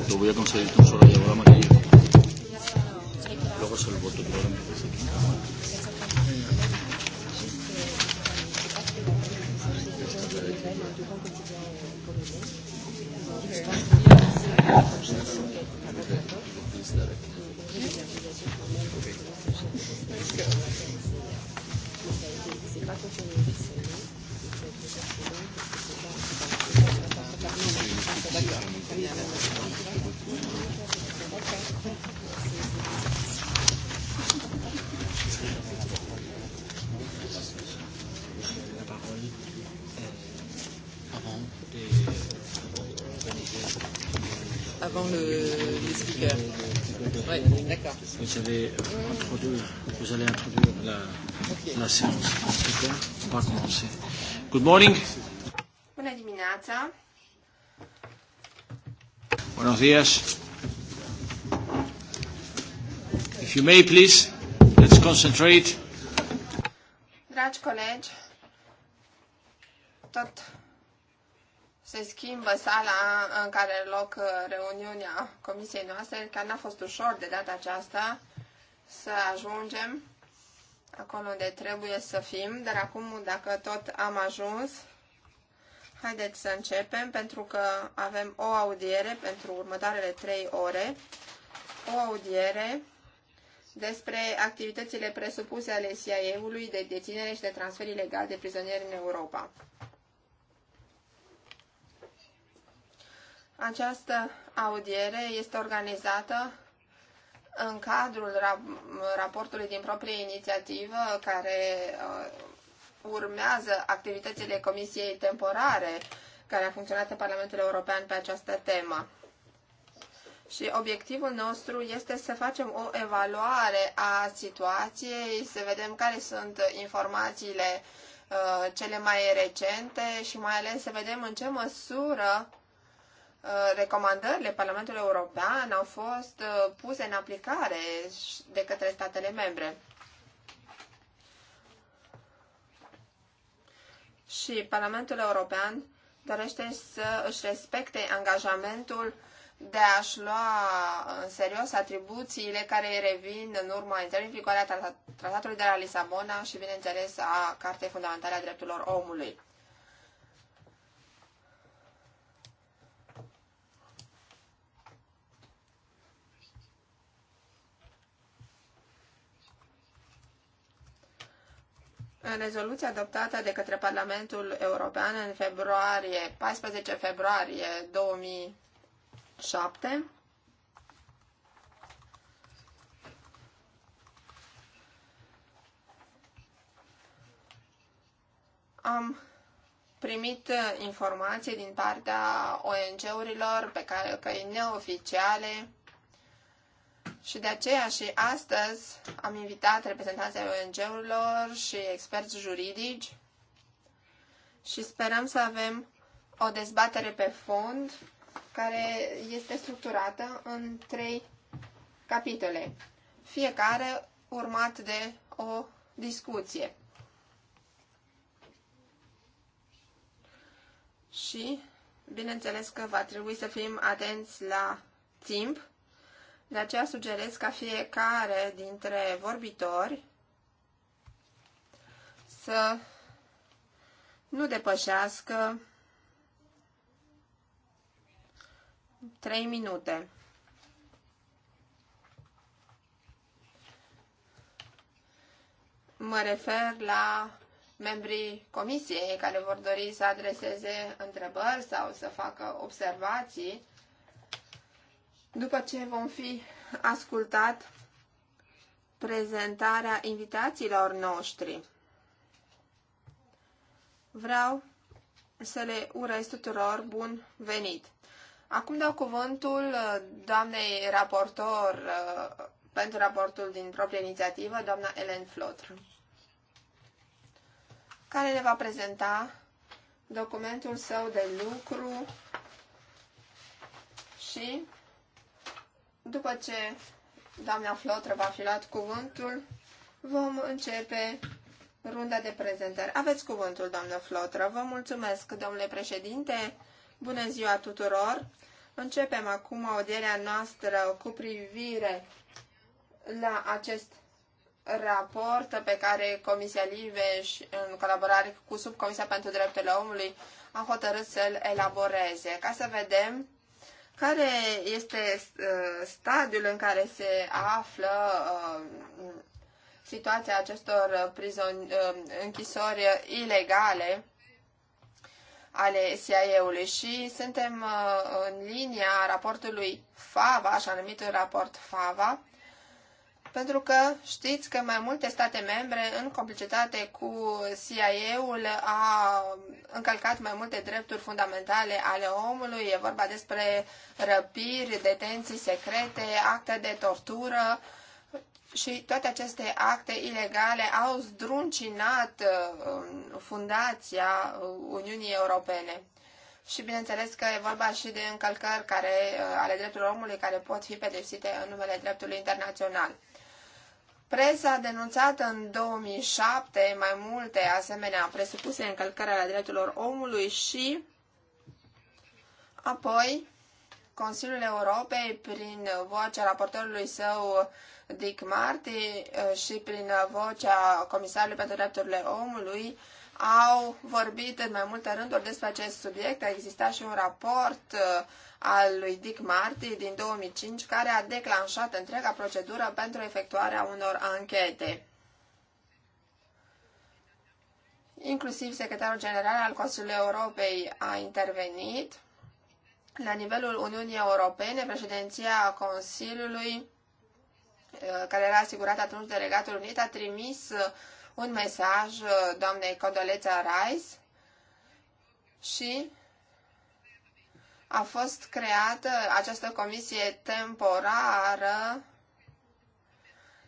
voto. Voy a conseguir un solo diagrama que yo. Luego es el voto que ahora empieza aquí. Okay avant le, les speakers. Ouais, Vous allez introduire, vous allez introduire la, okay. la séance. On va commencer. Good morning. Bună dimineața. Buenos días. If you may, please, let's concentrate. Dragi colegi, tot se schimbă sala în care loc uh, reuniunea comisiei noastre, care n-a fost ușor de data aceasta să ajungem acolo unde trebuie să fim, dar acum, dacă tot am ajuns, Haideți să începem, pentru că avem o audiere pentru următoarele trei ore, o audiere despre activitățile presupuse ale CIA-ului de deținere și de transfer ilegal de prizonieri în Europa. Această audiere este organizată în cadrul raportului din proprie inițiativă care uh, urmează activitățile Comisiei Temporare care a funcționat în Parlamentul European pe această temă. Și obiectivul nostru este să facem o evaluare a situației, să vedem care sunt informațiile uh, cele mai recente și mai ales să vedem în ce măsură uh, recomandările Parlamentului European au fost uh, puse în aplicare de către statele membre. și Parlamentul European dorește să își respecte angajamentul de a-și lua în serios atribuțiile care îi revin în urma intrării în vigoare a Tratatului de la Lisabona și, bineînțeles, a Cartei Fundamentale a Drepturilor Omului. În rezoluția adoptată de către Parlamentul European în februarie, 14 februarie 2007, am primit informații din partea ONG-urilor pe care căi neoficiale și de aceea și astăzi am invitat reprezentanții ONG-urilor și experți juridici și sperăm să avem o dezbatere pe fond care este structurată în trei capitole, fiecare urmat de o discuție. Și bineînțeles că va trebui să fim atenți la timp, de aceea sugerez ca fiecare dintre vorbitori să nu depășească 3 minute. Mă refer la membrii comisiei care vor dori să adreseze întrebări sau să facă observații după ce vom fi ascultat prezentarea invitațiilor noștri, vreau să le urez tuturor bun venit. Acum dau cuvântul uh, doamnei raportor uh, pentru raportul din proprie inițiativă, doamna Ellen Flotr, care ne va prezenta documentul său de lucru și după ce doamna Flotră va fi luat cuvântul, vom începe runda de prezentări. Aveți cuvântul, doamnă Flotră. Vă mulțumesc, domnule președinte. Bună ziua tuturor. Începem acum audierea noastră cu privire la acest raport pe care Comisia Liveș, în colaborare cu Subcomisia pentru Drepturile Omului, a hotărât să-l elaboreze, ca să vedem care este uh, stadiul în care se află uh, situația acestor uh, prizon, închisori ilegale ale CIA-ului și suntem în linia raportului FAVA, așa numitul raport FAVA, pentru că știți că mai multe state membre, în complicitate cu CIA-ul, a încălcat mai multe drepturi fundamentale ale omului. E vorba despre răpiri, detenții secrete, acte de tortură și toate aceste acte ilegale au zdruncinat um, fundația Uniunii Europene. Și bineînțeles că e vorba și de încălcări care, uh, ale drepturilor omului care pot fi pedepsite în numele dreptului internațional. Presa a denunțat în 2007 mai multe asemenea presupuse încălcări ale drepturilor omului și apoi Consiliul Europei prin vocea raportorului său Dick Marty și prin vocea Comisarului pentru Drepturile Omului au vorbit în mai multe rânduri despre acest subiect. A existat și un raport uh, al lui Dick Marty din 2005, care a declanșat întreaga procedură pentru efectuarea unor anchete. Inclusiv secretarul general al Consiliului Europei a intervenit. La nivelul Uniunii Europene, președinția Consiliului, uh, care era asigurată atunci de Regatul Unit, a trimis uh, un mesaj uh, doamnei Condoleța Rice și a fost creată această comisie temporară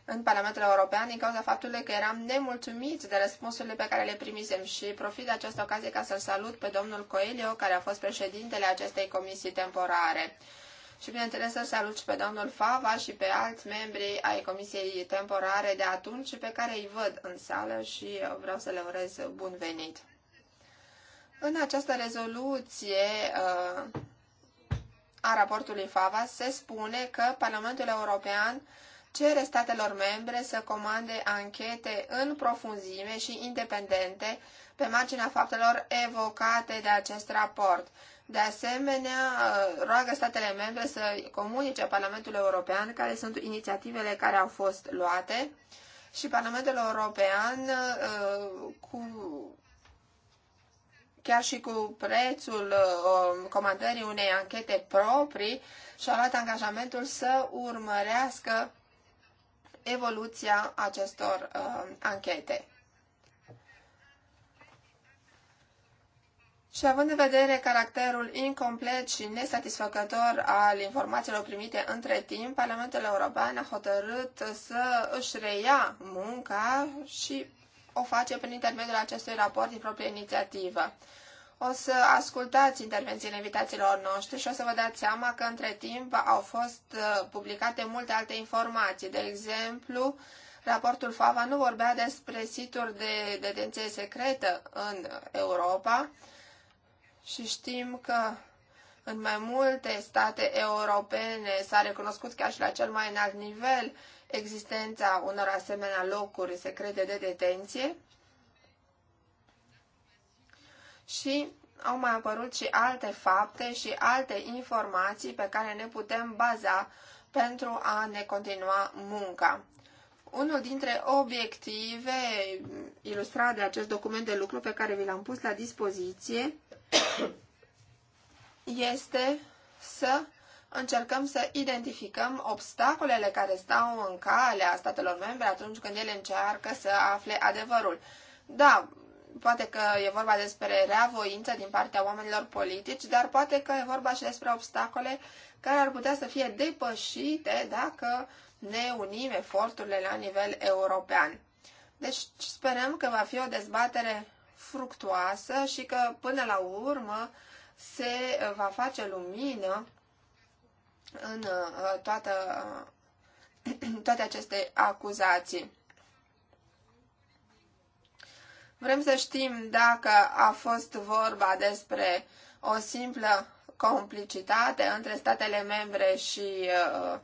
în Parlamentul European din cauza faptului că eram nemulțumiți de răspunsurile pe care le primisem și profit de această ocazie ca să-l salut pe domnul Coelho, care a fost președintele acestei comisii temporare. Și bineînțeles să salut și pe domnul Fava și pe alți membri ai comisiei temporare de atunci pe care îi văd în sală și vreau să le urez bun venit. În această rezoluție uh, a raportului FAVA se spune că Parlamentul European cere statelor membre să comande anchete în profunzime și independente pe marginea faptelor evocate de acest raport. De asemenea, roagă statele membre să comunice Parlamentul European care sunt inițiativele care au fost luate și Parlamentul European uh, cu chiar și cu prețul uh, comandării unei anchete proprii, și-a luat angajamentul să urmărească evoluția acestor uh, anchete. Și având în vedere caracterul incomplet și nesatisfăcător al informațiilor primite între timp, Parlamentul European a hotărât să își reia munca și o face prin intermediul acestui raport din proprie inițiativă. O să ascultați intervențiile invitațiilor noștri și o să vă dați seama că între timp au fost uh, publicate multe alte informații. De exemplu, raportul FAVA nu vorbea despre situri de detenție secretă în Europa și știm că în mai multe state europene s-a recunoscut chiar și la cel mai înalt nivel existența unor asemenea locuri secrete de detenție și au mai apărut și alte fapte și alte informații pe care ne putem baza pentru a ne continua munca. Unul dintre obiective ilustrat de acest document de lucru pe care vi l-am pus la dispoziție este să încercăm să identificăm obstacolele care stau în calea statelor membre atunci când ele încearcă să afle adevărul. Da, poate că e vorba despre reavoință din partea oamenilor politici, dar poate că e vorba și despre obstacole care ar putea să fie depășite dacă ne unim eforturile la nivel european. Deci sperăm că va fi o dezbatere fructuoasă și că până la urmă se va face lumină în uh, toată, uh, toate aceste acuzații. Vrem să știm dacă a fost vorba despre o simplă complicitate între statele membre și uh,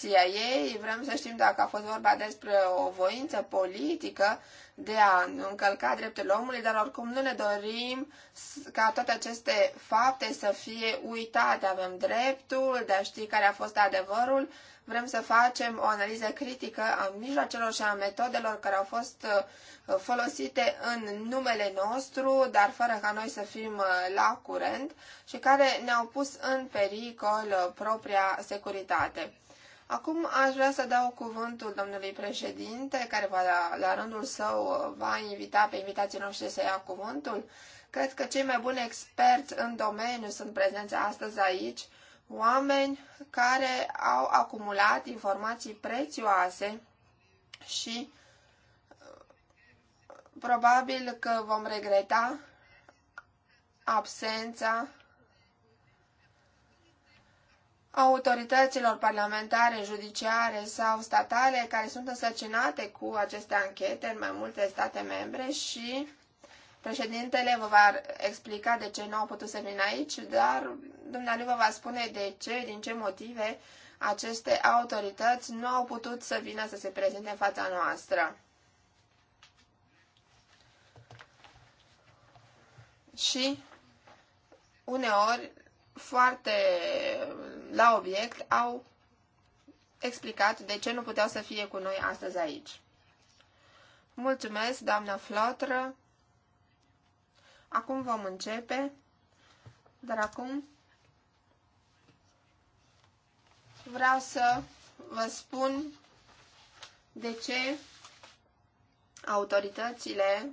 CIA. Vrem să știm dacă a fost vorba despre o voință politică de a încălca drepturile omului, dar oricum nu ne dorim ca toate aceste fapte să fie uitate. Avem dreptul de a ști care a fost adevărul. Vrem să facem o analiză critică a mijloacelor și a metodelor care au fost uh, folosite în numele nostru, dar fără ca noi să fim uh, la curent și care ne-au pus în pericol uh, propria securitate. Acum aș vrea să dau cuvântul domnului președinte, care va, da, la rândul său va invita pe invitații noștri să ia cuvântul. Cred că cei mai buni experți în domeniu sunt prezenți astăzi aici, oameni care au acumulat informații prețioase și uh, probabil că vom regreta absența autorităților parlamentare, judiciare sau statale care sunt însăcinate cu aceste anchete în mai multe state membre și președintele vă va explica de ce nu au putut să vină aici, dar dumnealui vă va spune de ce, din ce motive aceste autorități nu au putut să vină să se prezinte în fața noastră. Și uneori foarte la obiect au explicat de ce nu puteau să fie cu noi astăzi aici. Mulțumesc, doamna Flotră. Acum vom începe, dar acum vreau să vă spun de ce autoritățile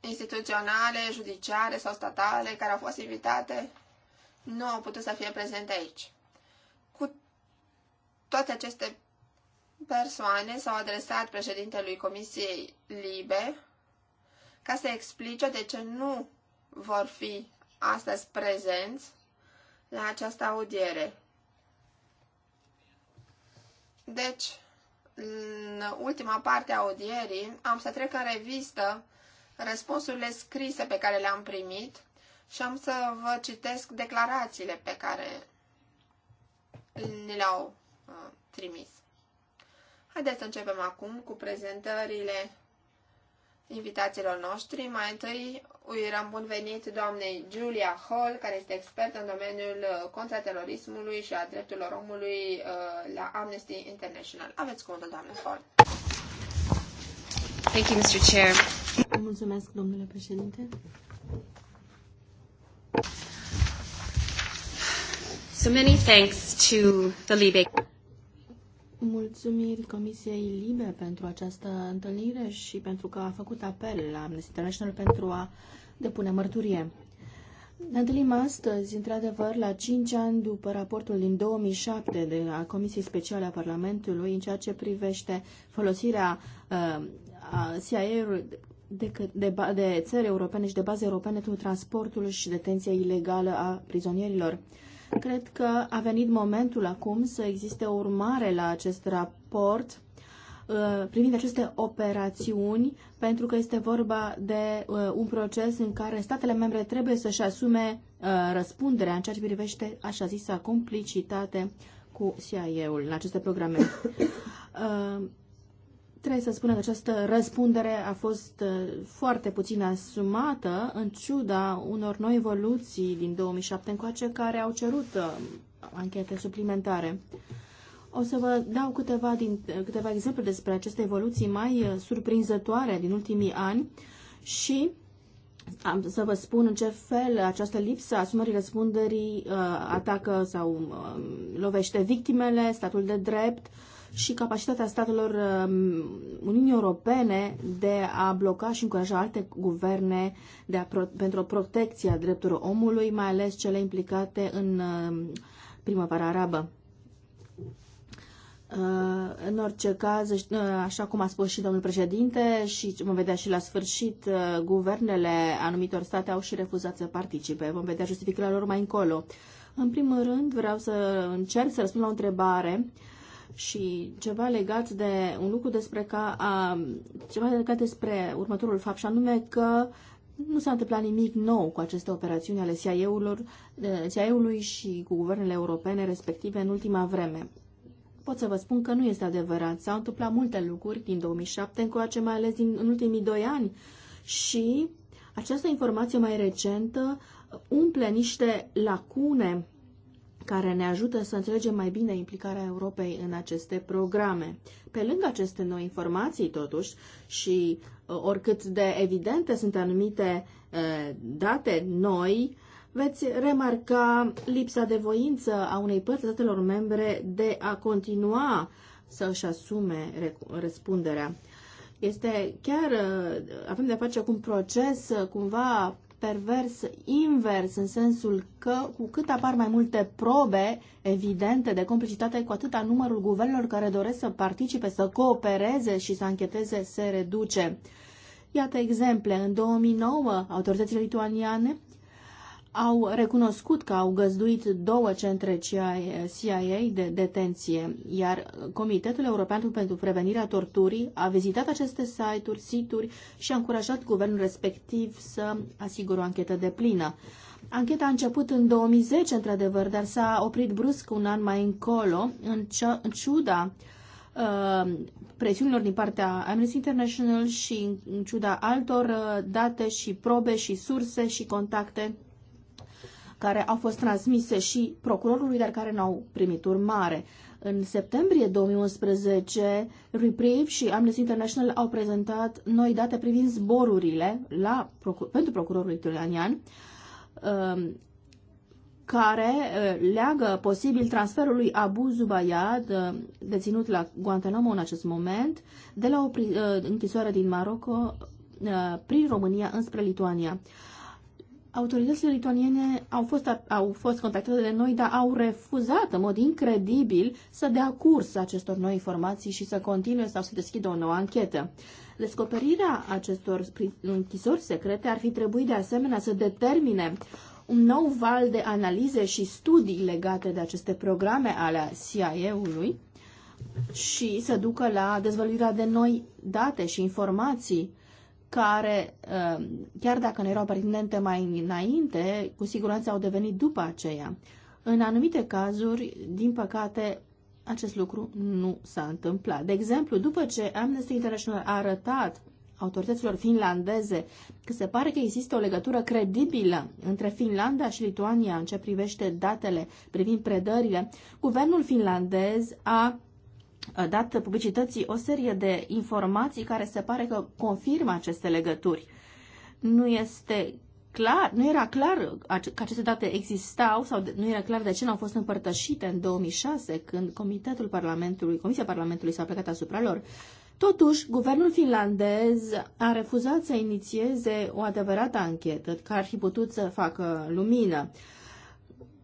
instituționale, judiciare sau statale care au fost invitate nu au putut să fie prezente aici. Cu toate aceste persoane s-au adresat președintelui Comisiei Libe ca să explice de ce nu vor fi astăzi prezenți la această audiere. Deci, în ultima parte a audierii, am să trec în revistă răspunsurile scrise pe care le-am primit și am să vă citesc declarațiile pe care ne le-au uh, trimis. Haideți să începem acum cu prezentările invitațiilor noștri. Mai întâi uirăm bun venit doamnei Julia Hall, care este expert în domeniul uh, contraterorismului și a drepturilor omului uh, la Amnesty International. Aveți cuvântul, doamne Hall. Thank you, Mr. Chair. Mulțumesc, domnule președinte. So many thanks to the Libe. Mulțumiri Comisiei Libe pentru această întâlnire și pentru că a făcut apel la Amnesty International pentru a depune mărturie. Ne întâlnim astăzi, într-adevăr, la 5 ani după raportul din 2007 de a Comisiei Speciale a Parlamentului în ceea ce privește folosirea uh, CIA de, de, de țări europene și de baze europene pentru transportul și detenția ilegală a prizonierilor. Uh, Cred că a venit momentul acum să existe o urmare la acest raport uh, privind aceste operațiuni, pentru că este vorba de uh, un proces în care statele membre trebuie să-și asume uh, răspunderea în ceea ce privește așa zisa complicitate cu CIA-ul în aceste programe. Trebuie să spunem că această răspundere a fost uh, foarte puțin asumată, în ciuda unor noi evoluții din 2007 încoace care au cerut uh, anchete suplimentare. O să vă dau câteva, din, uh, câteva exemple despre aceste evoluții mai surprinzătoare din ultimii ani și am să vă spun în ce fel această lipsă a asumării răspunderii atacă sau um, lovește victimele, statul de drept, și capacitatea statelor um, Uniunii Europene de a bloca și încuraja alte guverne de a pro- pentru protecția drepturilor omului, mai ales cele implicate în um, primăvara arabă. Uh, în orice caz, uh, așa cum a spus și domnul președinte și vom vedea și la sfârșit, uh, guvernele anumitor state au și refuzat să participe. Vom vedea justificările lor mai încolo. În primul rând, vreau să încerc să răspund la o întrebare uh, și ceva legat de un lucru despre ca, a, ceva legat despre următorul fapt și anume că nu s-a întâmplat nimic nou cu aceste operațiuni ale CIA-ului CIA și cu guvernele europene respective în ultima vreme. Pot să vă spun că nu este adevărat. S-au întâmplat multe lucruri din 2007 încoace, mai ales din, în ultimii doi ani. Și această informație mai recentă umple niște lacune care ne ajută să înțelegem mai bine implicarea Europei în aceste programe. Pe lângă aceste noi informații, totuși, și uh, oricât de evidente sunt anumite uh, date noi, veți remarca lipsa de voință a unei părți statelor membre de a continua să își asume răspunderea. Este chiar, uh, avem de-a face cu un proces cumva pervers invers, în sensul că cu cât apar mai multe probe evidente de complicitate, cu atâta numărul guvernelor care doresc să participe, să coopereze și să ancheteze se reduce. Iată exemple. În 2009, autoritățile lituaniane au recunoscut că au găzduit două centre CIA de detenție, iar Comitetul European pentru Prevenirea Torturii a vizitat aceste site-uri, situri și a încurajat guvernul respectiv să asigure o anchetă de plină. Ancheta a început în 2010, într-adevăr, dar s-a oprit brusc un an mai încolo, în, în ciuda uh, presiunilor din partea Amnesty International și în ciuda altor uh, date și probe și surse și contacte care au fost transmise și procurorului, dar care n-au primit urmare. În septembrie 2011, Reprieve și Amnesty International au prezentat noi date privind zborurile la, pentru procurorul italian, um, care uh, leagă posibil transferul lui Abu Zubayad, uh, deținut la Guantanamo în acest moment, de la o uh, închisoare din Maroc prin România înspre Lituania autoritățile lituaniene au fost, au fost contactate de noi, dar au refuzat în mod incredibil să dea curs acestor noi informații și să continue sau să deschidă o nouă anchetă. Descoperirea acestor închisori secrete ar fi trebuit de asemenea să determine un nou val de analize și studii legate de aceste programe ale CIA-ului și să ducă la dezvăluirea de noi date și informații care, um, chiar dacă nu erau pertinente mai înainte, cu siguranță au devenit după aceea. În anumite cazuri, din păcate, acest lucru nu s-a întâmplat. De exemplu, după ce Amnesty International a arătat autorităților finlandeze că se pare că există o legătură credibilă între Finlanda și Lituania în ce privește datele privind predările, guvernul finlandez a dat publicității o serie de informații care se pare că confirmă aceste legături. Nu este clar, nu era clar că aceste date existau sau nu era clar de ce nu au fost împărtășite în 2006 când Comitetul Parlamentului, Comisia Parlamentului s-a plecat asupra lor. Totuși, guvernul finlandez a refuzat să inițieze o adevărată anchetă care ar fi putut să facă lumină.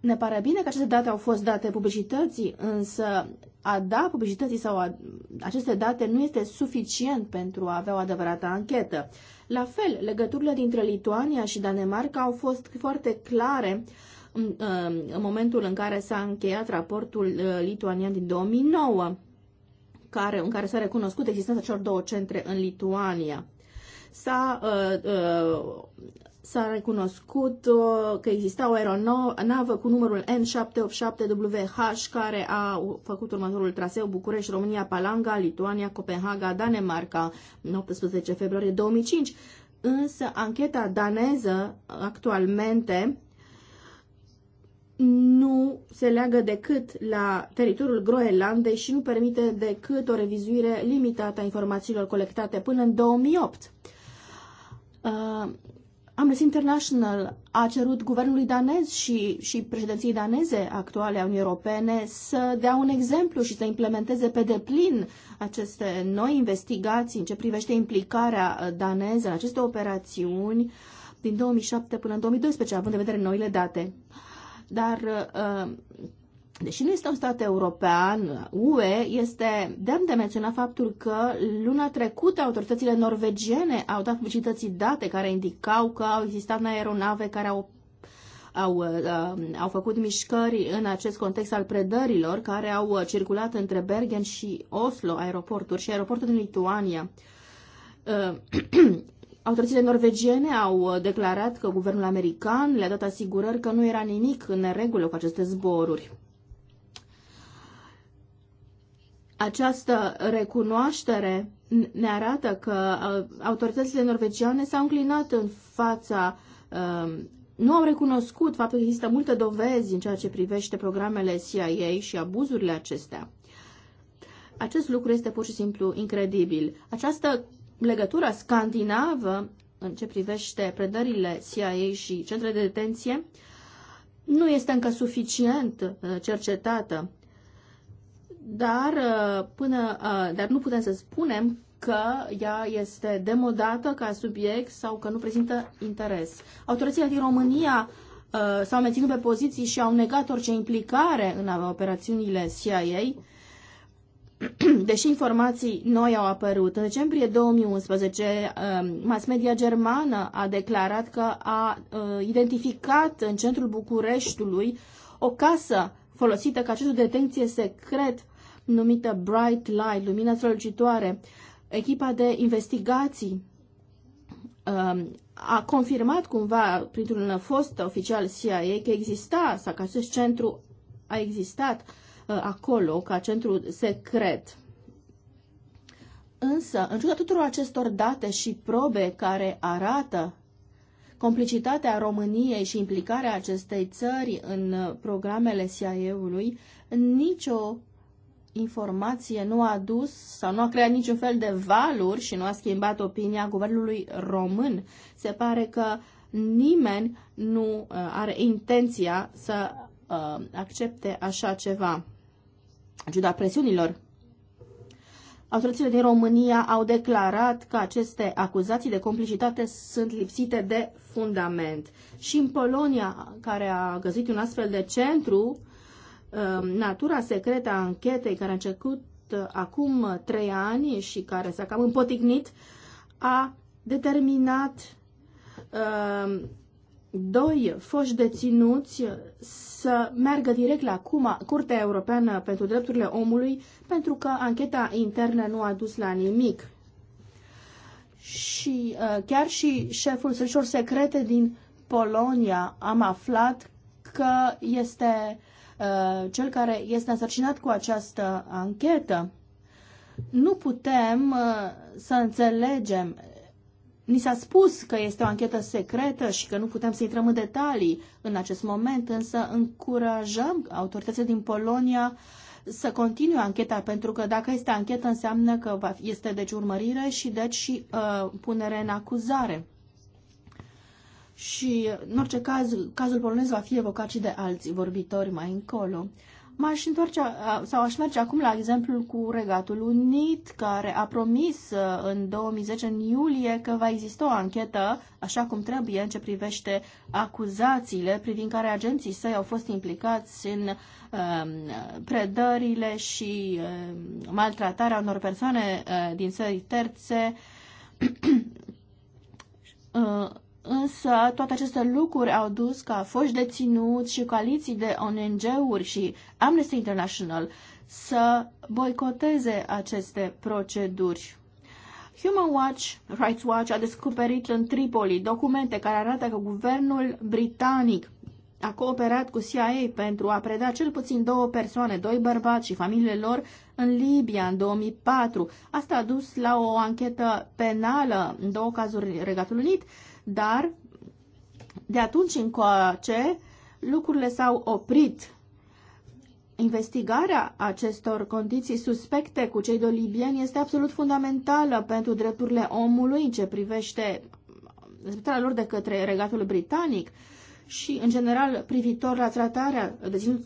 Ne pare bine că aceste date au fost date publicității, însă a da publicității sau a, aceste date nu este suficient pentru a avea o adevărată anchetă. La fel, legăturile dintre Lituania și Danemarca au fost foarte clare în, mm, mm, în momentul în care s-a încheiat raportul uh, lituanian din 2009, care, în care s-a recunoscut existența celor două centre în Lituania s-a uh, uh, s-a recunoscut uh, că exista o aeronavă cu numărul N787WH care a făcut următorul traseu București, România, Palanga, Lituania, Copenhaga, Danemarca, 18 februarie 2005. Însă ancheta daneză actualmente nu se leagă decât la teritoriul Groenlandei și nu permite decât o revizuire limitată a informațiilor colectate până în 2008. Uh, Amnesty International a cerut guvernului danez și, și președinției daneze actuale a Uniunii Europene să dea un exemplu și să implementeze pe deplin aceste noi investigații în ce privește implicarea uh, daneză în aceste operațiuni din 2007 până în 2012, având în vedere noile date. Dar uh, uh Deși nu este un stat european, UE, este demn de menționat faptul că luna trecută autoritățile norvegiene au dat publicității date care indicau că au existat aeronave care au au, uh, au făcut mișcări în acest context al predărilor care au circulat între Bergen și Oslo, aeroporturi, și aeroportul din Lituania. Uh, Autoritățile norvegiene au declarat că guvernul american le-a dat asigurări că nu era nimic în regulă cu aceste zboruri. Această recunoaștere ne arată că uh, autoritățile norvegiane s-au înclinat în fața, uh, nu au recunoscut faptul că există multe dovezi în ceea ce privește programele CIA și abuzurile acestea. Acest lucru este pur și simplu incredibil. Această legătură scandinavă în ce privește predările CIA și centrele de detenție nu este încă suficient uh, cercetată dar, uh, până, uh, dar nu putem să spunem că ea este demodată ca subiect sau că nu prezintă interes. Autoritățile din România uh, s-au menținut pe poziții și au negat orice implicare în operațiunile CIA, deși informații noi au apărut. În decembrie 2011, um, mass media germană a declarat că a identificat în centrul Bucureștiului o casă folosită ca centru de detenție secret numită Bright Light, lumina strălucitoare. Echipa de investigații um, a confirmat cumva printr-un fost oficial CIA că exista sau că acest centru a existat uh, acolo ca centru secret. Însă, în ciuda tuturor acestor date și probe care arată complicitatea României și implicarea acestei țări în uh, programele CIA-ului, nicio informație nu a dus sau nu a creat niciun fel de valuri și nu a schimbat opinia guvernului român. Se pare că nimeni nu uh, are intenția să uh, accepte așa ceva. În ciuda presiunilor Autoritățile din România au declarat că aceste acuzații de complicitate sunt lipsite de fundament. Și în Polonia, care a găsit un astfel de centru Um, natura secretă a anchetei care a început uh, acum uh, trei ani și care s-a cam împotignit, a determinat um, doi foști deținuți să meargă direct la Cuma, Curtea Europeană pentru Drepturile Omului pentru că ancheta internă nu a dus la nimic. Și uh, chiar și șeful Sărșor secrete din Polonia am aflat că este uh, Uh, cel care este însărcinat cu această anchetă. Nu putem uh, să înțelegem. Ni s-a spus că este o anchetă secretă și că nu putem să intrăm în detalii în acest moment, însă încurajăm autoritățile din Polonia să continue ancheta, pentru că dacă este anchetă înseamnă că este deci urmărire și deci și uh, punere în acuzare și, în orice caz, cazul polonez va fi evocat și de alți vorbitori mai încolo. M-aș întoarce, sau aș merge acum la exemplul cu Regatul Unit, care a promis uh, în 2010, în iulie, că va exista o anchetă, așa cum trebuie, în ce privește acuzațiile privind care agenții săi au fost implicați în uh, predările și uh, maltratarea unor persoane uh, din țări terțe. Uh, Însă toate aceste lucruri au dus ca foști deținuți și coaliții de ONG-uri și Amnesty International să boicoteze aceste proceduri. Human Watch, Rights Watch a descoperit în Tripoli documente care arată că guvernul britanic a cooperat cu CIA pentru a preda cel puțin două persoane, doi bărbați și familiile lor, în Libia în 2004. Asta a dus la o anchetă penală în două cazuri Regatul Unit dar de atunci încoace lucrurile s-au oprit. Investigarea acestor condiții suspecte cu cei doi libieni este absolut fundamentală pentru drepturile omului în ce privește respectarea lor de către regatul britanic și, în general, privitor la tratarea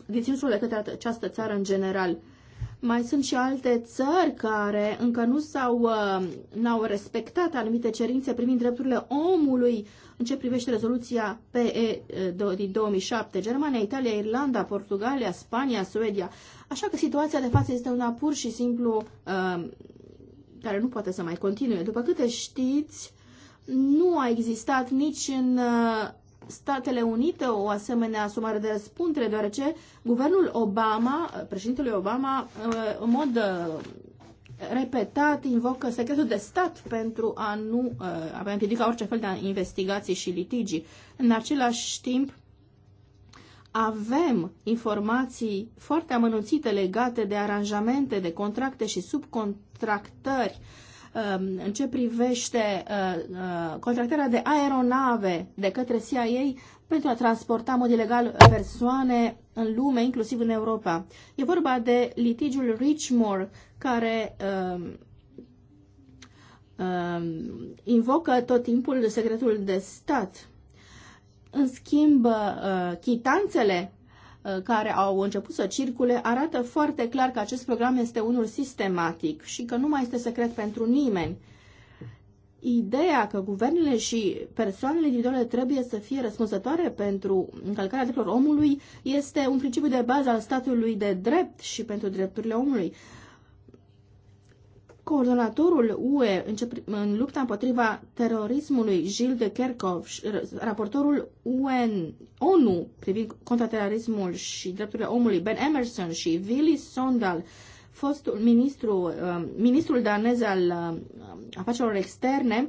deținuților de către această țară în general. Mai sunt și alte țări care încă nu s-au, uh, n-au respectat anumite cerințe privind drepturile omului în ce privește rezoluția PE uh, din 2007. Germania, Italia, Irlanda, Portugalia, Spania, Suedia. Așa că situația de față este una pur și simplu uh, care nu poate să mai continue. După câte știți, nu a existat nici în Statele Unite o asemenea asumare de răspundere, deoarece guvernul Obama, președintele Obama, uh, în mod uh, repetat invocă secretul de stat pentru a nu avea uh, împiedica orice fel de investigații și litigii. În același timp, avem informații foarte amănunțite legate de aranjamente, de contracte și subcontractări uh, Um, în ce privește uh, uh, contractarea de aeronave de către CIA pentru a transporta în mod ilegal persoane în lume, inclusiv în Europa. E vorba de litigiul Richmore, care um, um, invocă tot timpul secretul de stat. În schimb, uh, chitanțele Uh, care au început să circule arată foarte clar că acest program este unul sistematic și că nu mai este secret pentru nimeni. Ideea că guvernele și persoanele individuale trebuie să fie răspunzătoare pentru încălcarea drepturilor omului este un principiu de bază al statului de drept și pentru drepturile omului. Coordonatorul UE în lupta împotriva terorismului, Gilles de Kerkov, raportorul UN, ONU privind contraterorismul și drepturile omului, Ben Emerson și Willy Sondal, fostul ministru, um, ministrul danez al um, afacerilor externe,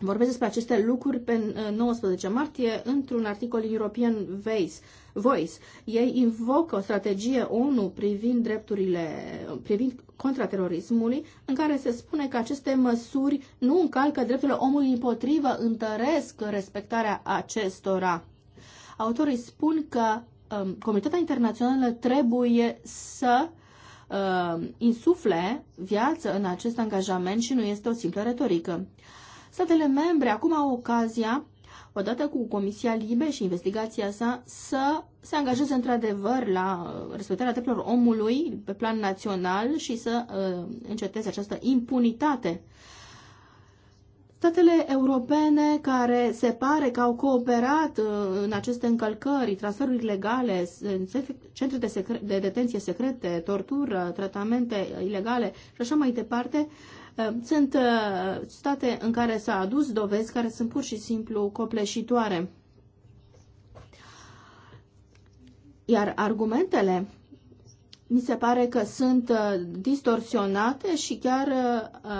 vorbesc despre aceste lucruri pe 19 uh, martie într-un articol European Vase. Voice. Ei invocă o strategie ONU privind drepturile, privind contraterorismului, în care se spune că aceste măsuri nu încalcă drepturile omului împotrivă, întăresc respectarea acestora. Autorii spun că um, comunitatea internațională trebuie să uh, insufle viață în acest angajament și nu este o simplă retorică. Statele membre acum au ocazia odată cu Comisia Libe și investigația sa, să se angajeze într-adevăr la uh, respectarea drepturilor omului pe plan național și să uh, înceteze această impunitate. Statele europene care se pare că au cooperat uh, în aceste încălcări, transferuri legale, centre de, secre- de detenție secrete, tortură, tratamente ilegale și așa mai departe, uh, Uh, sunt uh, state în care s-a adus dovezi care sunt pur și simplu copleșitoare. Iar argumentele mi se pare că sunt uh, distorsionate și chiar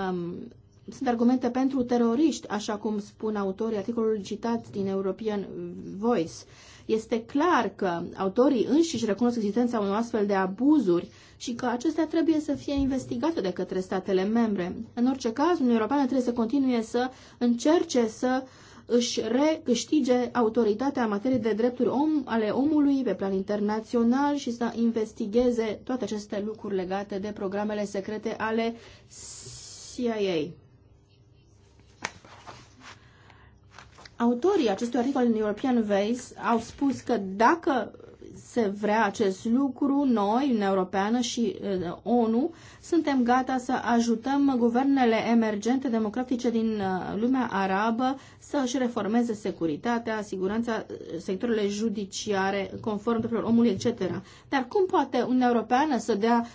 um, sunt argumente pentru teroriști, așa cum spun autorii articolului citat din European Voice. Uh, este clar că autorii înșiși recunosc existența unor astfel de abuzuri și că acestea trebuie să fie investigate de către statele membre. În orice caz, Uniunea Europeană trebuie să continue să încerce să își recâștige autoritatea în materie de drepturi om, ale omului pe plan internațional și să investigheze toate aceste lucruri legate de programele secrete ale CIA. Autorii acestui articol în European Ways au spus că dacă se vrea acest lucru, noi, Uniunea Europeană și uh, ONU, suntem gata să ajutăm guvernele emergente democratice din uh, lumea arabă să își reformeze securitatea, siguranța, uh, sectoarele judiciare, conform drepturilor omului, etc. Dar cum poate Uniunea Europeană să dea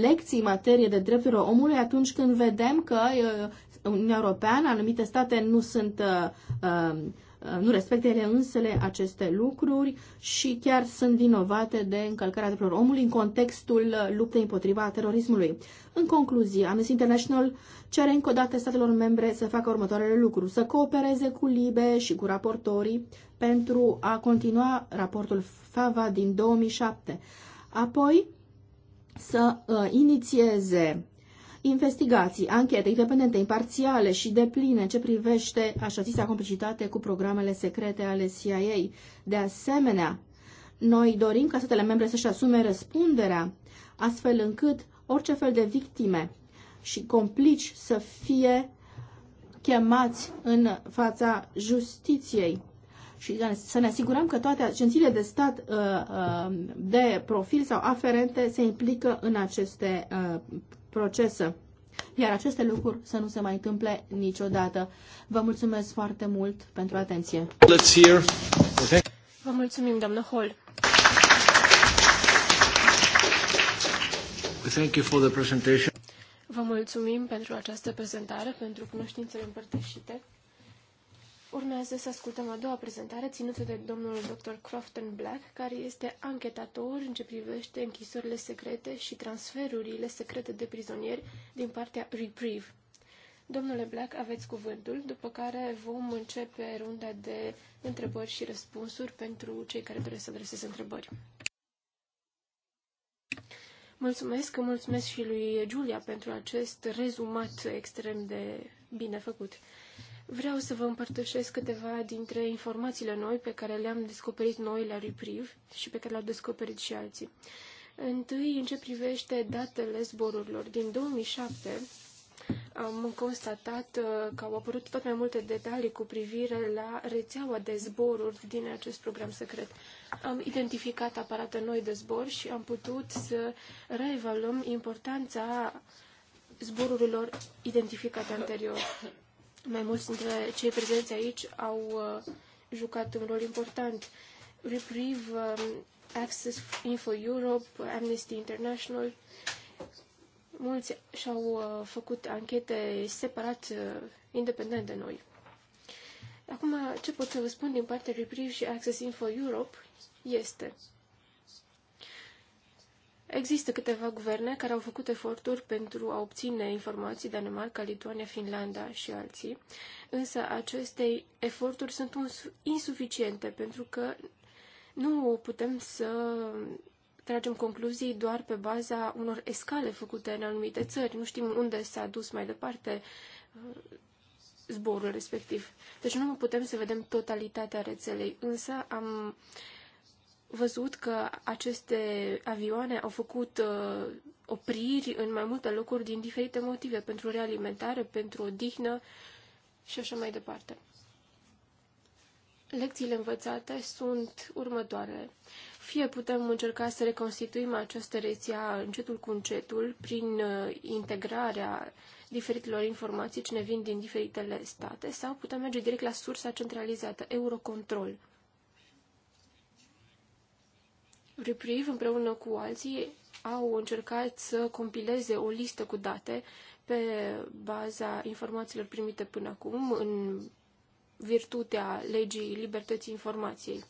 lecții în materie de drepturile omului atunci când vedem că Uniunea Europeană, anumite state nu sunt uh, uh, uh, nu respectă ele însele aceste lucruri și chiar sunt vinovate de încălcarea drepturilor omului în contextul luptei împotriva terorismului. În concluzie, Amnesty International cere încă o dată statelor membre să facă următoarele lucruri, să coopereze cu LIBE și cu raportorii pentru a continua raportul FAVA din 2007, apoi să uh, inițieze investigații, anchete independente, imparțiale și depline ce privește așa zisa complicitate cu programele secrete ale CIA. De asemenea, noi dorim ca statele membre să-și asume răspunderea, astfel încât orice fel de victime și complici să fie chemați în fața justiției și să ne asigurăm că toate agențiile de stat uh, uh, de profil sau aferente se implică în aceste uh, procesă. Iar aceste lucruri să nu se mai întâmple niciodată. Vă mulțumesc foarte mult pentru atenție. Vă mulțumim, doamnă Hall. Thank you for the presentation. Vă mulțumim pentru această prezentare, pentru cunoștințele împărtășite. Urmează să ascultăm a doua prezentare ținută de domnul dr. Crofton Black, care este anchetator în ce privește închisorile secrete și transferurile secrete de prizonieri din partea Reprieve. Domnule Black, aveți cuvântul, după care vom începe runda de întrebări și răspunsuri pentru cei care doresc să adreseze întrebări. Mulțumesc, mulțumesc și lui Julia pentru acest rezumat extrem de bine făcut. Vreau să vă împărtășesc câteva dintre informațiile noi pe care le-am descoperit noi la repriv și pe care le-au descoperit și alții. Întâi, în ce privește datele zborurilor. Din 2007 am constatat uh, că au apărut tot mai multe detalii cu privire la rețeaua de zboruri din acest program secret. Am identificat aparate noi de zbor și am putut să reevaluăm importanța zborurilor identificate anterior. Mai mulți dintre cei prezenți aici au uh, jucat un rol important. Reprieve, um, Access Info Europe, Amnesty International, mulți și-au uh, făcut anchete separat, uh, independent de noi. Acum, ce pot să vă spun din partea Reprieve și Access Info Europe este Există câteva guverne care au făcut eforturi pentru a obține informații Danemarca, Lituania, Finlanda și alții, însă aceste eforturi sunt insuficiente pentru că nu putem să tragem concluzii doar pe baza unor escale făcute în anumite țări. Nu știm unde s-a dus mai departe uh, zborul respectiv. Deci nu putem să vedem totalitatea rețelei, însă am văzut că aceste avioane au făcut uh, opriri în mai multe locuri din diferite motive, pentru realimentare, pentru odihnă și așa mai departe. Lecțiile învățate sunt următoarele. Fie putem încerca să reconstituim această rețea încetul cu încetul prin uh, integrarea diferitelor informații ce ne vin din diferitele state, sau putem merge direct la sursa centralizată, Eurocontrol. Reprieve împreună cu alții au încercat să compileze o listă cu date pe baza informațiilor primite până acum în virtutea legii libertății informației.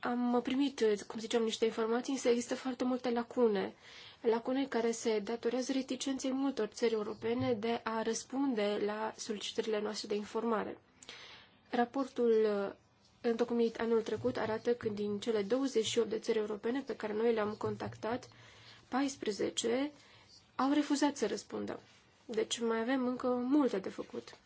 Am primit, cum ziceam, niște informații, însă există foarte multe lacune. Lacune care se datorează reticenței multor țări europene de a răspunde la solicitările noastre de informare. Raportul întocmit anul trecut arată că din cele 28 de țări europene pe care noi le-am contactat, 14 au refuzat să răspundă. Deci mai avem încă multe de făcut.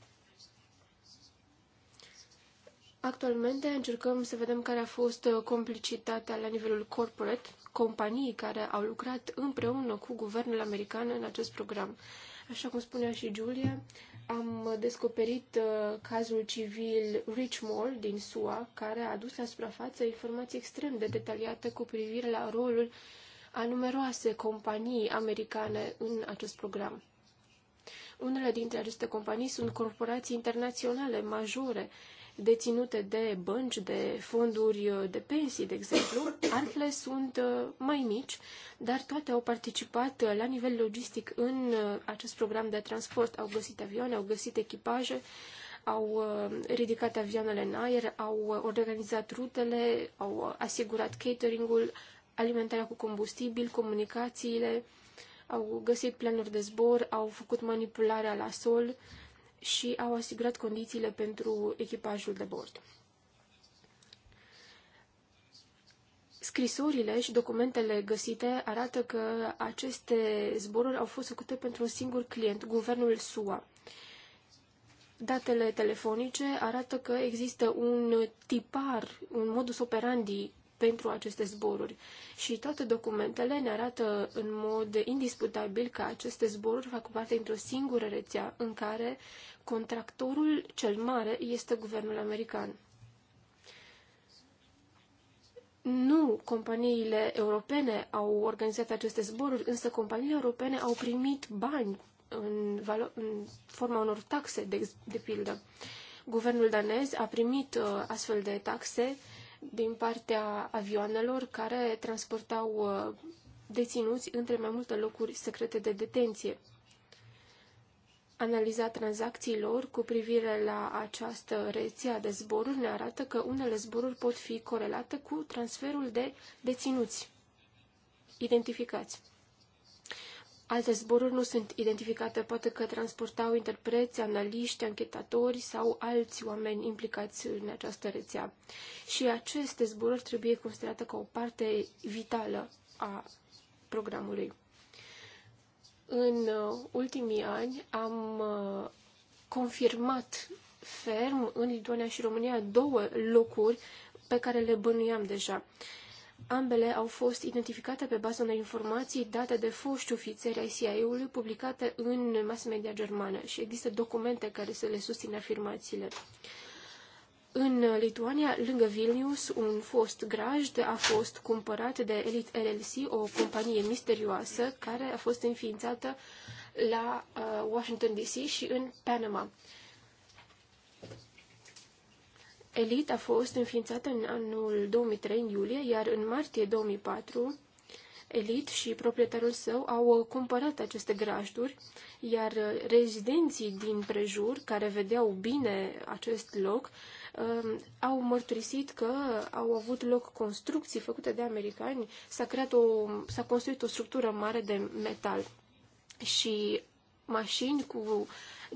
Actualmente încercăm să vedem care a fost uh, complicitatea la nivelul corporate, companii care au lucrat împreună cu guvernul american în acest program. Așa cum spunea și Julia, am descoperit uh, cazul civil Richmore din SUA, care a adus la suprafață informații extrem de detaliate cu privire la rolul a numeroase companii americane în acest program. Unele dintre aceste companii sunt corporații internaționale majore deținute de bănci, de fonduri de pensii, de exemplu, altele sunt uh, mai mici, dar toate au participat uh, la nivel logistic în uh, acest program de transport. Au găsit avioane, au găsit echipaje, au ridicat avioanele în aer, au organizat rutele, au asigurat cateringul, alimentarea cu combustibil, comunicațiile, au găsit planuri de zbor, au făcut manipularea la sol, și au asigurat condițiile pentru echipajul de bord. Scrisorile și documentele găsite arată că aceste zboruri au fost făcute pentru un singur client, guvernul SUA. Datele telefonice arată că există un tipar, un modus operandi pentru aceste zboruri și toate documentele ne arată în mod indisputabil că aceste zboruri fac parte dintr-o singură rețea în care Contractorul cel mare este guvernul american. Nu companiile europene au organizat aceste zboruri, însă companiile europene au primit bani în, în forma unor taxe, de, de pildă. Guvernul danez a primit uh, astfel de taxe din partea avioanelor care transportau uh, deținuți între mai multe locuri secrete de detenție. Analiza tranzacțiilor cu privire la această rețea de zboruri ne arată că unele zboruri pot fi corelate cu transferul de deținuți identificați. Alte zboruri nu sunt identificate, poate că transportau interpreți, analiști, anchetatori sau alți oameni implicați în această rețea. Și aceste zboruri trebuie considerate ca o parte vitală a programului. În uh, ultimii ani am uh, confirmat ferm în Lituania și România două locuri pe care le bănuiam deja. Ambele au fost identificate pe baza unei informații date de foști ofițeri ai CIA-ului publicate în mass media germană și există documente care să le susțin afirmațiile. În Lituania, lângă Vilnius, un fost grajd a fost cumpărat de Elite LLC, o companie misterioasă care a fost înființată la uh, Washington DC și în Panama. Elite a fost înființată în anul 2003, în iulie, iar în martie 2004 Elit și proprietarul său au uh, cumpărat aceste grajduri, iar uh, rezidenții din prejur, care vedeau bine acest loc, um, au mărturisit că au avut loc construcții făcute de americani, s-a, creat o, s-a construit o structură mare de metal și mașini cu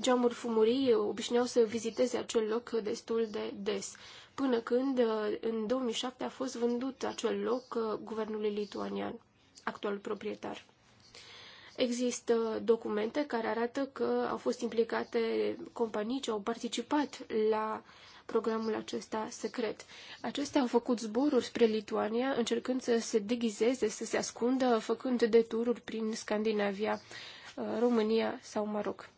geamuri fumurii obișnuiau să viziteze acel loc destul de des, până când uh, în 2007 a fost vândut acel loc guvernului lituanian actual proprietar. Există documente care arată că au fost implicate companii ce au participat la programul acesta secret. Acestea au făcut zboruri spre Lituania, încercând să se deghizeze, să se ascundă, făcând detururi prin Scandinavia, uh, România sau Maroc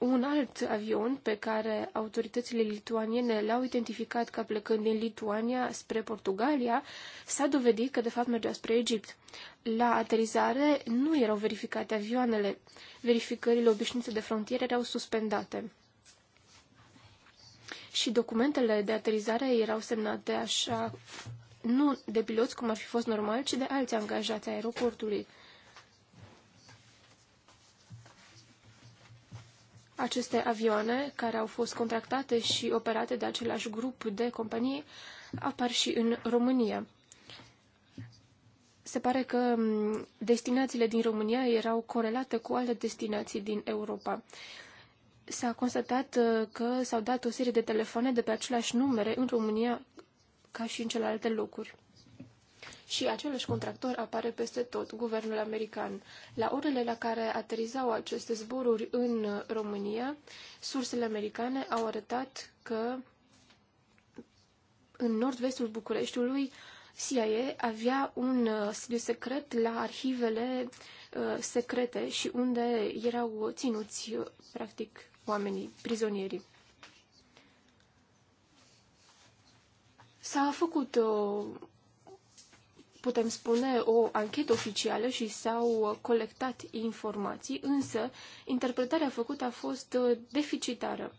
un alt avion pe care autoritățile lituaniene l-au identificat ca plecând din Lituania spre Portugalia s-a dovedit că de fapt mergea spre Egipt. La aterizare nu erau verificate avioanele. Verificările obișnuite de frontiere erau suspendate. Și documentele de aterizare erau semnate așa, nu de piloți, cum ar fi fost normal, ci de alți angajați ai aeroportului. Aceste avioane, care au fost contractate și operate de același grup de companii, apar și în România. Se pare că destinațiile din România erau corelate cu alte destinații din Europa. S-a constatat uh, că s-au dat o serie de telefoane de pe același numere în România ca și în celelalte locuri. Și același contractor apare peste tot, guvernul american. La orele la care aterizau aceste zboruri în România, sursele americane au arătat că în nord-vestul Bucureștiului CIA avea un uh, studiu secret la arhivele uh, secrete și unde erau ținuți, uh, practic, oamenii, prizonierii. S-a făcut o putem spune, o anchetă oficială și s-au colectat informații, însă interpretarea făcută a fost uh, deficitară.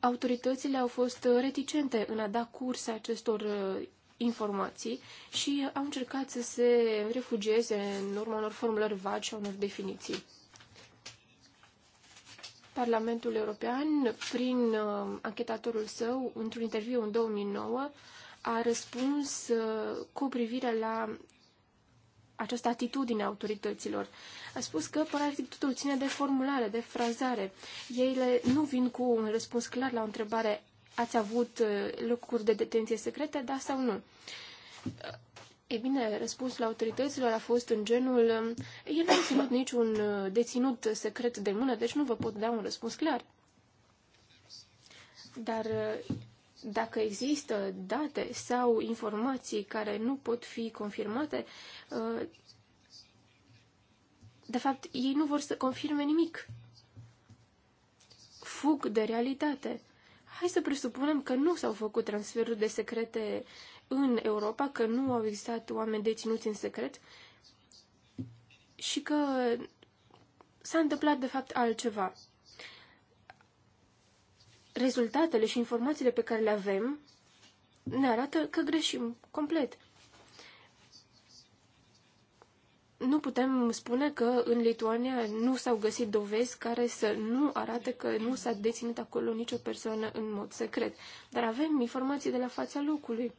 Autoritățile au fost reticente în a da curs acestor uh, informații și au încercat să se refugieze în urma unor formulări vagi și unor definiții. Parlamentul European, prin uh, anchetatorul său, într-un interviu în 2009, a răspuns uh, cu privire la această atitudine a autorităților. A spus că, practic, totul ține de formulare, de frazare. Ele nu vin cu un răspuns clar la o întrebare ați avut uh, lucruri de detenție secrete, da sau nu? Uh, Ei bine, răspunsul autorităților a fost în genul um, eu nu am ținut niciun deținut secret de mână, deci nu vă pot da un răspuns clar. Dar dacă există date sau informații care nu pot fi confirmate, uh, de fapt, ei nu vor să confirme nimic. Fug de realitate. Hai să presupunem că nu s-au făcut transferuri de secrete în Europa, că nu au existat oameni deținuți în secret și că s-a întâmplat, de fapt, altceva rezultatele și informațiile pe care le avem ne arată că greșim complet. Nu putem spune că în Lituania nu s-au găsit dovezi care să nu arate că nu s-a deținut acolo nicio persoană în mod secret, dar avem informații de la fața locului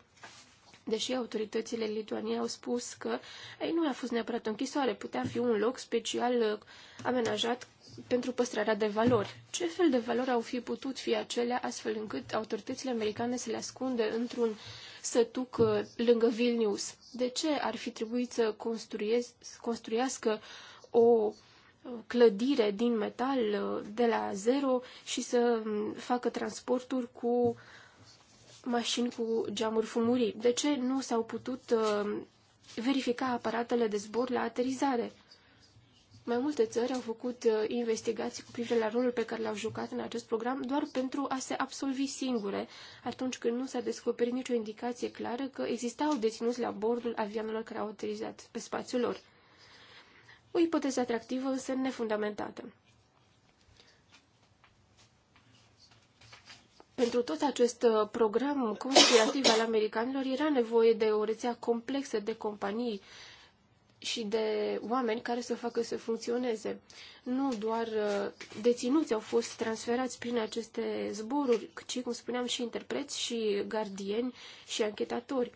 deși autoritățile lituanie au spus că ei nu a fost neapărat o închisoare, putea fi un loc special uh, amenajat pentru păstrarea de valori. Ce fel de valori au fi putut fi acelea astfel încât autoritățile americane să le ascundă într-un sătuc uh, lângă Vilnius? De ce ar fi trebuit să construiască o uh, clădire din metal de la zero și să mm, facă transporturi cu uh, mașini cu geamuri fumurii? De ce nu s-au putut uh, verifica aparatele de zbor la aterizare? Mai multe țări au făcut uh, investigații cu privire la rolul pe care l-au jucat în acest program doar pentru a se absolvi singure, atunci când nu s-a descoperit nicio indicație clară că existau deținuți la bordul avionelor care au aterizat pe spațiul lor. O ipoteză atractivă, însă nefundamentată. Pentru tot acest uh, program conspirativ al americanilor era nevoie de o rețea complexă de companii și de oameni care să facă să funcționeze. Nu doar uh, deținuți au fost transferați prin aceste zboruri, ci, cum spuneam, și interpreți, și gardieni, și anchetatori.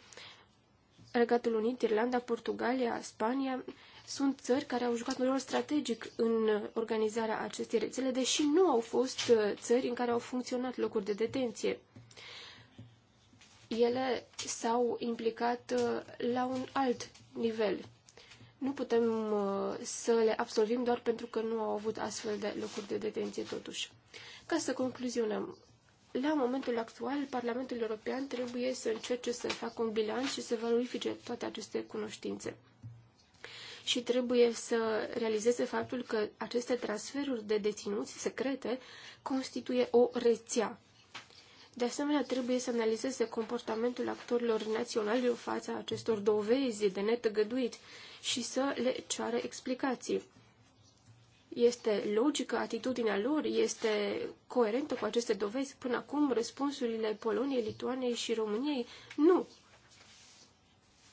Regatul Unit, Irlanda, Portugalia, Spania sunt țări care au jucat un rol strategic în organizarea acestei rețele, deși nu au fost uh, țări în care au funcționat locuri de detenție. Ele s-au implicat uh, la un alt nivel. Nu putem uh, să le absolvim doar pentru că nu au avut astfel de locuri de detenție totuși. Ca să concluzionăm, la momentul actual, Parlamentul European trebuie să încerce să facă un bilanț și să valorifice toate aceste cunoștințe și trebuie să realizeze faptul că aceste transferuri de deținuți secrete constituie o rețea. De asemenea, trebuie să analizeze comportamentul actorilor naționali în fața acestor dovezi de netăgăduit și să le ceară explicații. Este logică atitudinea lor? Este coerentă cu aceste dovezi? Până acum, răspunsurile Poloniei, Lituaniei și României? Nu.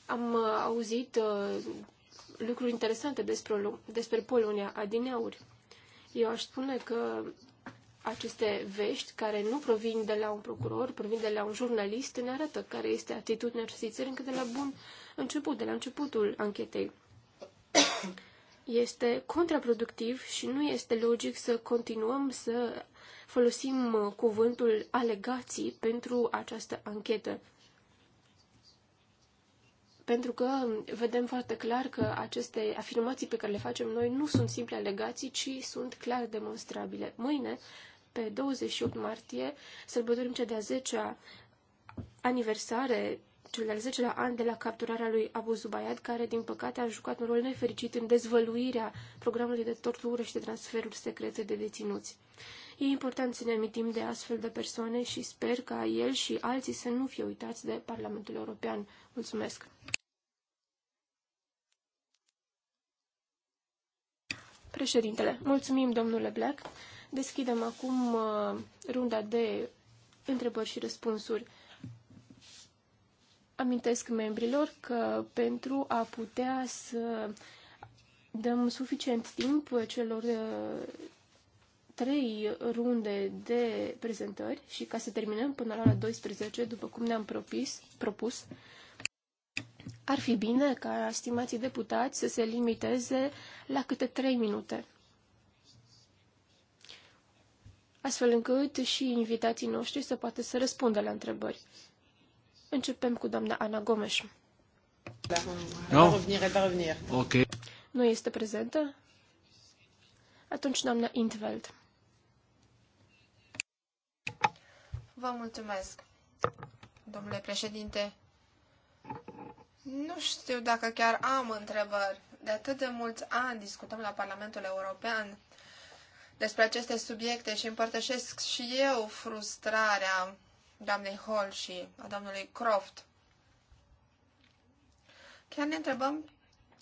Am uh, auzit uh, lucruri interesante despre, despre Polonia adineauri. Eu aș spune că aceste vești, care nu provin de la un procuror, provin de la un jurnalist, ne arată care este atitudinea acestei țări încă de la bun început, de la începutul anchetei. Este contraproductiv și nu este logic să continuăm să folosim cuvântul alegații pentru această anchetă pentru că vedem foarte clar că aceste afirmații pe care le facem noi nu sunt simple alegații, ci sunt clar demonstrabile. Mâine, pe 28 martie, sărbătorim cea de-a 10-a aniversare, cel de-al 10-lea an de la capturarea lui Abu Zubayad, care, din păcate, a jucat un rol nefericit în dezvăluirea programului de tortură și de transferuri secrete de deținuți. E important să ne amintim de astfel de persoane și sper ca el și alții să nu fie uitați de Parlamentul European. Mulțumesc! Președintele, mulțumim, domnule Black. Deschidem acum uh, runda de întrebări și răspunsuri. Amintesc membrilor că pentru a putea să dăm suficient timp celor uh, trei runde de prezentări și ca să terminăm până la ora 12, după cum ne-am propus ar fi bine ca stimații deputați să se limiteze la câte trei minute, astfel încât și invitații noștri să poată să răspundă la întrebări. Începem cu doamna Ana Gomes. No? Ok. Nu este prezentă? Atunci doamna Intveld. Vă mulțumesc, domnule președinte. Nu știu dacă chiar am întrebări. De atât de mulți ani discutăm la Parlamentul European despre aceste subiecte și împărtășesc și eu frustrarea doamnei Hall și a domnului Croft. Chiar ne întrebăm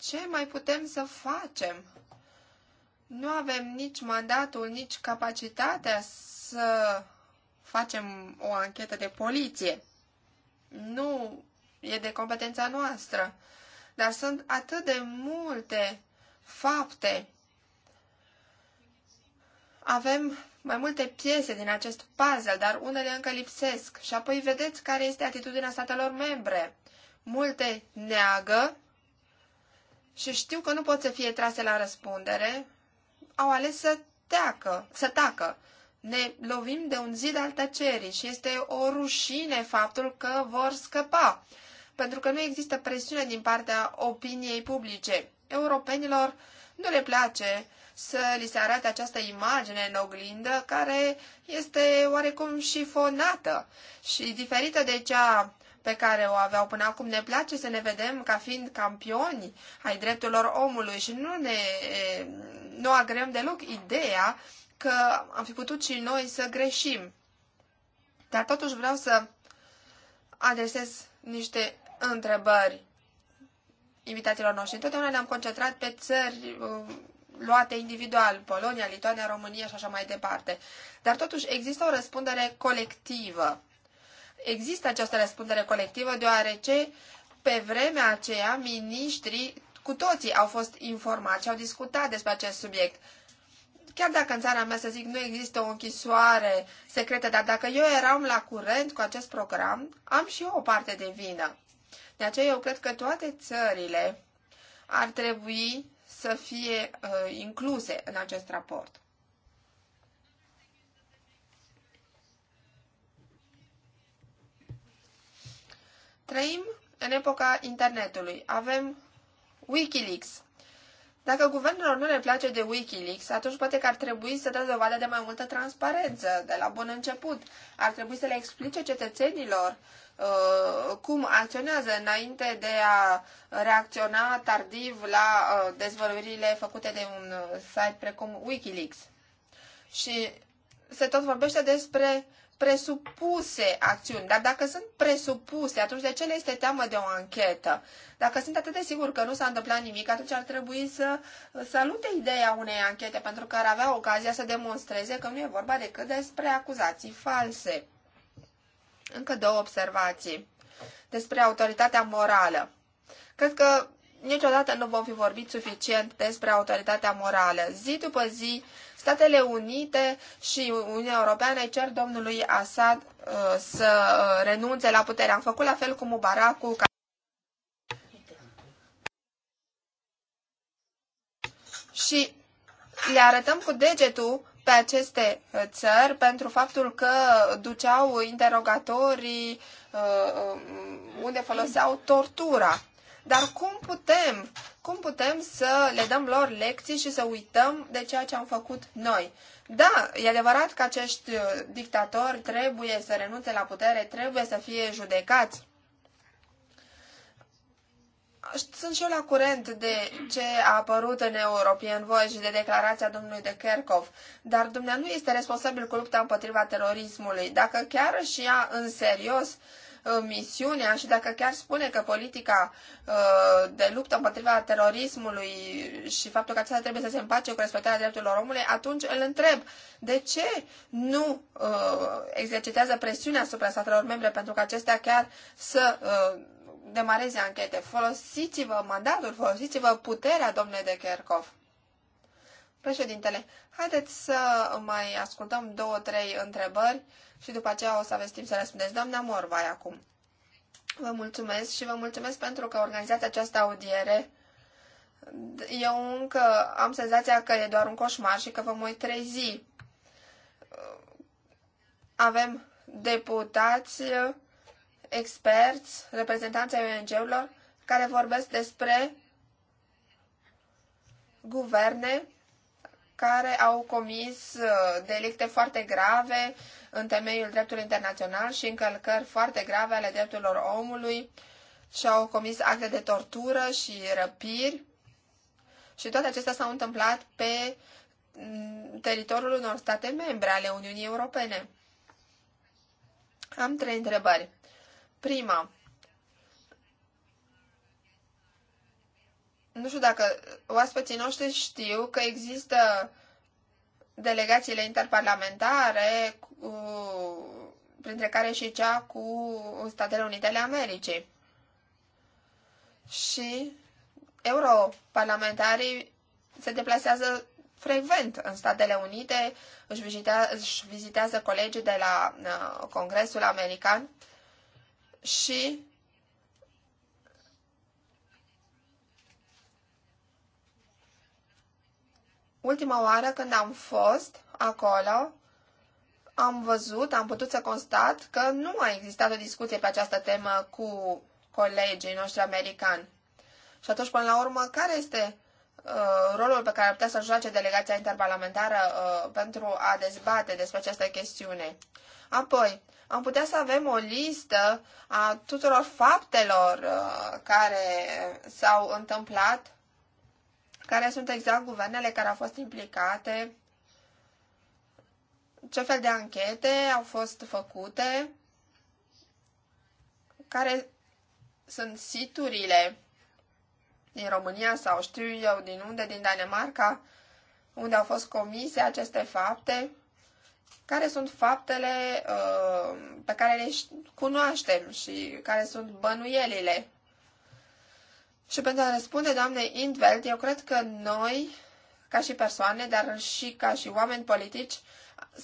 ce mai putem să facem. Nu avem nici mandatul, nici capacitatea să facem o anchetă de poliție. Nu e de competența noastră. Dar sunt atât de multe fapte. Avem mai multe piese din acest puzzle, dar unele încă lipsesc. Și apoi vedeți care este atitudinea statelor membre. Multe neagă și știu că nu pot să fie trase la răspundere, au ales să teacă, să tacă. Ne lovim de un zid al tăcerii și este o rușine faptul că vor scăpa pentru că nu există presiune din partea opiniei publice. Europenilor nu le place să li se arate această imagine în oglindă care este oarecum șifonată și diferită de cea pe care o aveau până acum. Ne place să ne vedem ca fiind campioni ai drepturilor omului și nu ne nu agrem deloc ideea că am fi putut și noi să greșim. Dar totuși vreau să adresez niște întrebări invitațiilor noștri. Întotdeauna ne-am concentrat pe țări uh, luate individual, Polonia, Lituania, România și așa mai departe. Dar totuși există o răspundere colectivă. Există această răspundere colectivă deoarece pe vremea aceea miniștrii cu toții au fost informați și au discutat despre acest subiect. Chiar dacă în țara mea, să zic, nu există o închisoare secretă, dar dacă eu eram la curent cu acest program, am și eu o parte de vină. De aceea eu cred că toate țările ar trebui să fie uh, incluse în acest raport. Trăim în epoca internetului. Avem Wikileaks, dacă guvernelor nu le place de Wikileaks, atunci poate că ar trebui să dea dovadă de mai multă transparență de la bun început. Ar trebui să le explice cetățenilor uh, cum acționează înainte de a reacționa tardiv la uh, dezvăluirile făcute de un uh, site precum Wikileaks. Și se tot vorbește despre presupuse acțiuni, dar dacă sunt presupuse, atunci de ce le este teamă de o anchetă? Dacă sunt atât de sigur că nu s-a întâmplat nimic, atunci ar trebui să salute ideea unei anchete, pentru că ar avea ocazia să demonstreze că nu e vorba decât despre acuzații false. Încă două observații despre autoritatea morală. Cred că niciodată nu vom fi vorbit suficient despre autoritatea morală. Zi după zi, Statele Unite și Uniunea Europeană cer domnului Assad uh, să uh, renunțe la putere. Am făcut la fel cu Mubarak, cu și le arătăm cu degetul pe aceste uh, țări pentru faptul că duceau interogatorii uh, um, unde foloseau tortura. Dar cum putem, cum putem să le dăm lor lecții și să uităm de ceea ce am făcut noi? Da, e adevărat că acești uh, dictatori trebuie să renunțe la putere, trebuie să fie judecați. Sunt și eu la curent de ce a apărut în European Voice și de declarația domnului de Kerkov, dar nu este responsabil cu lupta împotriva terorismului. Dacă chiar și ea în serios uh, Uh, misiunea și dacă chiar spune că politica uh, de luptă împotriva terorismului și faptul că acesta trebuie să se împace cu respectarea drepturilor omului, atunci îl întreb de ce nu uh, exercitează presiunea asupra statelor membre pentru că acestea chiar să demareze anchete. Folosiți-vă mandatul, folosiți-vă puterea, domnule de Kerkhoff. Președintele, haideți să mai ascultăm două, trei întrebări și după aceea o să aveți timp să răspundeți. Doamna Morvai acum. Vă mulțumesc și vă mulțumesc pentru că organizați această audiere. Eu încă am senzația că e doar un coșmar și că vom trei trezi. Avem deputați, experți, reprezentanții ONG-urilor care vorbesc despre guverne care au comis uh, delicte foarte grave în temeiul dreptului internațional și încălcări foarte grave ale drepturilor omului și au comis acte de tortură și răpiri. Și toate acestea s-au întâmplat pe mm, teritoriul unor state membre ale Uniunii Europene. Am trei întrebări. Prima, nu știu dacă oaspeții noștri știu că există delegațiile interparlamentare, cu, printre care și cea cu Statele Unite ale Americii. Și europarlamentarii se deplasează frecvent în Statele Unite, își vizitează, își vizitează colegii de la uh, Congresul American și Ultima oară când am fost acolo, am văzut, am putut să constat că nu a existat o discuție pe această temă cu colegii noștri americani. Și atunci, până la urmă, care este uh, rolul pe care ar putea să-l joace delegația interparlamentară uh, pentru a dezbate despre această chestiune? Apoi, am putea să avem o listă a tuturor faptelor uh, care s-au întâmplat care sunt exact guvernele care au fost implicate, ce fel de anchete au fost făcute, care sunt siturile din România sau știu eu din unde, din Danemarca, unde au fost comise aceste fapte, care sunt faptele uh, pe care le cunoaștem și care sunt bănuielile. Și pentru a răspunde doamne Indveld, eu cred că noi, ca și persoane, dar și ca și oameni politici,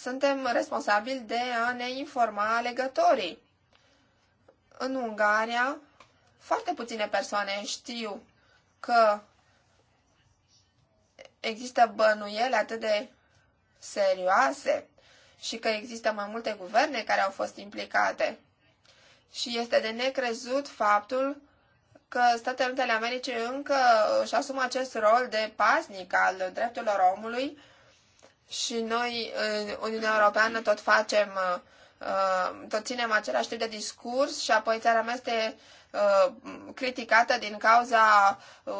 suntem responsabili de a ne informa alegătorii. În Ungaria, foarte puține persoane știu că există bănuiele atât de serioase și că există mai multe guverne care au fost implicate. Și este de necrezut faptul că Statele Unite ale Americii încă își asumă acest rol de pasnic al drepturilor omului și noi în Uniunea Europeană tot facem, uh, tot ținem același tip de discurs și apoi țara mea este uh, criticată din cauza uh,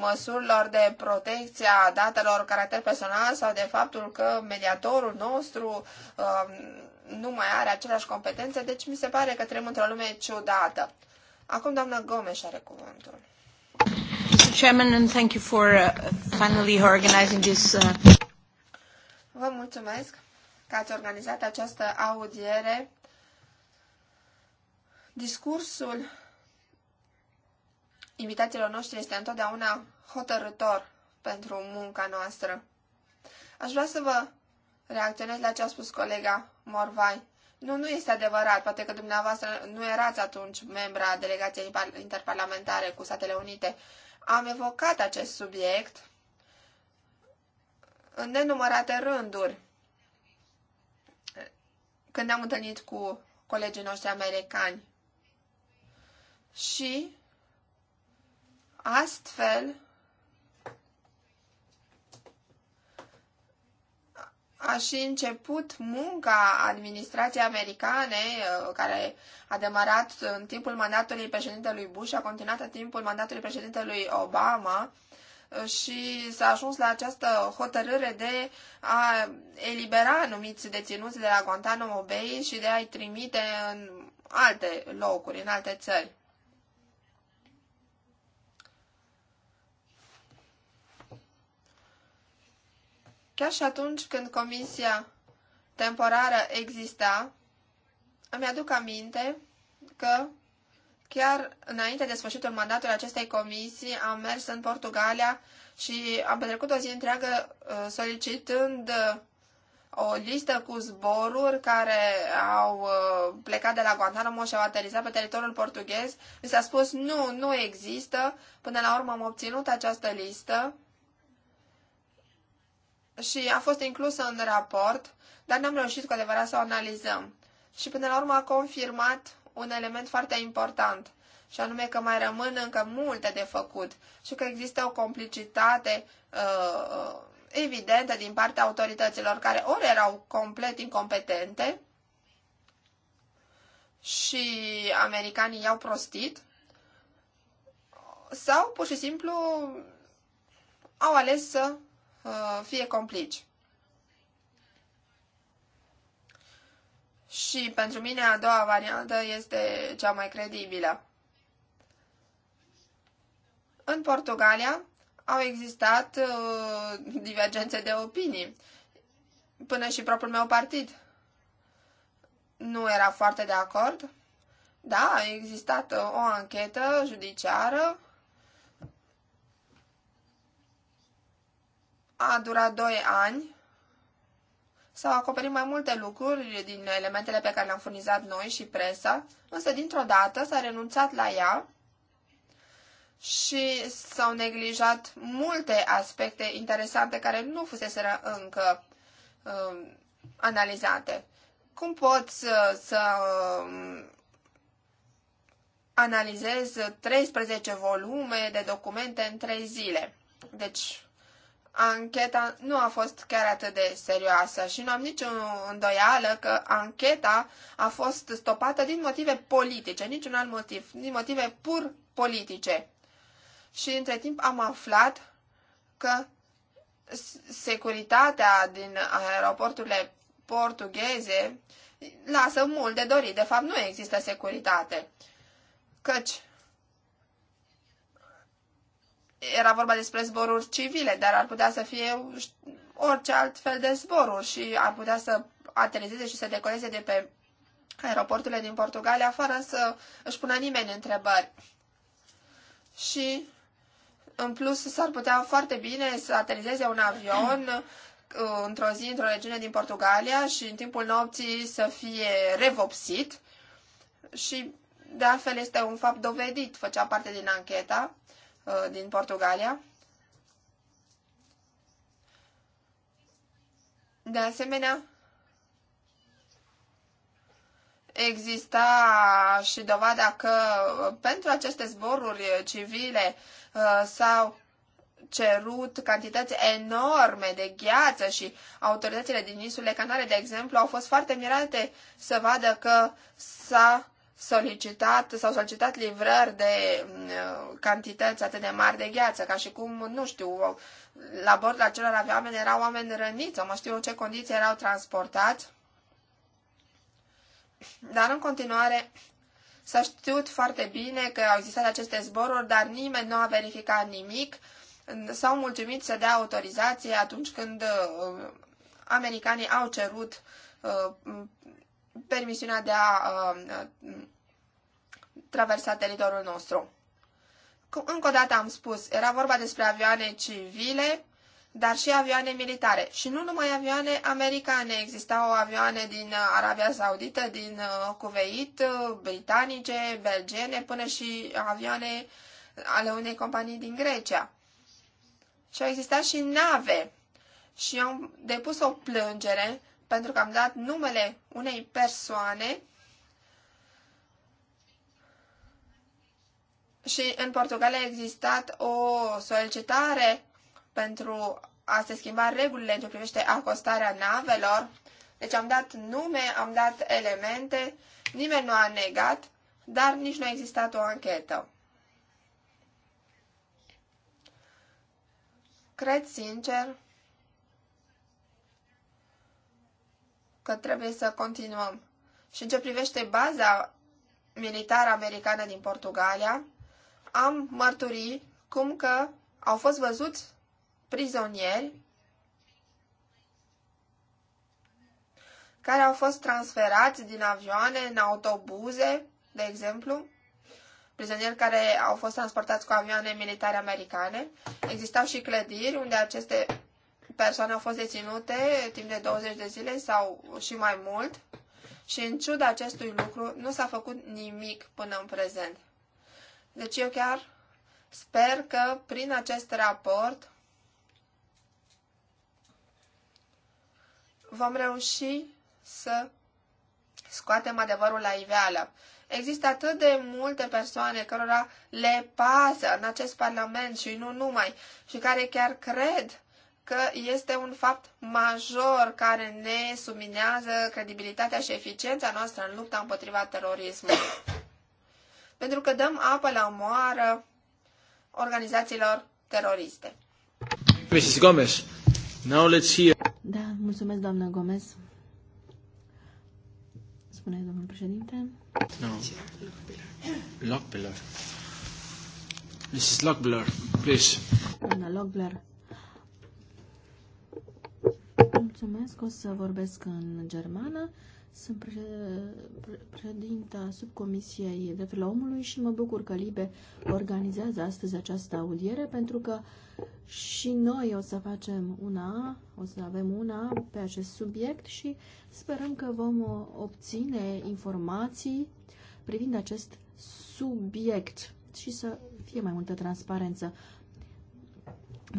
măsurilor de protecție a datelor caracter personal sau de faptul că mediatorul nostru nu mai are aceleași competențe, deci mi se pare că trăim într-o lume ciudată. Acum doamna Gomes are cuvântul. Mr. Chairman, and thank you for uh, finally organizing this. Uh... Vă mulțumesc că ați organizat această audiere. Discursul invitațiilor noștri este întotdeauna hotărător pentru munca noastră. Aș vrea să vă reacționez la ce a spus colega Morvai. Nu, nu este adevărat. Poate că dumneavoastră nu erați atunci membra delegației interparlamentare cu Statele Unite. Am evocat acest subiect în nenumărate rânduri când ne-am întâlnit cu colegii noștri americani. Și astfel a și început munca administrației americane, uh, care a demarat în timpul mandatului președintelui Bush, a continuat în timpul mandatului președintelui Obama uh, și s-a ajuns la această hotărâre de a elibera anumiți deținuți de la Guantanamo Bay și de a-i trimite în alte locuri, în alte țări. Chiar și atunci când comisia temporară exista, îmi aduc aminte că chiar înainte de sfârșitul mandatului acestei comisii am mers în Portugalia și am petrecut o zi întreagă uh, solicitând uh, o listă cu zboruri care au uh, plecat de la Guantanamo și au aterizat pe teritoriul portughez. Mi s-a spus nu, nu există. Până la urmă am obținut această listă și a fost inclusă în raport, dar n-am reușit cu adevărat să o analizăm. Și până la urmă a confirmat un element foarte important, și anume că mai rămân încă multe de făcut și că există o complicitate uh, evidentă din partea autorităților care ori erau complet incompetente și americanii i-au prostit, sau pur și simplu au ales să Uh, fie complici. Și pentru mine a doua variantă este cea mai credibilă. În Portugalia au existat uh, divergențe de opinii. Până și propriul meu partid nu era foarte de acord. Da, a existat uh, o anchetă judiciară a durat 2 ani. S-au acoperit mai multe lucruri din elementele pe care le-am furnizat noi și presa, însă dintr-o dată s-a renunțat la ea și s-au neglijat multe aspecte interesante care nu fusese încă uh, analizate. Cum poți să, să um, analizez 13 volume de documente în 3 zile? Deci, ancheta nu a fost chiar atât de serioasă și nu am nicio îndoială că ancheta a fost stopată din motive politice, niciun alt motiv, din motive pur politice. Și între timp am aflat că securitatea din aeroporturile portugheze lasă mult de dorit. De fapt, nu există securitate. Căci era vorba despre zboruri civile, dar ar putea să fie orice alt fel de zboruri și ar putea să aterizeze și să decoleze de pe aeroporturile din Portugalia fără să își pună nimeni întrebări. Și în plus s-ar putea foarte bine să aterizeze un avion uh, într-o zi într-o regiune din Portugalia și în timpul nopții să fie revopsit și de altfel este un fapt dovedit, făcea parte din ancheta Uh, din Portugalia. De asemenea, exista și dovada că pentru aceste zboruri civile uh, s-au cerut cantități enorme de gheață și autoritățile din insulele Canare, de exemplu, au fost foarte mirate să vadă că s-a solicitat, s-au solicitat livrări de mm, cantități atât de mari de gheață, ca și cum, nu știu, la la celor avioane erau oameni răniți, sau mă știu ce condiții erau transportați. Dar în continuare s-a știut foarte bine că au existat aceste zboruri, dar nimeni nu a verificat nimic. S-au mulțumit să dea autorizație atunci când uh, americanii au cerut uh, permisiunea de a um, uh, traversa teritoriul nostru. Încă o dată am spus, era vorba despre avioane civile, dar și avioane militare. Și nu numai avioane americane, existau avioane din uh, Arabia Saudită, din Cuveit, uh, britanice, belgene, până și avioane ale unei companii din Grecia. Și au existat și nave. Și am depus o plângere pentru că am dat numele unei persoane și în Portugalia a existat o solicitare pentru a se schimba regulile în ce privește acostarea navelor. Deci am dat nume, am dat elemente, nimeni nu a negat, dar nici nu a existat o anchetă. Cred sincer că trebuie să continuăm. Și în ce privește baza militară americană din Portugalia, am mărturii cum că au fost văzuți prizonieri care au fost transferați din avioane în autobuze, de exemplu, prizonieri care au fost transportați cu avioane militare americane. Existau și clădiri unde aceste persoane au fost deținute timp de 20 de zile sau și mai mult și în ciuda acestui lucru nu s-a făcut nimic până în prezent. Deci eu chiar sper că prin acest raport vom reuși să scoatem adevărul la iveală. Există atât de multe persoane cărora le pasă în acest parlament și nu numai, și care chiar cred că este un fapt major care ne subminează credibilitatea și eficiența noastră în lupta împotriva terorismului. Pentru că dăm apă la moară organizațiilor teroriste. Mrs. Gomez, now let's hear... Da, mulțumesc, doamna Gomez. Spune domnul președinte. No. Lockbiller. Mrs. Lockbiller, please. Doamna Lockbiller. Mulțumesc, o să vorbesc în germană. Sunt pre, pre, președinta subcomisiei drepturilor omului și mă bucur că LIBE organizează astăzi această audiere pentru că și noi o să facem una, o să avem una pe acest subiect și sperăm că vom uh, obține informații privind acest subiect și să fie mai multă transparență.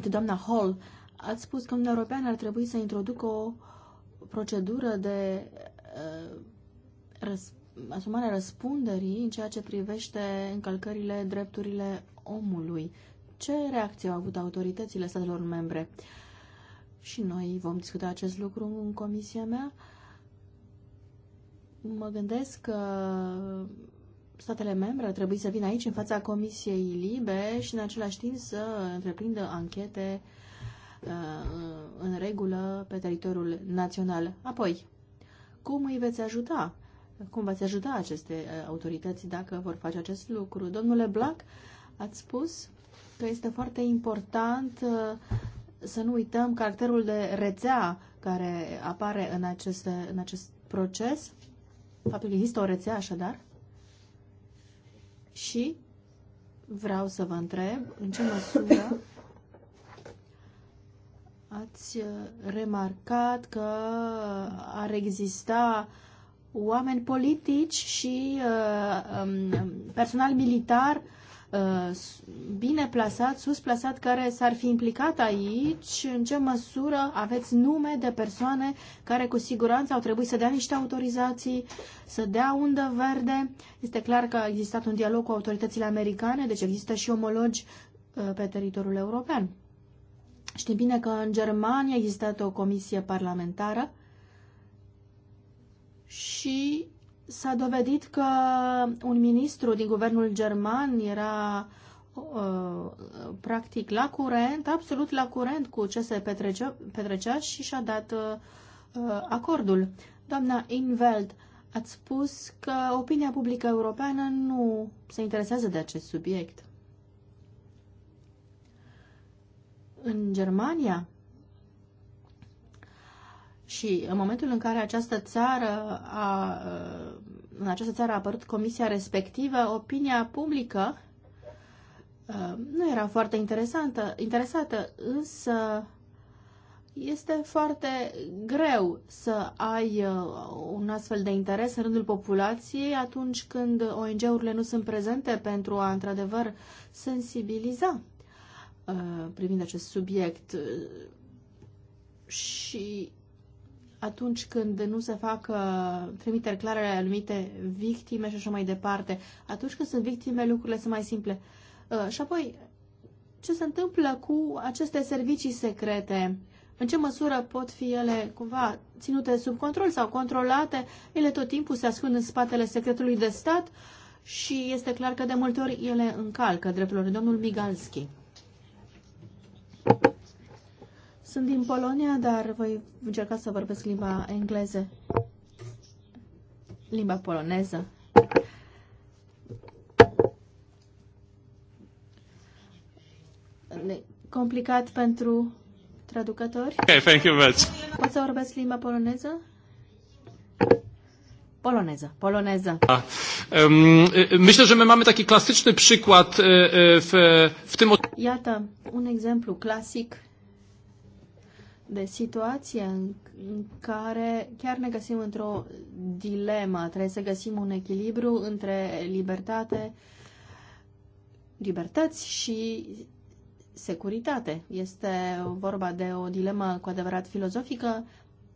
Doamna Hall, Ați spus că Uniunea Europeană ar trebui să introducă o procedură de uh, răs asumarea răspunderii în ceea ce privește încălcările drepturile omului. Ce reacție au avut autoritățile statelor membre? Și noi vom discuta acest lucru în comisia mea. Mă gândesc că statele membre ar trebui să vină aici în fața Comisiei Libe și în același timp să întreprindă anchete uh, Uh, în regulă pe teritoriul național. Apoi, cum îi veți ajuta? Cum veți ajuta aceste uh, autorități dacă vor face acest lucru? Domnule Black, ați spus că este foarte important uh, să nu uităm caracterul de rețea care apare în, aceste, în acest proces, faptul că există o rețea așadar, și vreau să vă întreb în ce măsură ați uh, remarcat că ar exista oameni politici și uh, um, personal militar uh, bine plasat, sus plasat, care s-ar fi implicat aici, în ce măsură aveți nume de persoane care cu siguranță au trebuit să dea niște autorizații, să dea undă verde. Este clar că a existat un dialog cu autoritățile americane, deci există și omologi pe teritoriul european. Știi bine că în Germania există o comisie parlamentară și s-a dovedit că un ministru din guvernul german era uh, practic la curent, absolut la curent cu ce se petrecea, petrecea și și-a dat uh, acordul. Doamna Inveld, ați spus că opinia publică europeană nu se interesează de acest subiect. în Germania și în momentul în care această țară a, în această țară a apărut comisia respectivă, opinia publică nu era foarte interesantă, interesată, însă este foarte greu să ai un astfel de interes în rândul populației atunci când ONG-urile nu sunt prezente pentru a, într-adevăr, sensibiliza Uh, privind acest subiect uh, și atunci când nu se fac uh, trimiteri clare la anumite victime și așa mai departe. Atunci când sunt victime, lucrurile sunt mai simple. Și apoi, ce se întâmplă cu aceste servicii secrete? În ce măsură pot fi ele cumva ținute sub control sau controlate? Ele tot timpul se ascund în spatele secretului de stat și este clar că de multe ori ele încalcă drepturile. Domnul Migalski. Sunt din Polonia, dar voi încerca să vorbesc limba engleză, limba poloneză. Complicat pentru traducători. Okay, thank you very much. Pot să vorbesc limba poloneză? Poloneză, poloneză. Ah, myślę, że my mamy taki klasyczny przykład w, w tym... Iată, un exemplu clasic de situație în, în care chiar ne găsim într-o dilemă. Trebuie să găsim un echilibru între libertate, libertăți și securitate. Este vorba de o dilemă cu adevărat filozofică.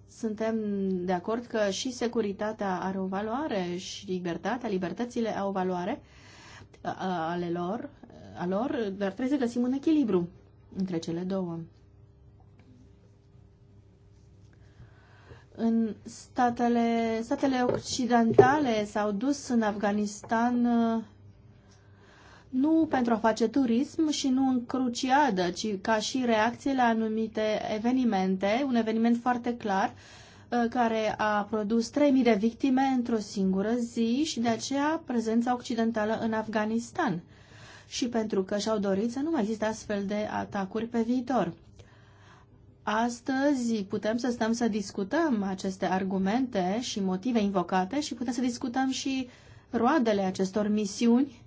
Suntem de acord că și securitatea are o valoare și libertatea, libertățile au valoare uh, uh, ale lor, uh, a lor, dar trebuie să găsim un echilibru între cele două. în statele, statele occidentale s-au dus în Afganistan uh, nu pentru a face turism și nu în cruciadă, ci ca și reacție la anumite evenimente, un eveniment foarte clar uh, care a produs 3.000 de victime într-o singură zi și de aceea prezența occidentală în Afganistan și pentru că și-au dorit să nu mai existe astfel de atacuri pe viitor. Astăzi putem să stăm să discutăm aceste argumente și motive invocate și putem să discutăm și roadele acestor misiuni,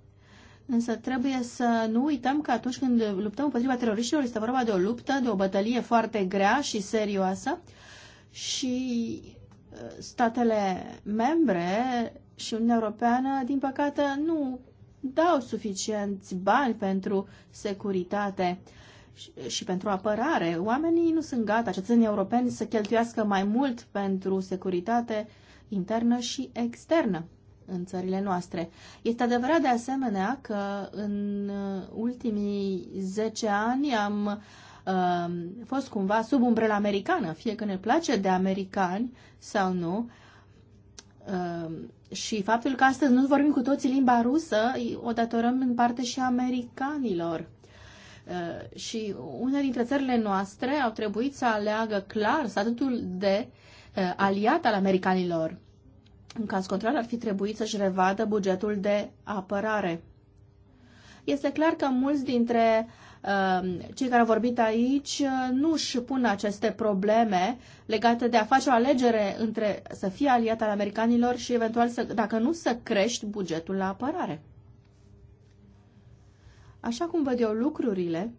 însă trebuie să nu uităm că atunci când luptăm împotriva teroriștilor este vorba de o luptă, de o bătălie foarte grea și serioasă și uh, statele membre și Uniunea Europeană, din păcate, nu dau suficienți bani pentru securitate și pentru apărare. Oamenii nu sunt gata, cetățenii europeni, să cheltuiască mai mult pentru securitate internă și externă în țările noastre. Este adevărat de asemenea că în ultimii 10 ani am uh, fost cumva sub umbrela americană, fie că ne place de americani sau nu. Uh, și faptul că astăzi nu vorbim cu toții limba rusă, o datorăm în parte și americanilor. Uh, și unele dintre țările noastre au trebuit să aleagă clar statutul de uh, aliat al americanilor. În caz contrar, ar fi trebuit să-și revadă bugetul de apărare. Este clar că mulți dintre uh, cei care au vorbit aici uh, nu își pun aceste probleme legate de a face o alegere între să fie aliat al americanilor și eventual să, dacă nu să crești bugetul la apărare. Așa cum văd eu lucrurile,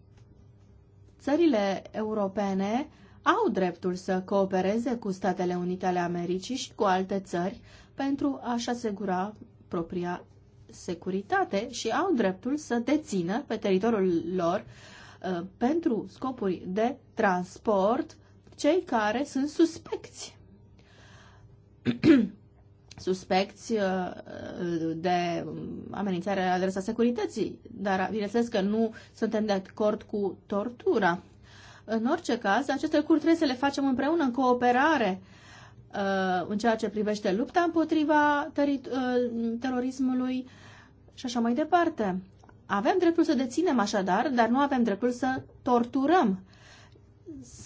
țările europene au dreptul să coopereze cu Statele Unite ale Americii și cu alte țări pentru a-și asigura propria securitate și au dreptul să dețină pe teritoriul lor ă, pentru scopuri de transport cei care sunt suspecți. suspecți uh, de amenințare adresa securității, dar bineînțeles că nu suntem de acord cu tortura. În orice caz, aceste lucruri trebuie să le facem împreună, în cooperare, uh, în ceea ce privește lupta împotriva uh, terorismului și așa mai departe. Avem dreptul să deținem așadar, dar nu avem dreptul să torturăm.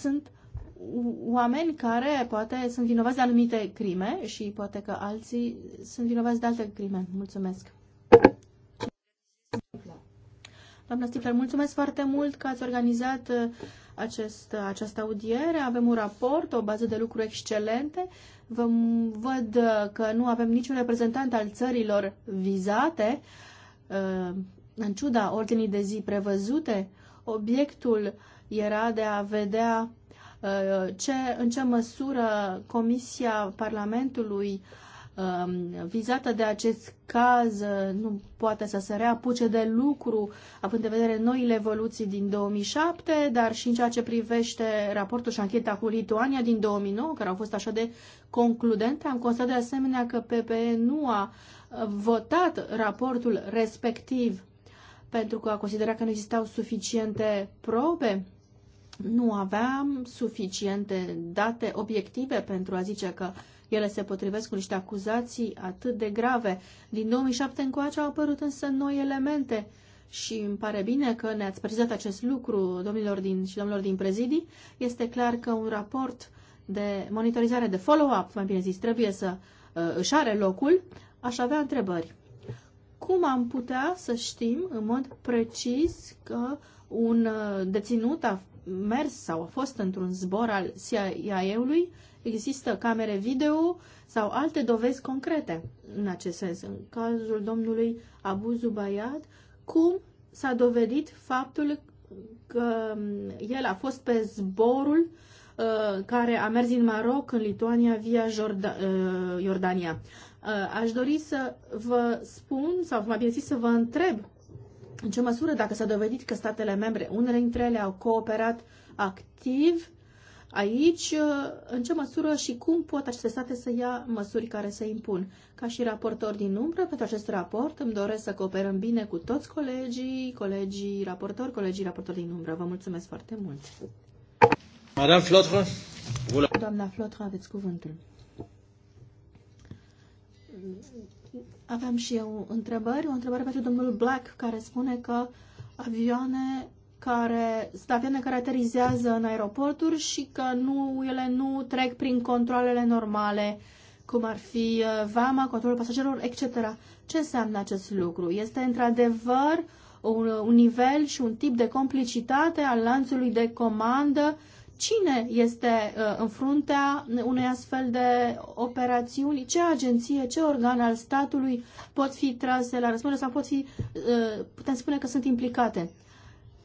Sunt oameni care poate sunt vinovați de anumite crime și poate că alții sunt vinovați de alte crime. Mulțumesc! Doamna Stifler, mulțumesc foarte mult că ați organizat uh, acest, uh, această audiere. Avem un raport, o bază de lucru excelente. Vă văd uh, că nu avem niciun reprezentant al țărilor vizate, în ciuda ordinii de zi prevăzute. Obiectul era de a vedea Uh, ce, în ce măsură Comisia Parlamentului um, vizată de acest caz uh, nu poate să se reapuce de lucru, având în vedere noile evoluții din 2007, dar și în ceea ce privește raportul și ancheta cu Lituania din 2009, care au fost așa de concludente. Am constatat de asemenea că PPE nu a uh, votat raportul respectiv pentru că a considerat că nu existau suficiente probe nu aveam suficiente date obiective pentru a zice că ele se potrivesc cu niște acuzații atât de grave. Din 2007 încoace au apărut însă noi elemente și îmi pare bine că ne-ați prezentat acest lucru, domnilor din, și domnilor din prezidii. Este clar că un raport de monitorizare, de follow-up, mai bine zis, trebuie să uh, își are locul. Aș avea întrebări. Cum am putea să știm în mod precis că un uh, deținut a mers sau a fost într-un zbor al CIA-ului, există camere video sau alte dovezi concrete în acest sens. În cazul domnului Abu Zubayad, cum s-a dovedit faptul că um, el a fost pe zborul uh, care a mers din Maroc în Lituania via Jorda, uh, Iordania. Uh, aș dori să vă spun, sau mai bine zis, să vă întreb în ce măsură, dacă s-a dovedit că statele membre, unele dintre ele au cooperat activ, aici, în ce măsură și cum pot aceste state să ia măsuri care se impun. Ca și raportor din umbră, pentru acest raport îmi doresc să cooperăm bine cu toți colegii, colegii raportori, colegii raportori din umbră. Vă mulțumesc foarte mult! Madame Flotre, Doamna Flotre, aveți cuvântul aveam și eu întrebări. O întrebare pentru domnul Black, care spune că avioane care, sunt avioane care aterizează în aeroporturi și că nu, ele nu trec prin controlele normale, cum ar fi uh, vama, controlul pasagerilor, etc. Ce înseamnă acest lucru? Este într-adevăr un, un nivel și un tip de complicitate al lanțului de comandă cine este uh, în fruntea unei astfel de operațiuni, ce agenție, ce organ al statului pot fi trase la răspundere sau pot fi, uh, putem spune că sunt implicate.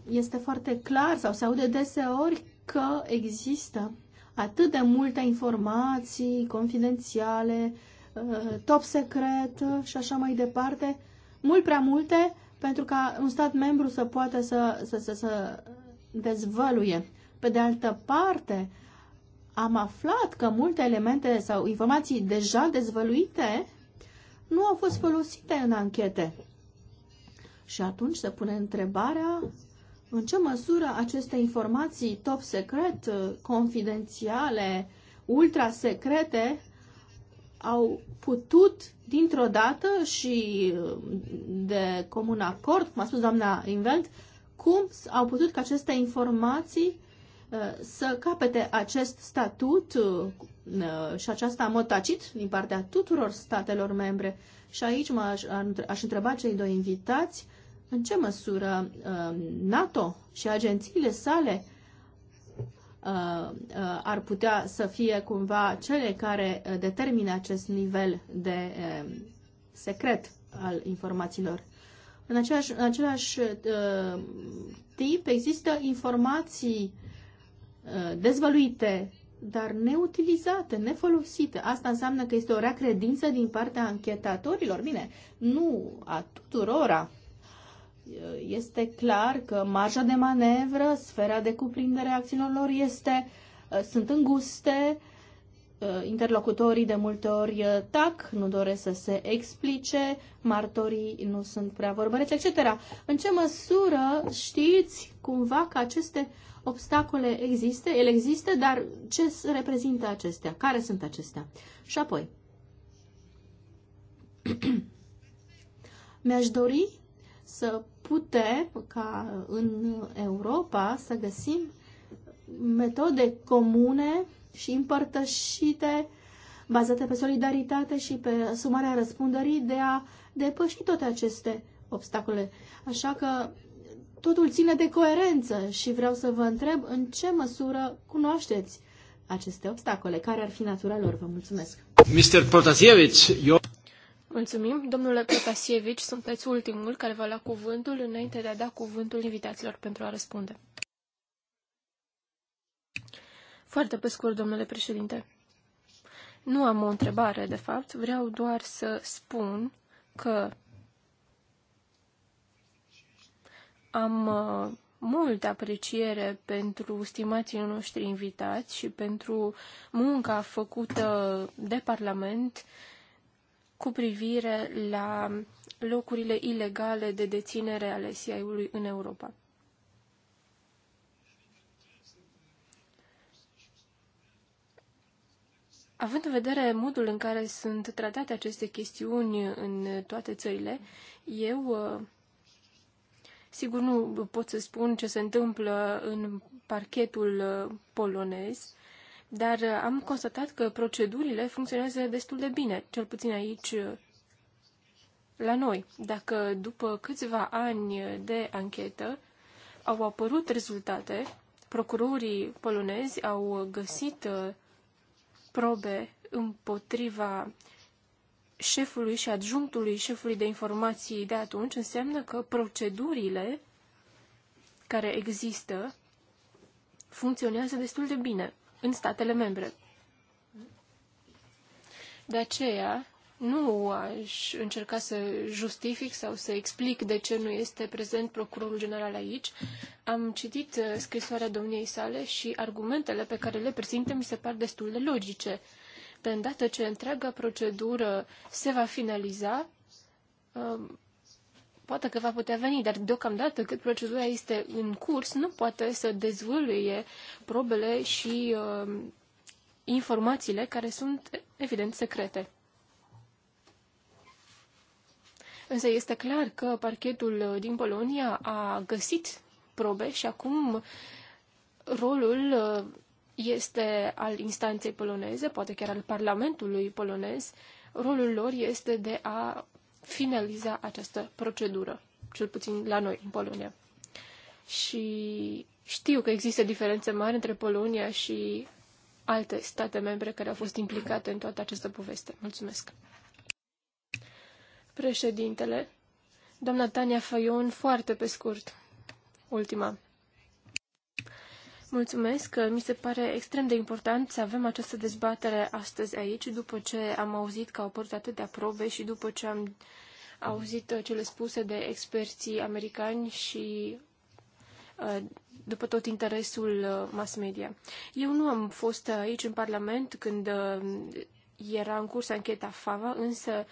Este foarte clar sau se aude deseori că există atât de multe informații confidențiale, uh, top secret și așa mai departe, mult prea multe pentru ca un stat membru să poată să, să, să, să dezvăluie pe de altă parte, am aflat că multe elemente sau informații deja dezvăluite nu au fost folosite în anchete. Și atunci se pune întrebarea în ce măsură aceste informații top secret, confidențiale, ultra secrete au putut dintr-o dată și de comun acord, cum a spus doamna Invent, cum au putut ca aceste informații să capete acest statut uh, uh, și aceasta a mod tacit din partea tuturor statelor membre. Și aici aș aș întreba cei doi invitați în ce măsură uh, NATO și agențiile sale ar putea să fie cumva cele care determină acest nivel de secret al informațiilor. În același, în același tip există informații uh, Uh, dezvăluite, dar neutilizate, nefolosite. Asta înseamnă că este o rea credință din partea anchetatorilor. Bine, nu a tuturora. Uh, este clar că marja de manevră, sfera de cuprindere a acțiunilor lor este, uh, sunt înguste, Uh, interlocutorii de multe ori uh, tac, nu doresc să se explice, martorii nu sunt prea vorbăreți, etc. În ce măsură știți cumva că aceste obstacole există? Ele există, dar ce reprezintă acestea? Care sunt acestea? Și apoi, mi-aș dori să putem ca în Europa să găsim metode comune și împărtășite, bazate pe solidaritate și pe sumarea răspunderii de a depăși toate aceste obstacole. Așa că totul ține de coerență și vreau să vă întreb în ce măsură cunoașteți aceste obstacole, care ar fi natura lor. Vă mulțumesc. Mr. Protasievich, eu... Mulțumim. Domnule Protasiewicz, sunteți ultimul care va lua cuvântul înainte de a da cuvântul invitaților pentru a răspunde. Foarte pe scurt, domnule președinte. Nu am o întrebare, de fapt. Vreau doar să spun că am uh, multă apreciere pentru stimații noștri invitați și pentru munca făcută de Parlament cu privire la locurile ilegale de deținere ale CIA-ului în Europa. Având în vedere modul în care sunt tratate aceste chestiuni în toate țările, eu uh, sigur nu pot să spun ce se întâmplă în parchetul uh, polonez, dar uh, am constatat că procedurile funcționează destul de bine, cel puțin aici la noi. Dacă după câțiva ani de anchetă au apărut rezultate, procurorii polonezi au găsit probe împotriva șefului și adjunctului șefului de informații de atunci, înseamnă că procedurile care există funcționează destul de bine în statele membre. De aceea, nu aș încerca să justific sau să explic de ce nu este prezent procurorul general aici. Am citit uh, scrisoarea domniei sale și argumentele pe care le prezintă mi se par destul de logice. De îndată ce întreaga procedură se va finaliza, um, poate că va putea veni, dar deocamdată cât procedura este în curs, nu poate să dezvăluie probele și um, informațiile care sunt, evident, secrete. Însă este clar că parchetul uh, din Polonia a găsit probe și acum rolul uh, este al instanței poloneze, poate chiar al Parlamentului polonez. Rolul lor este de a finaliza această procedură, cel puțin la noi, în Polonia. Și știu că există diferențe mari între Polonia și alte state membre care au fost implicate în toată această poveste. Mulțumesc! Președintele, doamna Tania Fayon, foarte pe scurt, ultima. Mulțumesc, mi se pare extrem de important să avem această dezbatere astăzi aici, după ce am auzit că au apărut de probe și după ce am auzit uh, cele spuse de experții americani și uh, după tot interesul uh, mass media. Eu nu am fost aici în Parlament când era în curs ancheta FAVA, însă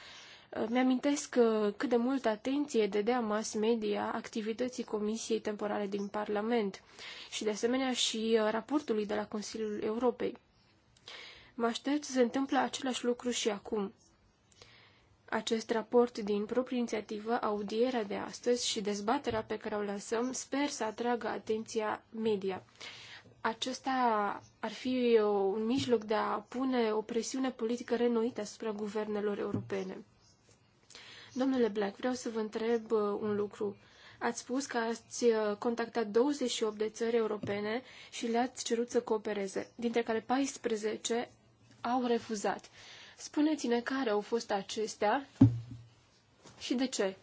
mi-amintesc uh, cât de multă atenție dădea mass media activității Comisiei Temporale din Parlament și, de asemenea, și uh, raportului de la Consiliul Europei. Mă aștept să se întâmple același lucru și acum. Acest raport din proprie inițiativă, audierea de astăzi și dezbaterea pe care o lansăm, sper să atragă atenția media. Acesta ar fi uh, un mijloc de a pune o presiune politică renoită asupra guvernelor europene. Domnule Black, vreau să vă întreb uh, un lucru. Ați spus că ați uh, contactat 28 de țări europene și le-ați cerut să coopereze, dintre care 14 au refuzat. Spuneți-ne care au fost acestea și de ce.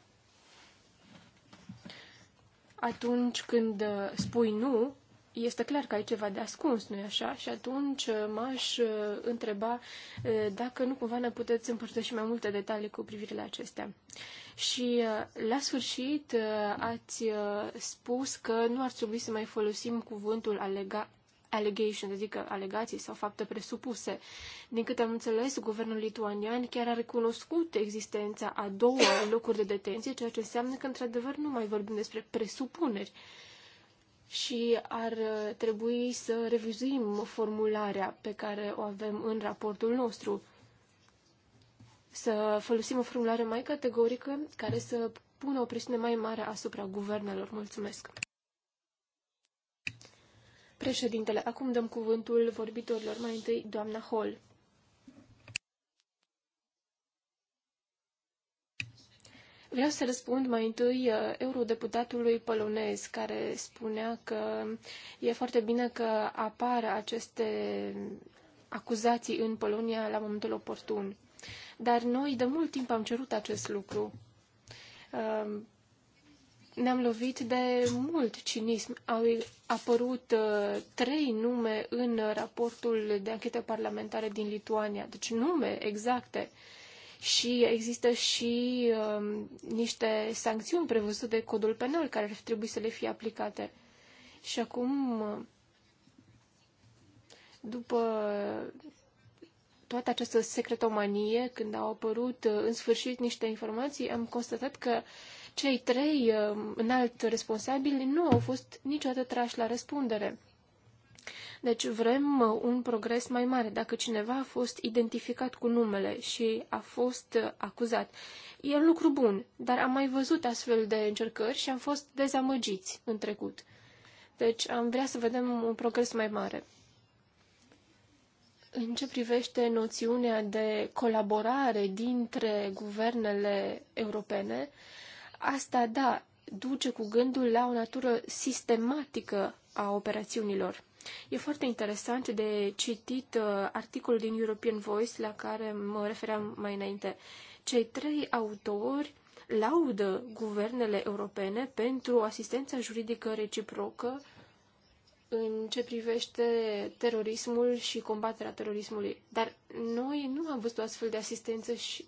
Atunci când uh, spui nu, este clar că ai ceva de ascuns, nu-i așa? Și atunci uh, m-aș uh, întreba uh, dacă nu cumva ne puteți împărtăși mai multe detalii cu privire la acestea. Și la sfârșit ați spus că nu ar trebui să mai folosim cuvântul alega allegation, adică alegații sau fapte presupuse. Din câte am înțeles, guvernul lituanian chiar a recunoscut existența a două locuri de detenție, ceea ce înseamnă că, într-adevăr, nu mai vorbim despre presupuneri, și ar uh, trebui să revizuim formularea pe care o avem în raportul nostru. Să folosim o formulare mai categorică care să pună o presiune mai mare asupra guvernelor. Mulțumesc! Președintele, acum dăm cuvântul vorbitorilor mai întâi, doamna Hall. Vreau să răspund mai întâi uh, eurodeputatului polonez, care spunea că e foarte bine că apar aceste acuzații în Polonia la momentul oportun. Dar noi de mult timp am cerut acest lucru. Uh, ne-am lovit de mult cinism. Au apărut uh, trei nume în raportul de anchetă parlamentară din Lituania, deci nume exacte și există și um, niște sancțiuni prevăzute de codul penal care ar trebui să le fie aplicate. Și acum, după toată această secretomanie, când au apărut uh, în sfârșit niște informații, am constatat că cei trei um, înalt responsabili nu au fost niciodată trași la răspundere. Deci vrem uh, un progres mai mare. Dacă cineva a fost identificat cu numele și a fost uh, acuzat, e un lucru bun, dar am mai văzut astfel de încercări și am fost dezamăgiți în trecut. Deci am vrea să vedem un progres mai mare. În ce privește noțiunea de colaborare dintre guvernele europene, asta, da, duce cu gândul la o natură sistematică a operațiunilor. E foarte interesant de citit uh, articolul din European Voice la care mă refeream mai înainte. Cei trei autori laudă guvernele europene pentru asistența juridică reciprocă în ce privește terorismul și combaterea terorismului. Dar noi nu am văzut o astfel de asistență și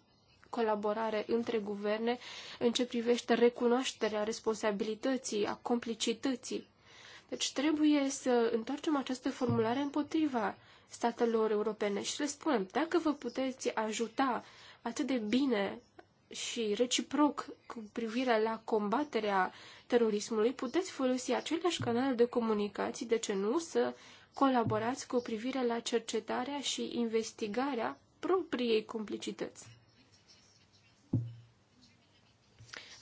colaborare între guverne în ce privește recunoașterea responsabilității, a complicității. Deci trebuie să întoarcem această formulare împotriva statelor europene și le spunem, dacă vă puteți ajuta atât de bine și reciproc cu privire la combaterea terorismului, puteți folosi aceleași canale de comunicații, de ce nu, să colaborați cu privire la cercetarea și investigarea propriei complicități.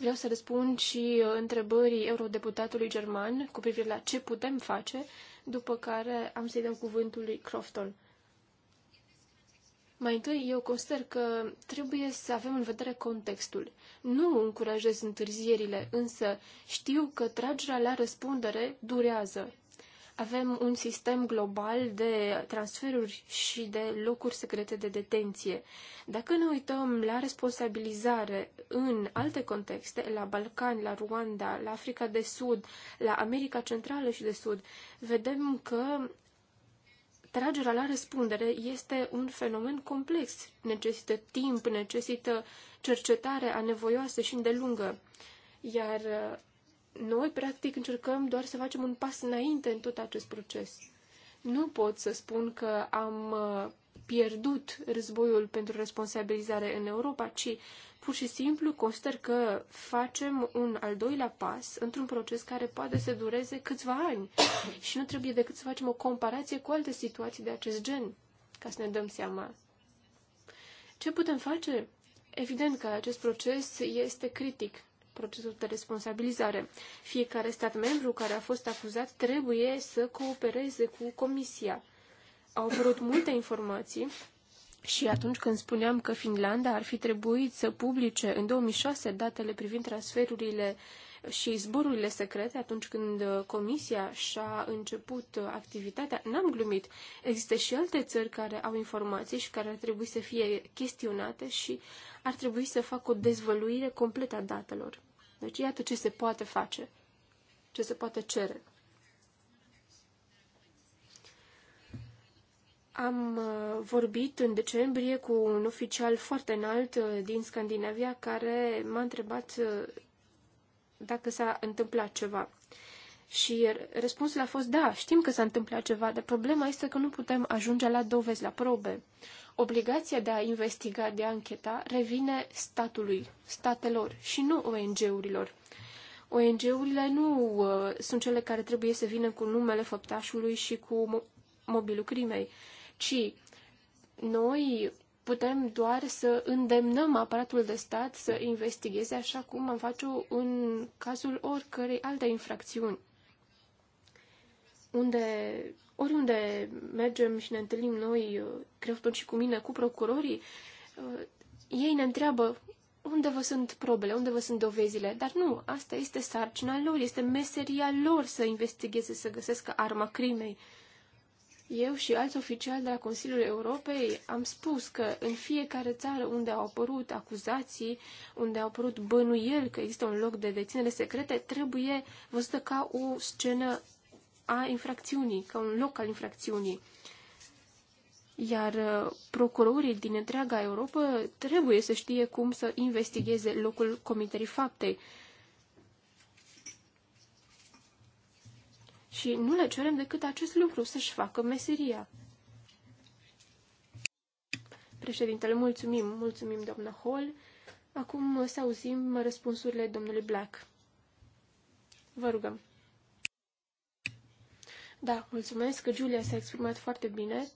Vreau să răspund și uh, întrebării eurodeputatului german cu privire la ce putem face, după care am să-i dau cuvântul lui Crofton. Mai întâi, eu consider că trebuie să avem în vedere contextul. Nu încurajez întârzierile, însă știu că tragerea la răspundere durează avem un sistem global de transferuri și de locuri secrete de detenție. Dacă ne uităm la responsabilizare în alte contexte, la Balcani, la Ruanda, la Africa de Sud, la America Centrală și de Sud, vedem că tragerea la răspundere este un fenomen complex. Necesită timp, necesită cercetare anevoioasă și îndelungă. Iar noi, practic, încercăm doar să facem un pas înainte în tot acest proces. Nu pot să spun că am uh, pierdut războiul pentru responsabilizare în Europa, ci pur și simplu consider că facem un al doilea pas într-un proces care poate să dureze câțiva ani și nu trebuie decât să facem o comparație cu alte situații de acest gen, ca să ne dăm seama. Ce putem face? Evident că acest proces este critic procesul de responsabilizare. Fiecare stat membru care a fost acuzat trebuie să coopereze cu Comisia. Au apărut multe informații și atunci când spuneam că Finlanda ar fi trebuit să publice în 2006 datele privind transferurile și zborurile secrete, atunci când Comisia și-a început activitatea, n-am glumit. Există și alte țări care au informații și care ar trebui să fie chestionate și ar trebui să facă o dezvăluire completă a datelor. Deci iată ce se poate face, ce se poate cere. Am uh, vorbit în decembrie cu un oficial foarte înalt uh, din Scandinavia care m-a întrebat uh, dacă s-a întâmplat ceva. Și răspunsul a fost da, știm că s-a întâmplat ceva, dar problema este că nu putem ajunge la dovezi, la probe obligația de a investiga, de a încheta, revine statului, statelor și nu ONG-urilor. ONG-urile nu uh, sunt cele care trebuie să vină cu numele făptașului și cu mobilul crimei, ci noi putem doar să îndemnăm aparatul de stat să investigheze așa cum am face-o în cazul oricărei alte infracțiuni unde, oriunde mergem și ne întâlnim noi, Crefton și cu mine, cu procurorii, uh, ei ne întreabă unde vă sunt probele, unde vă sunt dovezile, dar nu, asta este sarcina lor, este meseria lor să investigheze, să găsească arma crimei. Eu și alți oficiali de la Consiliul Europei am spus că în fiecare țară unde au apărut acuzații, unde au apărut bănuieli că există un loc de deținere secrete, trebuie văzută ca o scenă a infracțiunii, ca un loc al infracțiunii. Iar uh, procurorii din întreaga Europa trebuie să știe cum să investigheze locul comiterii faptei. Și nu le cerem decât acest lucru, să-și facă meseria. Președintele, mulțumim, mulțumim, doamna Hall. Acum să auzim răspunsurile domnului Black. Vă rugăm. Da, mulțumesc că Julia s-a exprimat foarte bine.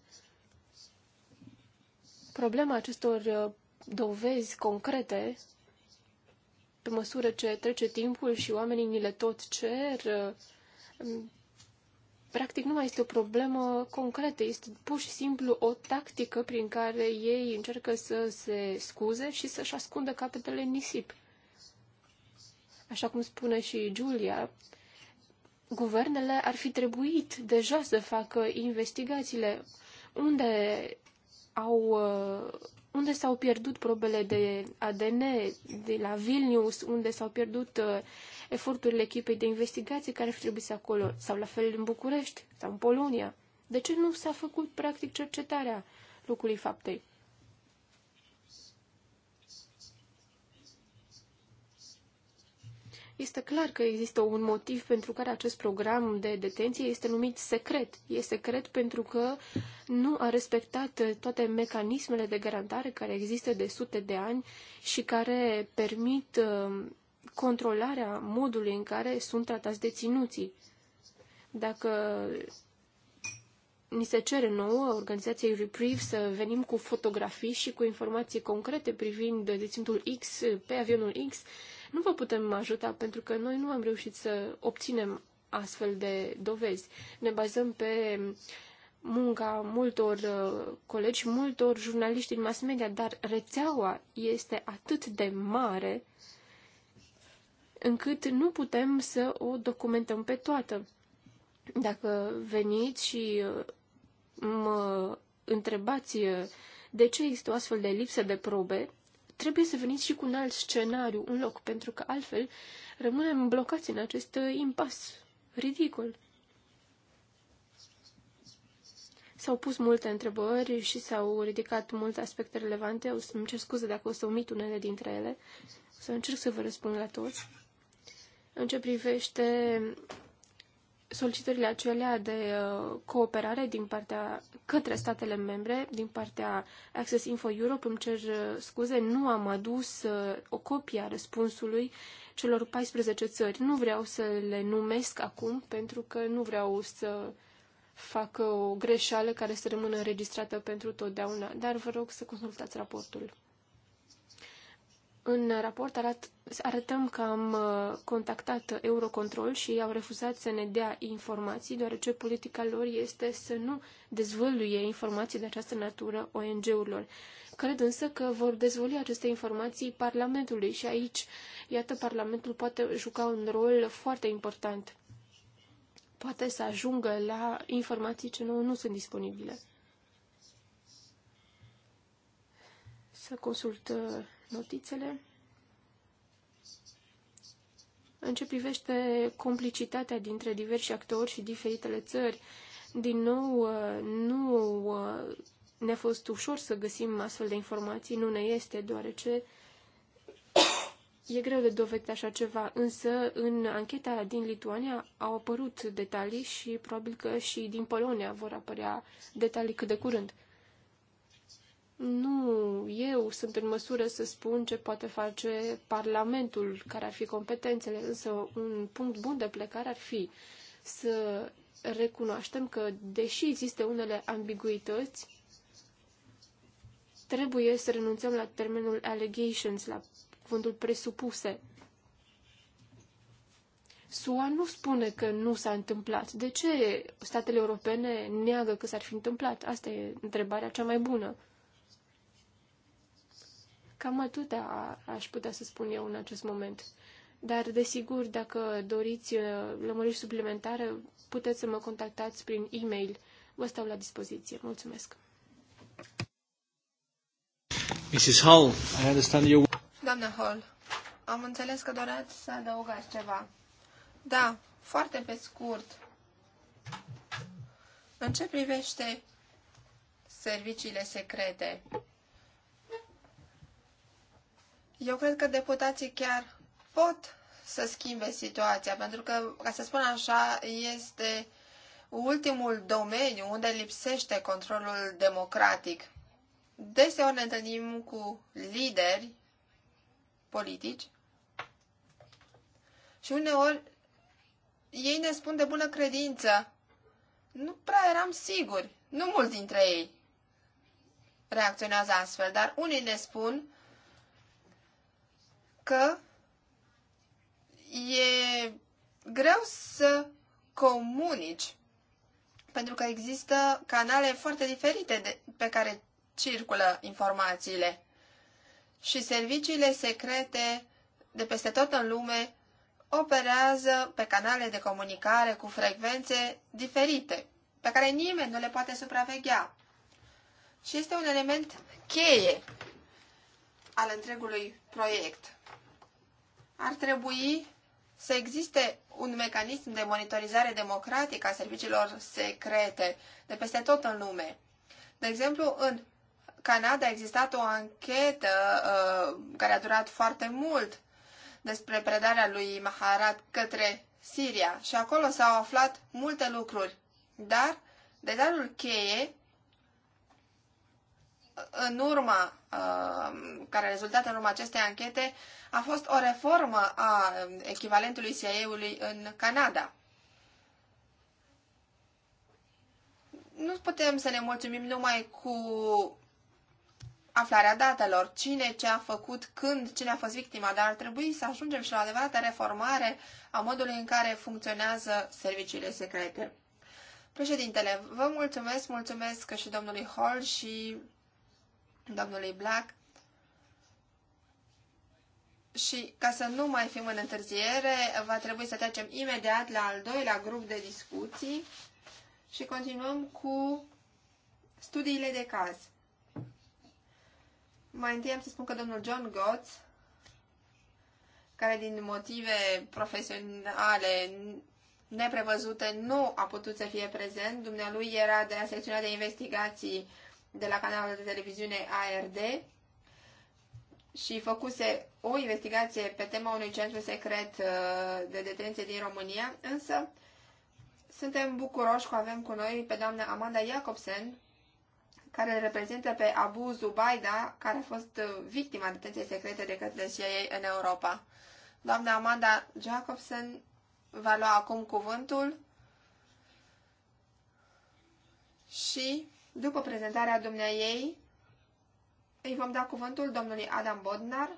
Problema acestor uh, dovezi concrete, pe măsură ce trece timpul și oamenii ni le tot cer, uh, practic nu mai este o problemă concretă, este pur și simplu o tactică prin care ei încearcă să se scuze și să-și ascundă capetele în nisip. Așa cum spune și Julia, guvernele ar fi trebuit deja să facă investigațiile unde au uh, unde s-au pierdut probele de ADN de la Vilnius, unde s-au pierdut uh, eforturile echipei de investigație care ar fi trebuit să acolo, sau la fel în București sau în Polonia. De ce nu s-a făcut practic cercetarea locului faptei? Este clar că există un motiv pentru care acest program de detenție este numit secret. Este secret pentru că nu a respectat toate mecanismele de garantare care există de sute de ani și care permit uh, controlarea modului în care sunt tratați deținuții. Dacă ni se cere nouă, organizației Reprieve, să venim cu fotografii și cu informații concrete privind deținutul X pe avionul X, nu vă putem ajuta pentru că noi nu am reușit să obținem astfel de dovezi. Ne bazăm pe munca multor uh, colegi, multor jurnaliști din mass media, dar rețeaua este atât de mare încât nu putem să o documentăm pe toată. Dacă veniți și uh, mă întrebați uh, de ce există o astfel de lipsă de probe, trebuie să veniți și cu un alt scenariu în loc, pentru că altfel rămânem blocați în acest uh, impas ridicol. S-au pus multe întrebări și s-au ridicat multe aspecte relevante. O să-mi cer scuze dacă o să omit unele dintre ele. O să încerc să vă răspund la toți. În ce privește solicitările acelea de uh, cooperare din partea către statele membre, din partea Access Info Europe, îmi cer uh, scuze, nu am adus uh, o copie a răspunsului celor 14 țări. Nu vreau să le numesc acum, pentru că nu vreau să fac o greșeală care să rămână înregistrată pentru totdeauna, dar vă rog să consultați raportul. În raport arat, arătăm că am uh, contactat Eurocontrol și au refuzat să ne dea informații, deoarece politica lor este să nu dezvăluie informații de această natură ONG-urilor. Cred însă că vor dezvălui aceste informații Parlamentului și aici, iată, Parlamentul poate juca un rol foarte important. Poate să ajungă la informații ce nu, nu sunt disponibile. Să consult uh, notițele. În ce privește complicitatea dintre diversi actori și diferitele țări, din nou, uh, nu uh, ne-a fost ușor să găsim astfel de informații, nu ne este, deoarece e greu de dovedit așa ceva, însă în ancheta din Lituania au apărut detalii și probabil că și din Polonia vor apărea detalii cât de curând nu eu sunt în măsură să spun ce poate face Parlamentul, care ar fi competențele, însă un punct bun de plecare ar fi să recunoaștem că, deși există unele ambiguități, trebuie să renunțăm la termenul allegations, la cuvântul presupuse. SUA nu spune că nu s-a întâmplat. De ce statele europene neagă că s-ar fi întâmplat? Asta e întrebarea cea mai bună. Cam atâta aș putea să spun eu în acest moment. Dar, desigur, dacă doriți uh, lămuriri suplimentare, puteți să mă contactați prin e-mail. Vă stau la dispoziție. Mulțumesc. Mrs. Hall, I understand you... Doamna Hall, am înțeles că doreați să adăugați ceva. Da, foarte pe scurt. În ce privește serviciile secrete? Eu cred că deputații chiar pot să schimbe situația, pentru că, ca să spun așa, este ultimul domeniu unde lipsește controlul democratic. Deseori ne întâlnim cu lideri politici și uneori ei ne spun de bună credință. Nu prea eram siguri, nu mulți dintre ei reacționează astfel, dar unii ne spun că e greu să comunici, pentru că există canale foarte diferite de, pe care circulă informațiile. Și serviciile secrete de peste tot în lume operează pe canale de comunicare cu frecvențe diferite, pe care nimeni nu le poate supraveghea. Și este un element cheie al întregului proiect ar trebui să existe un mecanism de monitorizare democratică a serviciilor secrete de peste tot în lume. De exemplu, în Canada a existat o anchetă uh, care a durat foarte mult despre predarea lui Maharat către Siria și acolo s-au aflat multe lucruri, dar de darul cheie, în urma Um, care a rezultat în urma acestei anchete a fost o reformă a um, echivalentului CIA-ului în Canada. Nu putem să ne mulțumim numai cu aflarea datelor, cine ce a făcut, când, cine a fost victima, dar ar trebui să ajungem și la adevărată reformare a modului în care funcționează serviciile secrete. Președintele, vă mulțumesc, mulțumesc și domnului Hall și domnului Black. Și ca să nu mai fim în întârziere, va trebui să trecem imediat la al doilea grup de discuții și continuăm cu studiile de caz. Mai întâi am să spun că domnul John Gotts, care din motive profesionale neprevăzute nu a putut să fie prezent, dumnealui era de la secțiunea de investigații de la canalul de televiziune ARD și făcuse o investigație pe tema unui centru secret uh, de detenție din România, însă suntem bucuroși că avem cu noi pe doamna Amanda Jacobsen, care reprezintă pe Abu Zubaida, care a fost uh, victima detenției secrete de către CIA în Europa. Doamna Amanda Jacobsen va lua acum cuvântul și după prezentarea dumneaei, îi vom da cuvântul domnului Adam Bodnar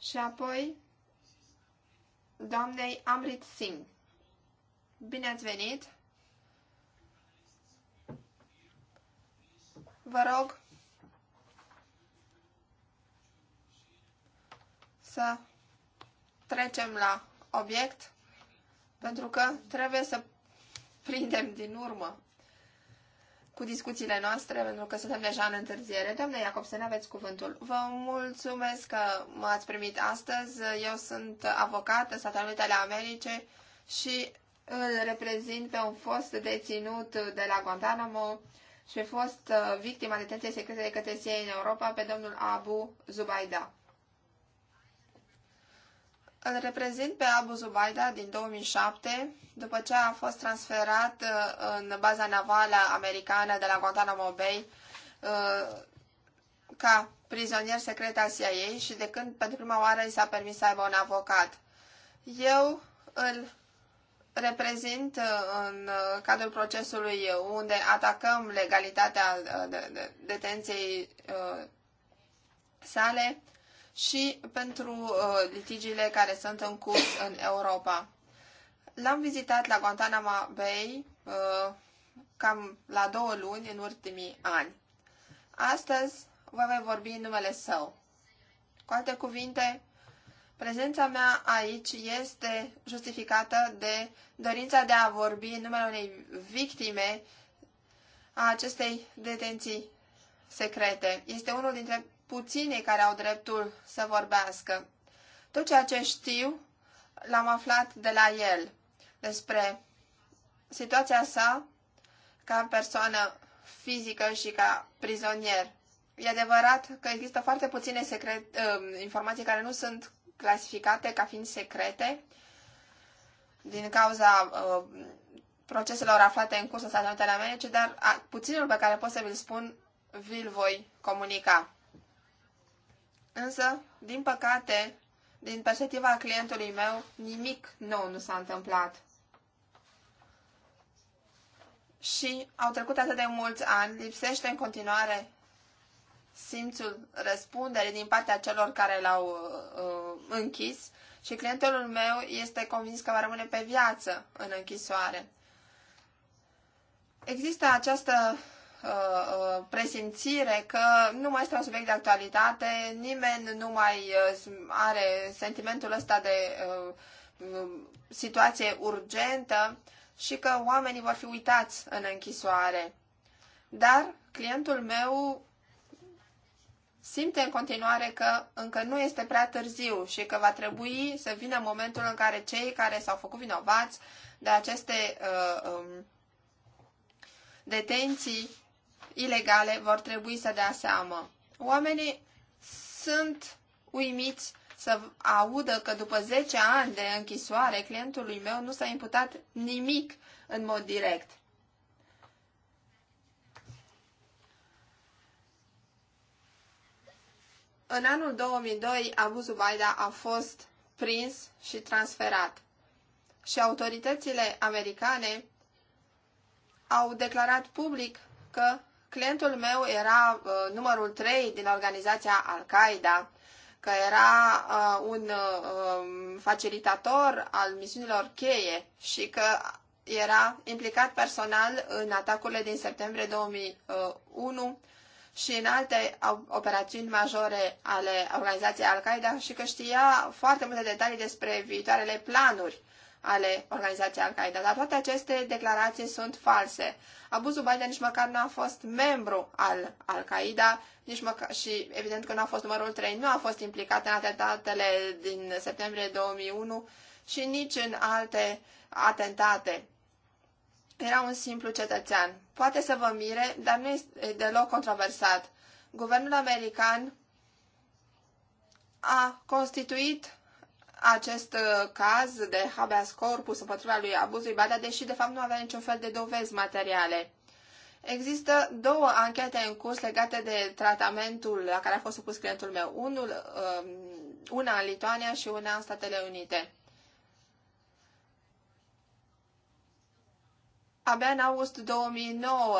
și apoi doamnei Amrit Singh. Bine ați venit! Vă rog să trecem la obiect, pentru că trebuie să prindem din urmă cu discuțiile noastre, pentru că suntem deja în întârziere. Doamne Iacobsen, aveți cuvântul. Vă mulțumesc că m-ați primit astăzi. Eu sunt avocat în Statele Unite ale Americe și îl reprezint pe un fost deținut de la Guantanamo și fost uh, victima detenției secrete de către CIA în Europa pe domnul Abu Zubaida. Îl reprezint pe Abu Zubaida din 2007, după ce a fost transferat uh, în baza navală americană de la Guantanamo Bay uh, ca prizonier secret al CIA și de când pentru prima oară i s-a permis să aibă un avocat. Eu îl reprezint uh, în cadrul procesului unde atacăm legalitatea detenției sale și pentru uh, litigiile care sunt în curs în Europa. L-am vizitat la Guantanamo Bay uh, cam la două luni în ultimii ani. Astăzi vă voi vorbi în numele său. Cu alte cuvinte, prezența mea aici este justificată de dorința de a vorbi în numele unei victime a acestei detenții secrete. Este unul dintre puținii care au dreptul să vorbească. Tot ceea ce știu l-am aflat de la el despre situația sa ca persoană fizică și ca prizonier. E adevărat că există foarte puține secret, um, informații care nu sunt clasificate ca fiind secrete din cauza uh, proceselor aflate în cursul în Statele Unite dar puținul pe care pot să vi-l spun, vi-l voi comunica. Însă, din păcate, din perspectiva clientului meu, nimic nou nu s-a întâmplat. Și au trecut atât de mulți ani, lipsește în continuare simțul răspunderii din partea celor care l-au uh, uh închis și clientul meu este convins că va rămâne pe viață în închisoare. Există această Uh, uh, presimțire că nu mai este un subiect de actualitate, nimeni nu mai uh, are sentimentul ăsta de uh, uh, situație urgentă și că oamenii vor fi uitați în închisoare. Dar clientul meu simte în continuare că încă nu este prea târziu și că va trebui să vină momentul în care cei care s-au făcut vinovați de aceste uh, um, detenții ilegale vor trebui să dea seamă. Oamenii sunt uimiți să audă că după 10 ani de închisoare clientului meu nu s-a imputat nimic în mod direct. În anul 2002, Abu Zubaida a fost prins și transferat. Și autoritățile americane au declarat public că clientul meu era uh, numărul 3 din organizația Al-Qaeda, că era uh, un uh, um, facilitator al misiunilor cheie și că era implicat personal în atacurile din septembrie 2001 uh, și în alte operațiuni majore ale organizației Al-Qaeda și că știa foarte multe detalii despre viitoarele planuri ale organizației Al-Qaeda. Dar toate aceste declarații sunt false. Abuzul Biden nici măcar nu a fost membru al Al-Qaeda nici măcar, și evident că nu a fost numărul 3, nu a fost implicat în atentatele din septembrie 2001 și nici în alte atentate. Era un simplu cetățean. Poate să vă mire, dar nu este deloc controversat. Guvernul american a constituit acest uh, caz de habeas corpus împotriva lui abuzului Badea, deși de fapt nu avea niciun fel de dovezi materiale. Există două anchete în curs legate de tratamentul la care a fost supus clientul meu, unul, um, una în Lituania și una în Statele Unite. Abia în august 2009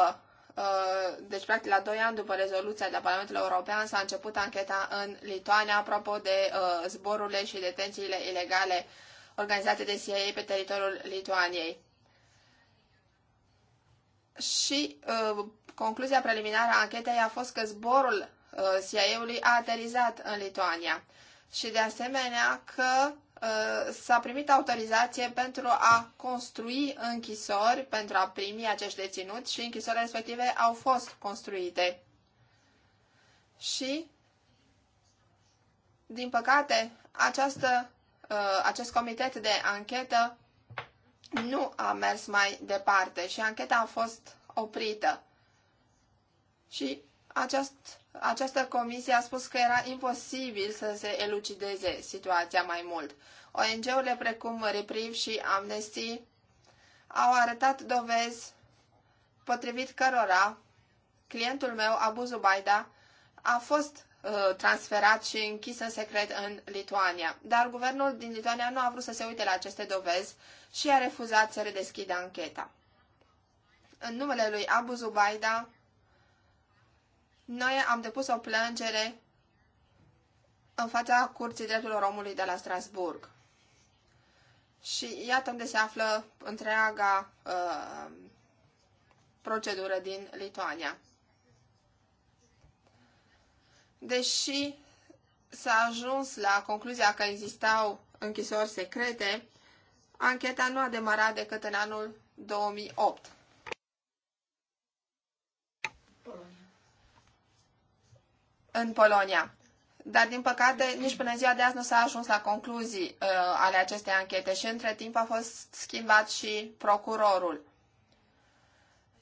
Uh, deci practic la doi ani după rezoluția de la Parlamentul European s-a început ancheta în Lituania apropo de uh, zborurile și detențiile ilegale organizate de CIA pe teritoriul Lituaniei. Și uh, concluzia preliminară a anchetei a fost că zborul CIA-ului a aterizat în Lituania și de asemenea că Uh, s-a primit autorizație pentru a construi închisori, pentru a primi acești deținuți și închisorile respective au fost construite. Și, din păcate, această, uh, acest comitet de anchetă nu a mers mai departe și ancheta a fost oprită. Și acest această comisie a spus că era imposibil să se elucideze situația mai mult. ONG-urile precum Reprieve și Amnesty au arătat dovezi potrivit cărora clientul meu, Abu Zubaida, a fost uh, transferat și închis în secret în Lituania. Dar guvernul din Lituania nu a vrut să se uite la aceste dovezi și a refuzat să redeschidă ancheta. În numele lui Abu Zubaida, noi am depus o plângere în fața Curții Drepturilor Omului de la Strasburg. Și iată unde se află întreaga uh, procedură din Lituania. Deși s-a ajuns la concluzia că existau închisori secrete, ancheta nu a demarat decât în anul 2008. în Polonia. Dar, din păcate, nici până ziua de azi nu s-a ajuns la concluzii uh, ale acestei anchete și, între timp, a fost schimbat și procurorul.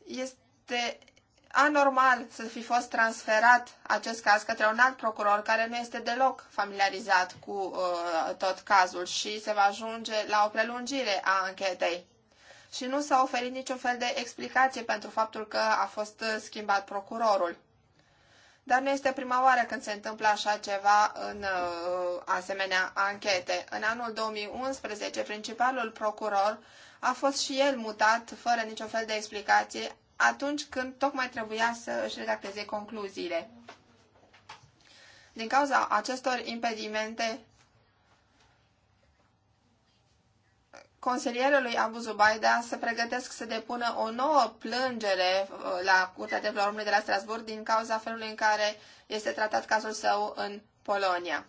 Este anormal să fi fost transferat acest caz către un alt procuror care nu este deloc familiarizat cu uh, tot cazul și se va ajunge la o prelungire a anchetei. Și nu s-a oferit niciun fel de explicație pentru faptul că a fost schimbat procurorul. Dar nu este prima oară când se întâmplă așa ceva în uh, asemenea anchete. În anul 2011, principalul procuror a fost și el mutat fără niciun fel de explicație atunci când tocmai trebuia să își redacteze concluziile. Din cauza acestor impedimente, consilierului Abu Zubaida să pregătesc să depună o nouă plângere uh, la Curtea de Omului de la Strasburg din cauza felului în care este tratat cazul său în Polonia.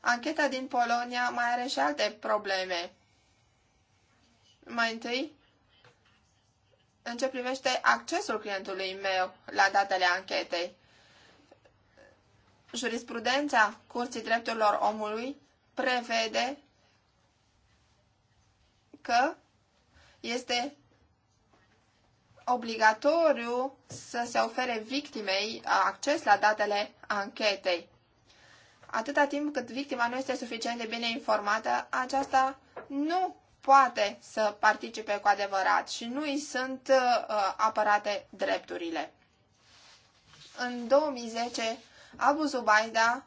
Ancheta din Polonia mai are și alte probleme. Mai întâi, în ce privește accesul clientului meu la datele anchetei. Jurisprudența Curții Drepturilor Omului prevede că este obligatoriu să se ofere victimei acces la datele anchetei. Atâta timp cât victima nu este suficient de bine informată, aceasta nu poate să participe cu adevărat și nu îi sunt uh, apărate drepturile. În 2010, Abu Zubaida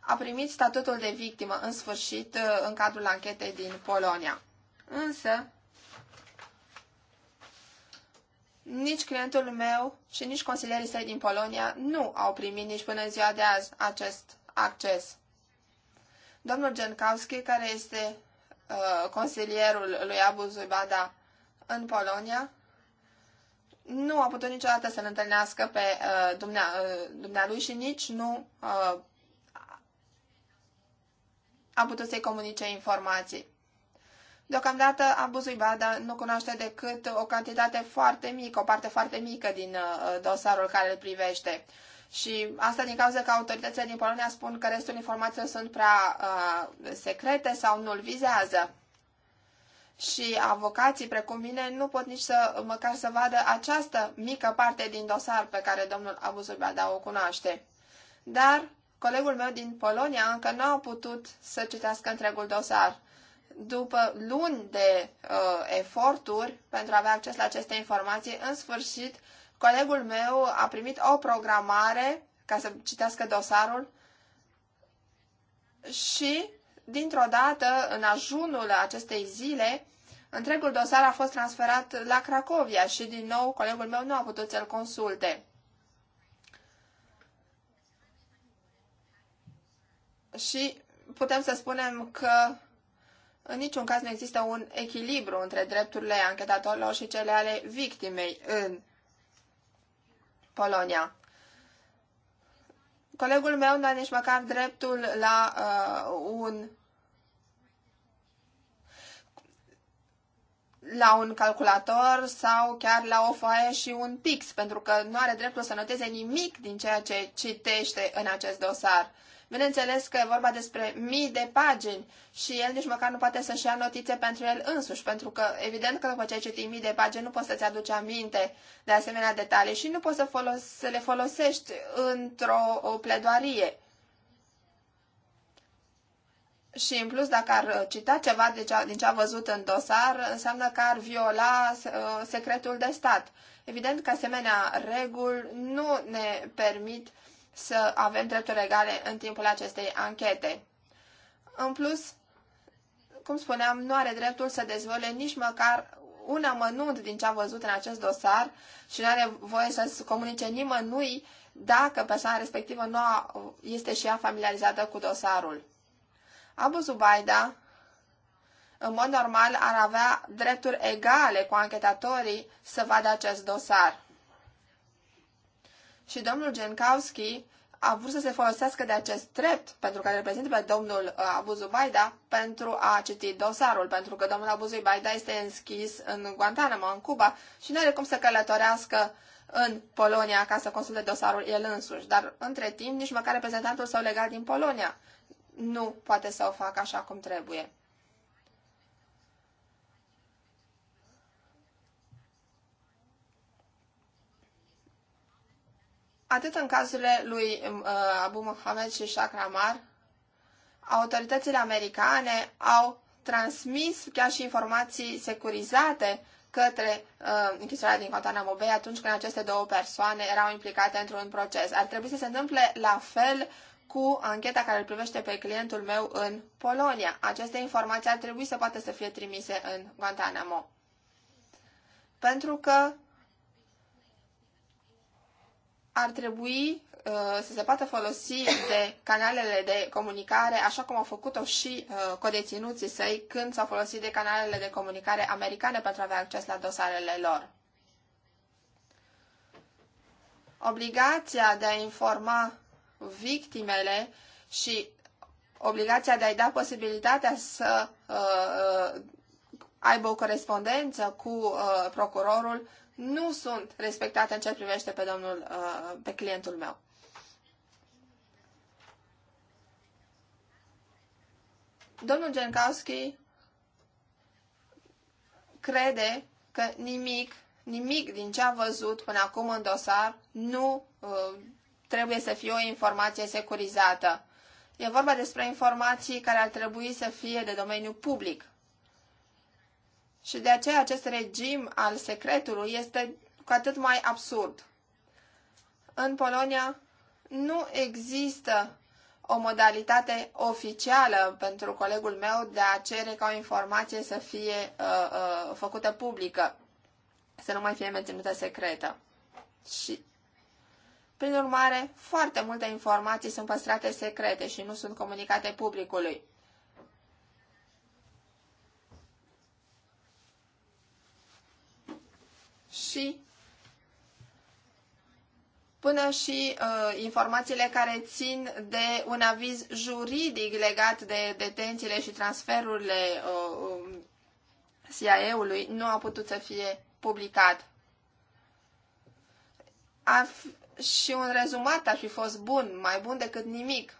a primit statutul de victimă în sfârșit uh, în cadrul anchetei din Polonia. Însă, nici clientul meu și nici consilierii săi din Polonia nu au primit nici până în ziua de azi acest acces. Domnul Genkowski, care este uh, consilierul lui Abu Zubada în Polonia, nu a putut niciodată să-l întâlnească pe uh, dumnea, uh, dumnealui și nici nu uh, a putut să-i comunice informații. Deocamdată abuzul Ibada nu cunoaște decât o cantitate foarte mică, o parte foarte mică din uh, dosarul care îl privește. Și asta din cauza că autoritățile din Polonia spun că restul informațiilor sunt prea uh, secrete sau nu-l vizează. Și avocații, precum mine, nu pot nici să măcar să vadă această mică parte din dosar pe care domnul Abuzul Bada o cunoaște. Dar colegul meu din Polonia încă nu a putut să citească întregul dosar după luni de uh, eforturi pentru a avea acces la aceste informații, în sfârșit, colegul meu a primit o programare ca să citească dosarul și, dintr-o dată, în ajunul acestei zile, întregul dosar a fost transferat la Cracovia și, din nou, colegul meu nu a putut să-l consulte. Și putem să spunem că în niciun caz nu există un echilibru între drepturile anchetatorilor și cele ale victimei în Polonia. Colegul meu nu a nici măcar dreptul la uh, un la un calculator sau chiar la o foaie și un pix, pentru că nu are dreptul să noteze nimic din ceea ce citește în acest dosar. Bineînțeles că e vorba despre mii de pagini și el nici măcar nu poate să-și ia notițe pentru el însuși, pentru că evident că după ce ai citit mii de pagini nu poți să-ți aduci aminte de asemenea detalii și nu poți să, folos- să le folosești într-o pledoarie. Și în plus, dacă ar cita ceva de ce, din ce a văzut în dosar, înseamnă că ar viola uh, secretul de stat. Evident că asemenea reguli nu ne permit uh, să avem drepturi egale în timpul acestei anchete. În plus, cum spuneam, nu are dreptul să dezvăluie nici măcar un amănunt din ce a văzut în acest dosar și nu are voie să comunice nimănui dacă persoana respectivă nu a, este și ea familiarizată cu dosarul. Abu Zubaida, în mod normal, ar avea drepturi egale cu anchetatorii să vadă acest dosar și domnul Genkowski a vrut să se folosească de acest drept pentru că reprezintă pe domnul uh, Abuzu Baida pentru a citi dosarul, pentru că domnul Abuzu Baida este înschis în Guantanamo, în Cuba și nu are cum să călătorească în Polonia ca să consulte dosarul el însuși, dar între timp nici măcar reprezentantul său legal din Polonia nu poate să o facă așa cum trebuie. Atât în cazurile lui uh, Abu Mohamed și Shakramar, autoritățile americane au transmis chiar și informații securizate către uh, închisoarea din Guantanamo Bay atunci când aceste două persoane erau implicate într-un proces. Ar trebui să se întâmple la fel cu ancheta care îl privește pe clientul meu în Polonia. Aceste informații ar trebui să poată să fie trimise în Guantanamo. Pentru că ar trebui uh, să se poată folosi de canalele de comunicare, așa cum au făcut-o și uh, codeținuții săi când s-au folosit de canalele de comunicare americane pentru a avea acces la dosarele lor. Obligația de a informa victimele și obligația de a-i da posibilitatea să uh, uh aibă o corespondență cu uh, procurorul nu sunt respectate în ce privește pe domnul, uh, pe clientul meu. Domnul Genkowski crede că nimic, nimic din ce a văzut până acum în dosar nu uh, trebuie să fie o informație securizată. E vorba despre informații care ar trebui să fie de domeniu public. Și de aceea acest regim al secretului este cu atât mai absurd. În Polonia nu există o modalitate oficială pentru colegul meu de a cere ca o informație să fie uh, uh, făcută publică, să nu mai fie menținută secretă. Și, prin urmare, foarte multe informații sunt păstrate secrete și nu sunt comunicate publicului. și până și uh, informațiile care țin de un aviz juridic legat de detențiile și transferurile uh, um, CIA-ului nu a putut să fie publicat. A și un rezumat ar fi fost bun, mai bun decât nimic.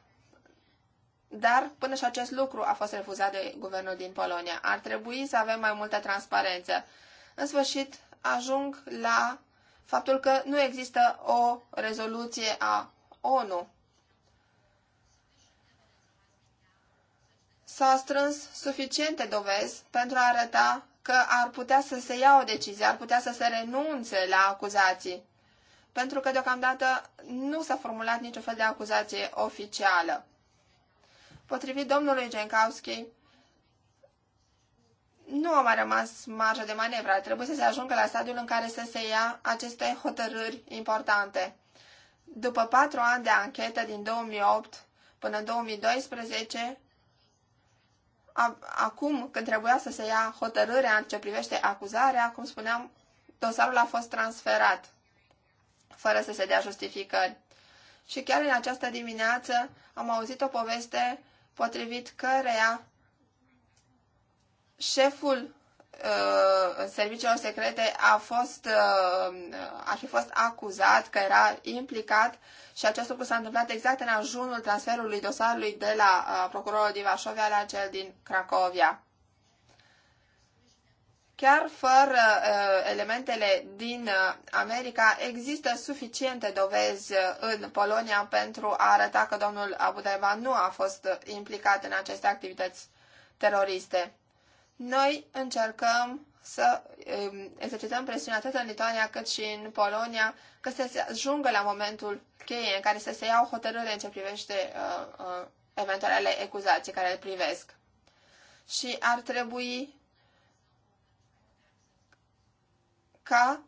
Dar până și acest lucru a fost refuzat de guvernul din Polonia. Ar trebui să avem mai multă transparență. În sfârșit, ajung la faptul că nu există o rezoluție a ONU. s a strâns suficiente dovezi pentru a arăta că ar putea să se ia o decizie, ar putea să se renunțe la acuzații, pentru că deocamdată nu s-a formulat niciun fel de acuzație oficială. Potrivit domnului Genkowski, nu a mai rămas marjă de manevră. Trebuie să se ajungă la stadiul în care să se ia aceste hotărâri importante. După patru ani de anchetă din 2008 până în 2012, acum când trebuia să se ia hotărârea în ce privește acuzarea, cum spuneam, dosarul a fost transferat fără să se dea justificări. Și chiar în această dimineață am auzit o poveste potrivit căreia șeful uh, serviciilor secrete a fost, uh, ar fi fost acuzat că era implicat și acest lucru s-a întâmplat exact în ajunul transferului dosarului de la uh, procurorul din Varșovia la cel din Cracovia. Chiar fără uh, elementele din uh, America, există suficiente dovezi uh, în Polonia pentru a arăta că domnul Abudeva nu a fost implicat în aceste activități teroriste. Noi încercăm să um, exercităm presiunea atât în Lituania cât și în Polonia că să se ajungă la momentul cheie în care să se iau hotărâre în ce privește uh, uh, eventualele ecuzații care le privesc. Și ar trebui ca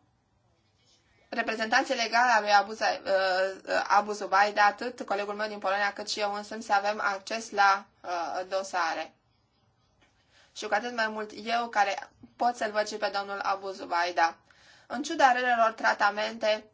reprezentanții legali a lui Abuzubai, uh, uh atât colegul meu din Polonia cât și eu însumi, să avem acces la uh, dosare și cu atât mai mult eu care pot să-l văd și pe domnul Abu Zubaida. În ciuda relelor tratamente,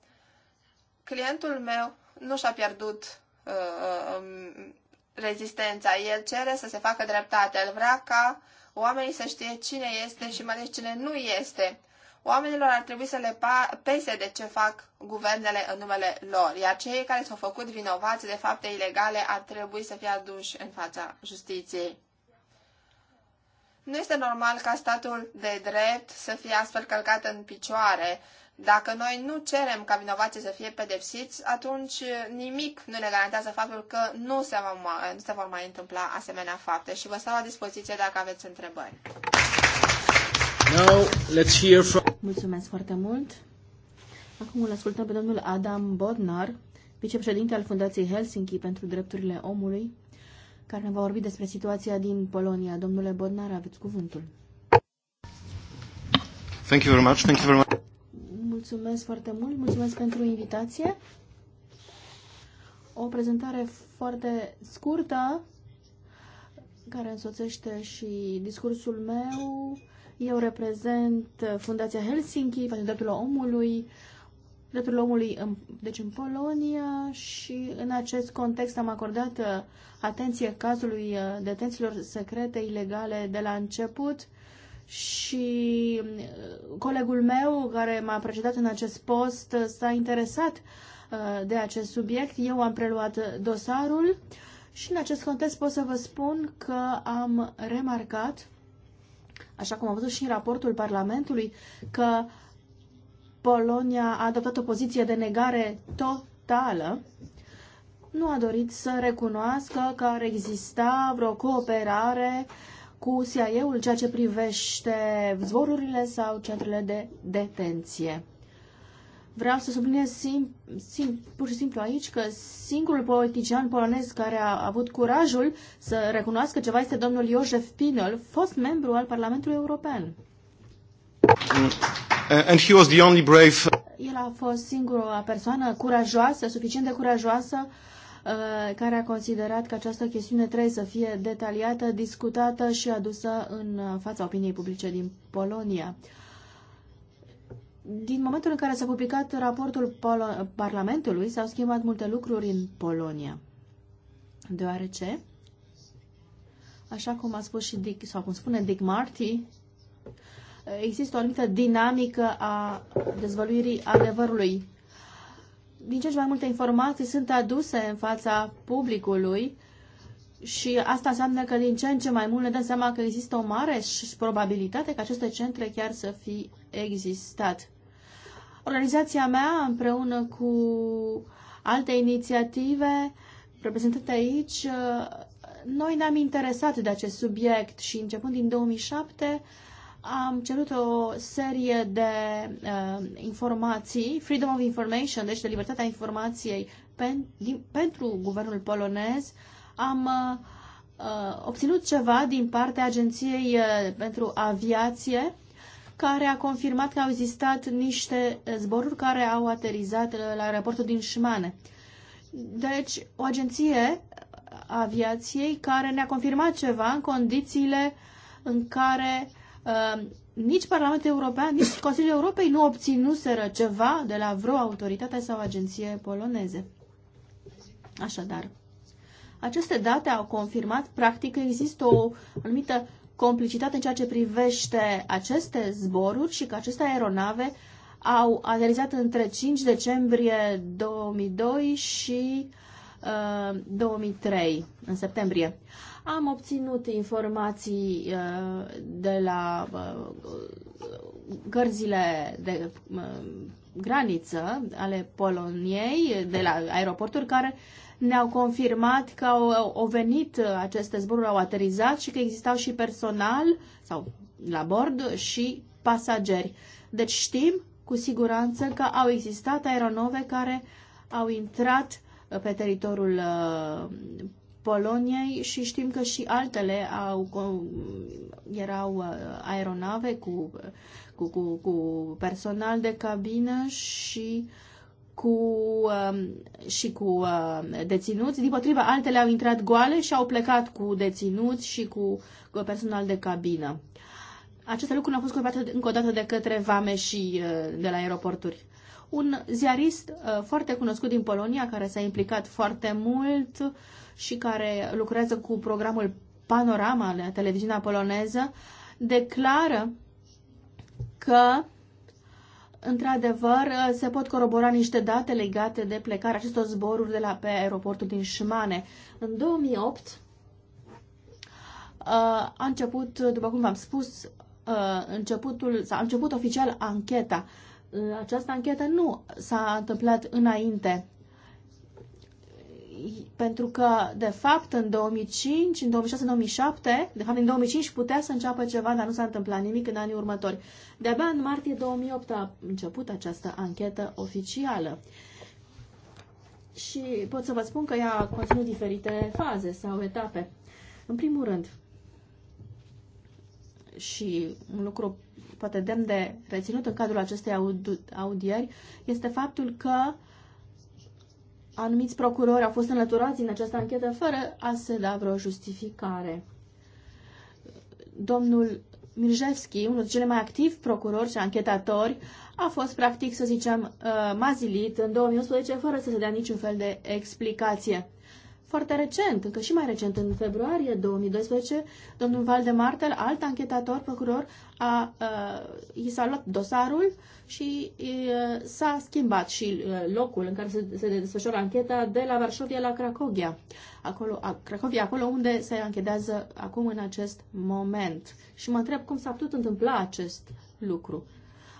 clientul meu nu și-a pierdut uh, uh, um, rezistența. El cere să se facă dreptate. El vrea ca oamenii să știe cine este și mai ales cine nu este. Oamenilor ar trebui să le pese de ce fac guvernele în numele lor, iar cei care s-au făcut vinovați de fapte ilegale ar trebui să fie aduși în fața justiției. Nu este normal ca statul de drept să fie astfel călcat în picioare. Dacă noi nu cerem ca vinovații să fie pedepsiți, atunci nimic nu ne garantează faptul că nu se, va, nu se vor mai întâmpla asemenea fapte și vă stau la dispoziție dacă aveți întrebări. Now, let's hear from... Mulțumesc foarte mult. Acum îl ascultăm pe domnul Adam Bodnar, vicepreședinte al Fundației Helsinki pentru Drepturile Omului care ne va vorbi despre situația din Polonia. Domnule Bodnar, aveți cuvântul. Thank you very much. Thank you very much. Mulțumesc foarte mult, mulțumesc pentru invitație. O prezentare foarte scurtă care însoțește și discursul meu. Eu reprezent Fundația Helsinki Fundația dreptul omului, drepturile omului în, deci în Polonia și în acest context am acordat uh, atenție cazului uh, detențiilor secrete ilegale de la început și uh, colegul meu care m-a precedat în acest post s-a interesat de acest subiect. Eu am preluat dosarul și în acest context pot să vă spun că am remarcat, așa cum am văzut și în raportul Parlamentului, că Polonia a adoptat o poziție de negare totală. Nu a dorit să recunoască că ar exista vreo cooperare cu CIA-ul ceea ce privește zborurile sau centrele de detenție. Vreau să subliniez sim, sim, pur și simplu aici că singurul politician polonez care a avut curajul să recunoască ceva este domnul Iosef Pinel, fost membru al Parlamentului European. Mm. Uh, and he was the only brave. El a fost singura persoană curajoasă, suficient de curajoasă, uh, care a considerat că această chestiune trebuie să fie detaliată, discutată și adusă în fața opiniei publice din Polonia. Din momentul în care s-a publicat raportul Polo- Parlamentului, s-au schimbat multe lucruri în Polonia. Deoarece, așa cum a spus și Dick, sau cum spune Dick Marty, există o anumită dinamică a dezvăluirii adevărului. Din ce mai multe informații sunt aduse în fața publicului și asta înseamnă că din ce în ce mai mult ne dăm seama că există o mare probabilitate ca aceste centre chiar să fi existat. Organizația mea, împreună cu alte inițiative reprezentate aici, noi ne-am interesat de acest subiect și începând din 2007 am cerut o serie de uh, informații, Freedom of Information, deci de libertatea informației pen, din, pentru guvernul polonez. Am uh, uh obținut ceva din partea Agenției uh, pentru Aviație, care a confirmat că au existat niște uh, zboruri care au aterizat uh, la aeroportul din Șmane. Deci, o agenție aviației care ne-a confirmat ceva în condițiile în care uh, Ehm, nici Parlamentul European, nici Consiliul Europei nu obținuseră ceva de la vreo autoritate sau agenție poloneze. Așadar, aceste date au confirmat, practic, că există o anumită complicitate în ceea ce privește aceste zboruri și că aceste aeronave au aterizat între 5 decembrie 2002 și ehm, uh, 2003, în septembrie. Uh, am obținut informații uh, de la uh, gărzile de uh, graniță ale Poloniei, de la aeroporturi care ne-au confirmat că au, au venit aceste zboruri, au aterizat și că existau și personal sau la bord și pasageri. Deci știm cu siguranță că au existat aeronave care au intrat pe teritoriul Poloniei și știm că și altele au, erau uh, aeronave cu, cu, cu, cu personal de cabină și cu, um, și cu uh, deținuți. Din potriva, altele au intrat goale și au plecat cu deținuți și cu, cu personal de cabină. Aceste lucruri au fost confirmate încă o dată de către vame și uh, de la aeroporturi un ziarist uh, foarte cunoscut din Polonia, care s-a implicat foarte mult și care lucrează cu programul Panorama la televiziunea poloneză, declară că Într-adevăr, uh, se pot corobora niște date legate de plecarea acestor zboruri de la pe aeroportul din Șmane. În 2008 uh, a început, după cum v-am spus, începutul, s-a început oficial ancheta Uh, această anchetă nu s-a întâmplat înainte. Pentru că, de fapt, în 2005, în 2006, în 2007, de fapt, în 2005 putea să înceapă ceva, dar nu s-a întâmplat nimic în anii următori. De-abia în martie 2008 a început această anchetă oficială. Și pot să vă spun că ea a conținut diferite faze sau etape. În primul rând, și un lucru poate demn de reținut în cadrul acestei audieri este faptul că anumiți procurori au fost înlăturați în această anchetă fără a se da vreo justificare. Domnul Mirjevski, unul dintre cele mai activi procurori și anchetatori, a fost practic, să zicem, uh, mazilit în 2011 fără să se dea niciun fel de explicație foarte recent, încă și mai recent, în februarie 2012, domnul Valdemartel, alt anchetator, procuror, a, a, i s-a luat dosarul și s-a schimbat și locul în care se, se desfășoară ancheta de la Varșovia la Cracovia, acolo, a, Cracovia, acolo unde se anchetează acum în acest moment. Și mă întreb cum s-a putut întâmpla acest lucru.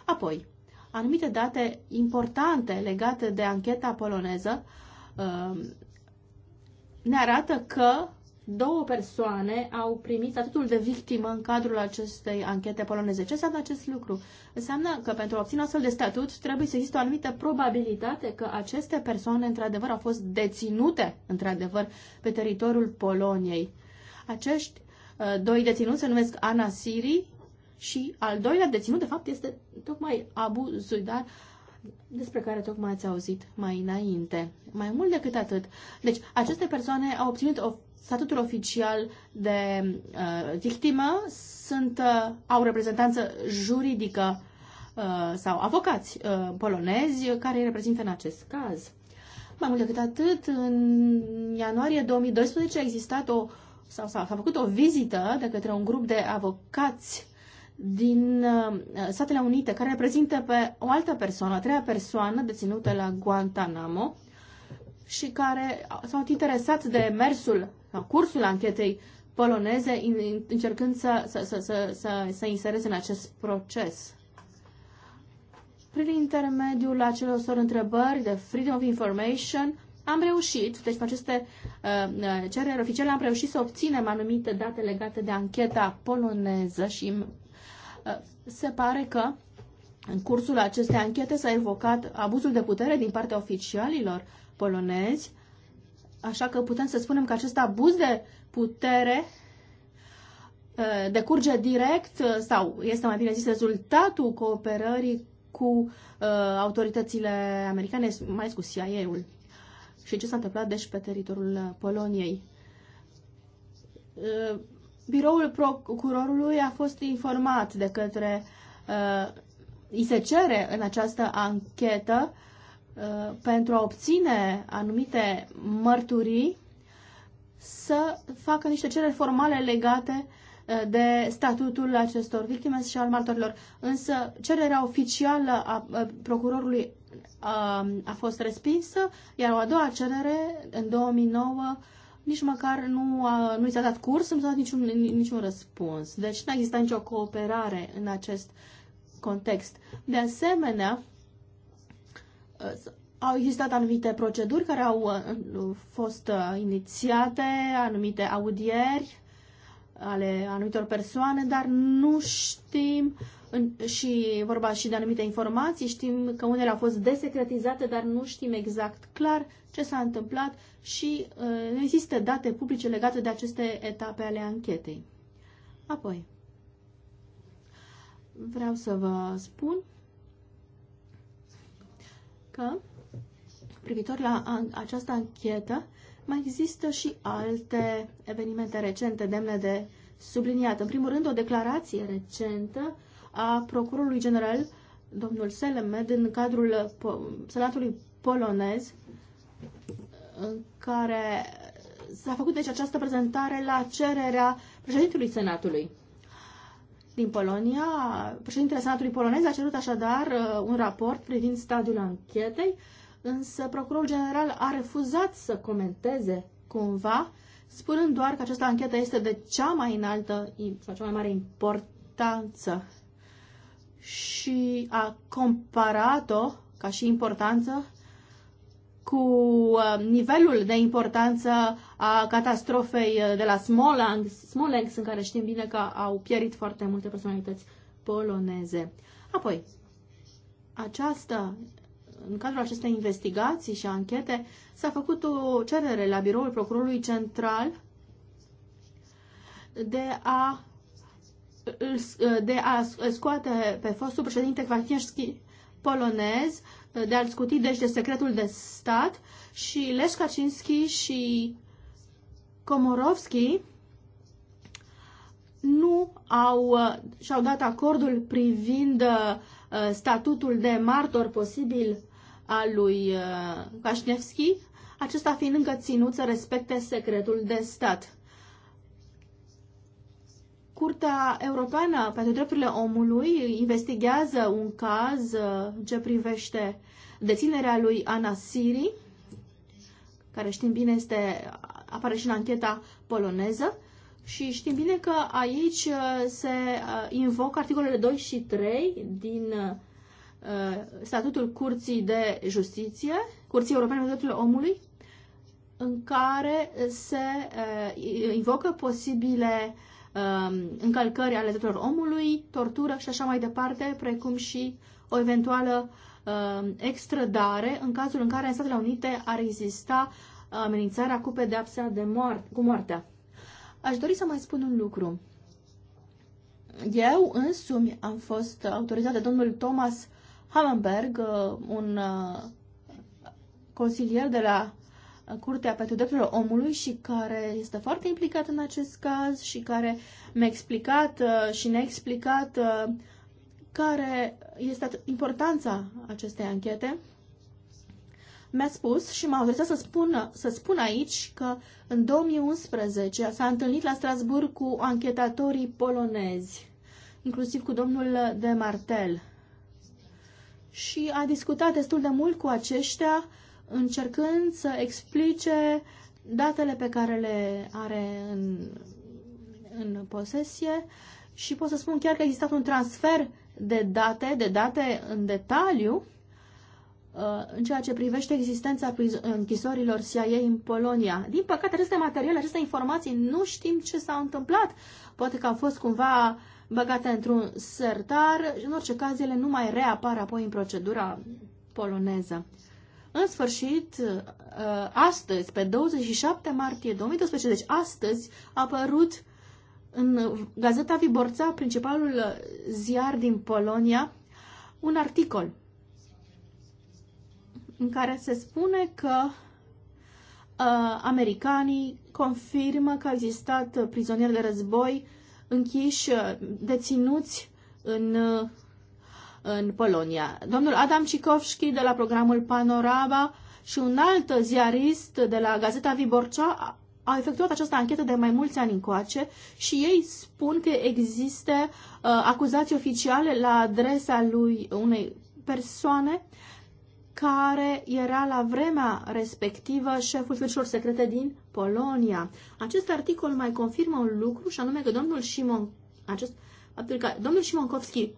Apoi, anumite date importante legate de ancheta poloneză ă, ne arată că două persoane au primit statutul de victimă în cadrul acestei anchete poloneze. Ce înseamnă acest lucru? Înseamnă că pentru a obține astfel de statut trebuie să existe o anumită probabilitate că aceste persoane într-adevăr au fost deținute într-adevăr pe teritoriul Poloniei. Acești uh, doi deținuți se numesc Ana Siri și al doilea deținut de fapt este tocmai Abu Zuidar, uh, despre care tocmai ați auzit mai înainte. Mai mult decât atât. Deci, aceste persoane au obținut o statutul oficial de uh, victimă, sunt, uh, au reprezentanță juridică uh, sau avocați uh, polonezi care îi reprezintă în acest caz. Mai mult decât atât, în ianuarie 2012 a existat o, sau s-a, făcut o vizită de către un grup de avocați din uh, Statele Unite, care reprezintă pe o altă persoană, a treia persoană deținută la Guantanamo și care s-au interesat de mersul, cursul anchetei poloneze, încercând să, să, să, să, să, să insereze în acest proces. Prin intermediul acelor întrebări de Freedom of Information, am reușit, deci cu aceste uh, cereri oficiale, am reușit să obținem anumite date legate de ancheta poloneză și Uh, se pare că în cursul acestei anchete s-a evocat abuzul de putere din partea oficialilor polonezi, așa că putem să spunem că acest abuz de putere uh, decurge direct uh, sau este mai bine zis rezultatul cooperării cu autoritățile americane, mai ales cu CIA-ul. Și ce s-a întâmplat deci pe teritoriul Poloniei biroul procurorului a fost informat de către, uh, îi se cere în această anchetă uh, pentru a obține anumite mărturii să facă niște cereri formale legate uh, de statutul acestor victime și al martorilor. Însă cererea oficială a uh, procurorului a, uh, a fost respinsă, iar o a doua cerere în 2009 nici măcar nu, a, nu i s-a dat curs, nu s-a dat niciun, niciun răspuns. Deci nu a existat nicio cooperare în acest context. De asemenea, ă, au existat anumite proceduri care au ă, fost ă, inițiate, anumite audieri ale anumitor persoane, dar nu știm și vorba și de anumite informații, știm că unele au fost desecretizate, dar nu știm exact clar ce s-a întâmplat și uh, există date publice legate de aceste etape ale anchetei. Apoi, vreau să vă spun că privitor la an această anchetă mai există și alte evenimente recente demne de subliniat. În primul rând, o declarație recentă a procurorului general, domnul Selemed, în cadrul Senatului polonez, care s-a făcut deci această prezentare la cererea președintelui Senatului din Polonia. Președintele Senatului polonez a cerut așadar uh, un raport privind stadiul anchetei, însă procurorul general a refuzat să comenteze cumva, spunând doar că această anchetă este de cea mai înaltă sau cea mai mare importanță și a comparat-o ca și importanță cu uh, nivelul de importanță a catastrofei uh, de la Smolensk, Smolensk în care știm bine că au pierit foarte multe personalități poloneze. Apoi, această, în cadrul acestei investigații și anchete s-a făcut o cerere la biroul procurorului central de a, de a scoate pe fostul președinte Kwaśniewski polonez de a scuti, deci de secretul de stat și Leș Kaczynski și Komorovski nu au, uh, și-au dat acordul privind uh, statutul de martor posibil al lui uh, Kașnevski, acesta fiind încă ținut să respecte secretul de stat. Curtea Europeană pentru Drepturile Omului investigează un caz uh, în ce privește deținerea lui Ana Siri, care știm bine este, apare și în ancheta poloneză, și știm bine că aici uh, se uh, invocă articolele 2 și 3 din statutul Curții de Justiție, Curții Europene pentru Drepturile Omului, în care se invocă posibile uh, Um, încălcări ale drepturilor omului, tortură și așa mai departe, precum și o eventuală um, extradare în cazul în care în Statele Unite ar exista amenințarea cu pedepsa de moarte, cu moartea. Aș dori să mai spun un lucru. Eu însumi am fost autorizat de domnul Thomas Hammenberg, uh, un uh, consilier de la Curtea pentru Drepturile Omului și care este foarte implicat în acest caz și care mi-a explicat uh, și ne-a explicat uh, care este importanța acestei anchete. Mi-a spus și m-a autorizat să spun, să spun aici că în 2011 s-a întâlnit la Strasburg cu anchetatorii polonezi, inclusiv cu domnul de Martel. Și a discutat destul de mult cu aceștia încercând să explice datele pe care le are în, în posesie și pot să spun chiar că a existat un transfer de date, de date în detaliu, uh, în ceea ce privește existența închisorilor CIA în Polonia. Din păcate, aceste materiale, aceste informații, nu știm ce s-a întâmplat. Poate că au fost cumva băgate într-un sertar. În orice caz, ele nu mai reapar apoi în procedura poloneză. În sfârșit, uh, astăzi, pe 27 martie 2012, deci astăzi, a apărut în Gazeta Viborța, principalul ziar din Polonia, un articol în care se spune că uh, americanii confirmă că au existat prizonieri de război închiși, uh, deținuți în uh, în Polonia. Domnul Adam Cicovski de la programul Panorama și un alt ziarist de la Gazeta Viborcea au efectuat această anchetă de mai mulți ani încoace și ei spun că există uh, acuzații oficiale la adresa lui unei persoane care era la vremea respectivă șeful serviciilor secrete din Polonia. Acest articol mai confirmă un lucru și anume că domnul Simon, acest, că domnul Simonkovski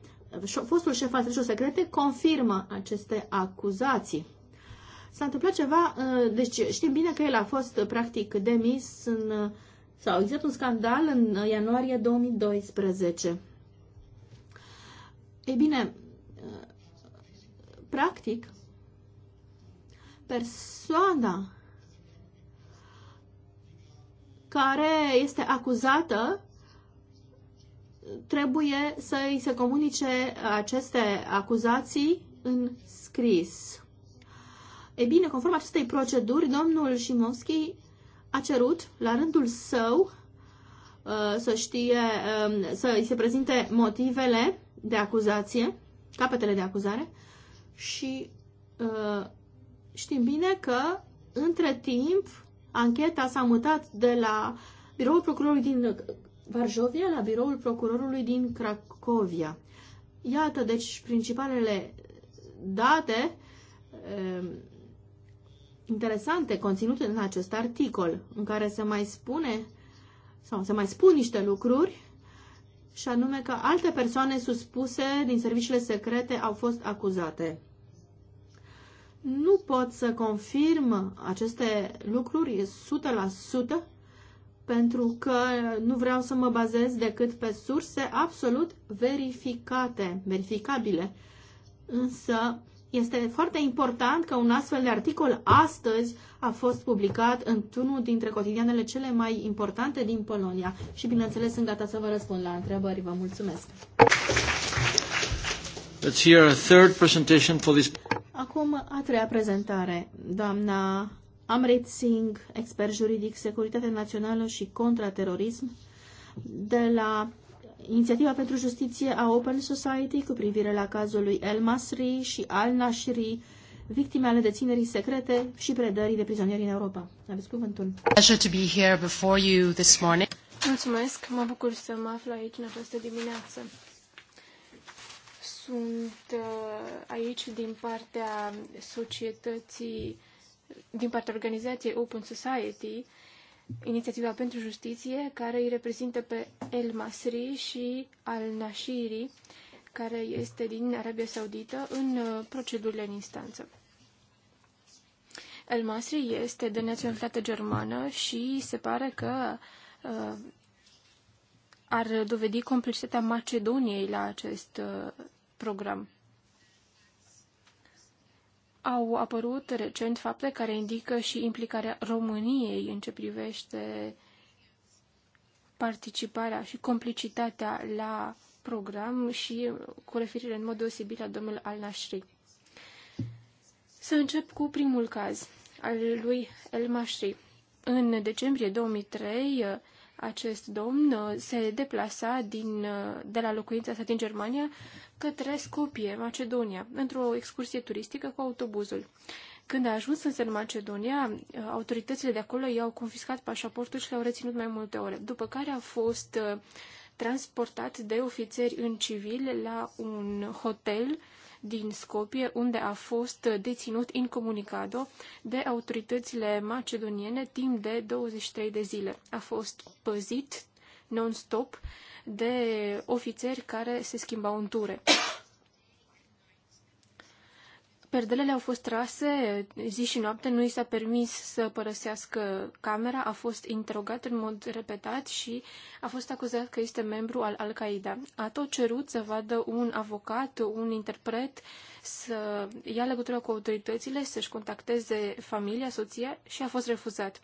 fostul șef al serviciilor secrete confirmă aceste acuzații. S-a întâmplat ceva, uh, deci știm bine că el a fost uh, practic demis în, uh, sau exact un scandal în ianuarie 2012. Ei bine, practic, persoana care este acuzată trebuie să îi se comunice aceste acuzații în scris. E bine, conform acestei proceduri, domnul Șimovski a cerut, la rândul său, uh, să știe, um, să îi se prezinte motivele de acuzație, capetele de acuzare și uh, știm bine că, între timp, ancheta s-a mutat de la biroul procurorului din Varjovia la biroul procurorului din Cracovia. Iată, deci, principalele date e, ehm, interesante conținute în acest articol, în care se mai spune sau se mai spun niște lucruri, și anume că alte persoane suspuse din serviciile secrete au fost acuzate. Nu pot să confirm aceste lucruri 100%, pentru că nu vreau să mă bazez decât pe surse absolut verificate, verificabile. Însă este foarte important că un astfel de articol astăzi a fost publicat într-unul dintre cotidianele cele mai importante din Polonia și bineînțeles sunt gata să vă răspund la întrebări. Vă mulțumesc! Let's hear a third presentation for this. Acum a treia prezentare, doamna Amrit Singh, expert juridic, securitate națională și contraterorism, de la Inițiativa pentru Justiție a Open Society cu privire la cazul lui El Masri și Al Nashri, victime ale deținerii secrete și predării de prizonieri în Europa. Aveți cuvântul. Pleasure to be here before you this morning. Mulțumesc, mă bucur să mă aflu aici în această dimineață. Sunt uh, aici din partea societății din partea organizației Open Society, Inițiativa pentru Justiție, care îi reprezintă pe El Masri și Al Nashiri, care este din Arabia Saudită, în uh, procedurile în instanță. El Masri este de naționalitate germană și se pare că uh, ar dovedi complicitatea Macedoniei la acest uh, program. Au apărut recent fapte care indică și implicarea României în ce privește participarea și complicitatea la program și cu referire în mod deosebit la domnul al Nashri. Să încep cu primul caz, al lui El Mashri. În decembrie 2003, acest domn se deplasa din, de la locuința sa din Germania către Scopie, Macedonia, într-o excursie turistică cu autobuzul. Când a ajuns însă în Macedonia, autoritățile de acolo i-au confiscat pașaportul și l-au reținut mai multe ore, după care a fost uh, transportat de ofițeri în civil la un hotel din Scopie, unde a fost uh, deținut incomunicado de autoritățile macedoniene timp de 23 de zile. A fost păzit non-stop de ofițeri care se schimbau în ture. Perdelele au fost trase zi și noapte, nu i s-a permis să părăsească camera, a fost interogat în mod repetat și a fost acuzat că este membru al Al-Qaeda. A tot cerut să vadă un avocat, un interpret, să ia legătura cu autoritățile, să-și contacteze familia, soția și a fost refuzat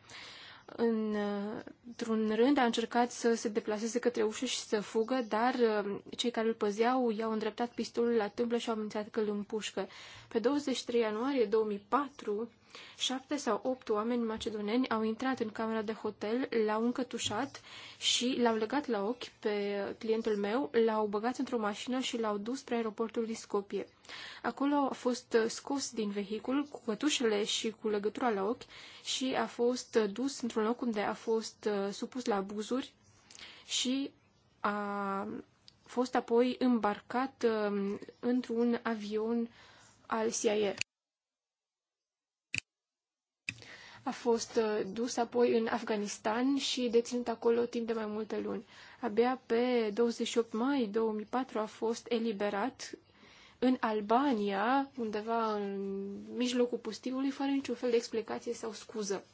într-un rând a încercat să se deplaseze către ușă și să fugă, dar uh, cei care îl păzeau i-au îndreptat pistolul la tâmplă și au amenințat că îl împușcă. Pe 23 ianuarie 2004, Șapte sau opt oameni macedoneni au intrat în camera de hotel, l-au încătușat și l-au legat la ochi pe clientul meu, l-au băgat într-o mașină și l-au dus spre aeroportul din Scopie. Acolo a fost scos din vehicul cu cătușele și cu legătura la ochi și a fost dus într-un loc unde a fost uh, supus la abuzuri și a fost apoi îmbarcat um, într-un avion al CIA. a fost uh, dus apoi în Afganistan și deținut acolo timp de mai multe luni. Abia pe 28 mai 2004 a fost eliberat în Albania, undeva în mijlocul pustiului, fără niciun fel de explicație sau scuză.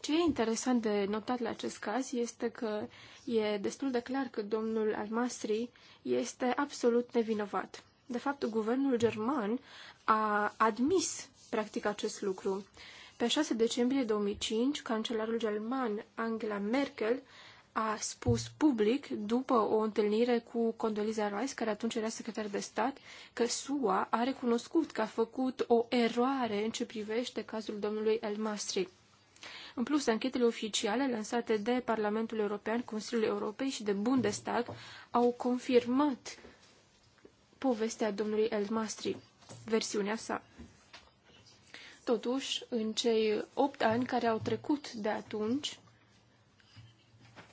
Ce e interesant de notat la acest caz este că e destul de clar că domnul Almasri este absolut nevinovat. De fapt, guvernul german a admis practic acest lucru. Pe 6 decembrie 2005, cancelarul german Angela Merkel a spus public, după o întâlnire cu Condoleezza Rice, care atunci era secretar de stat, că SUA a recunoscut că a făcut o eroare în ce privește cazul domnului El Mastri. În plus, anchetele oficiale lansate de Parlamentul European, Consiliul Europei și de Bundestag au confirmat povestea domnului El Mastri, versiunea sa. Totuși, în cei opt ani care au trecut de atunci,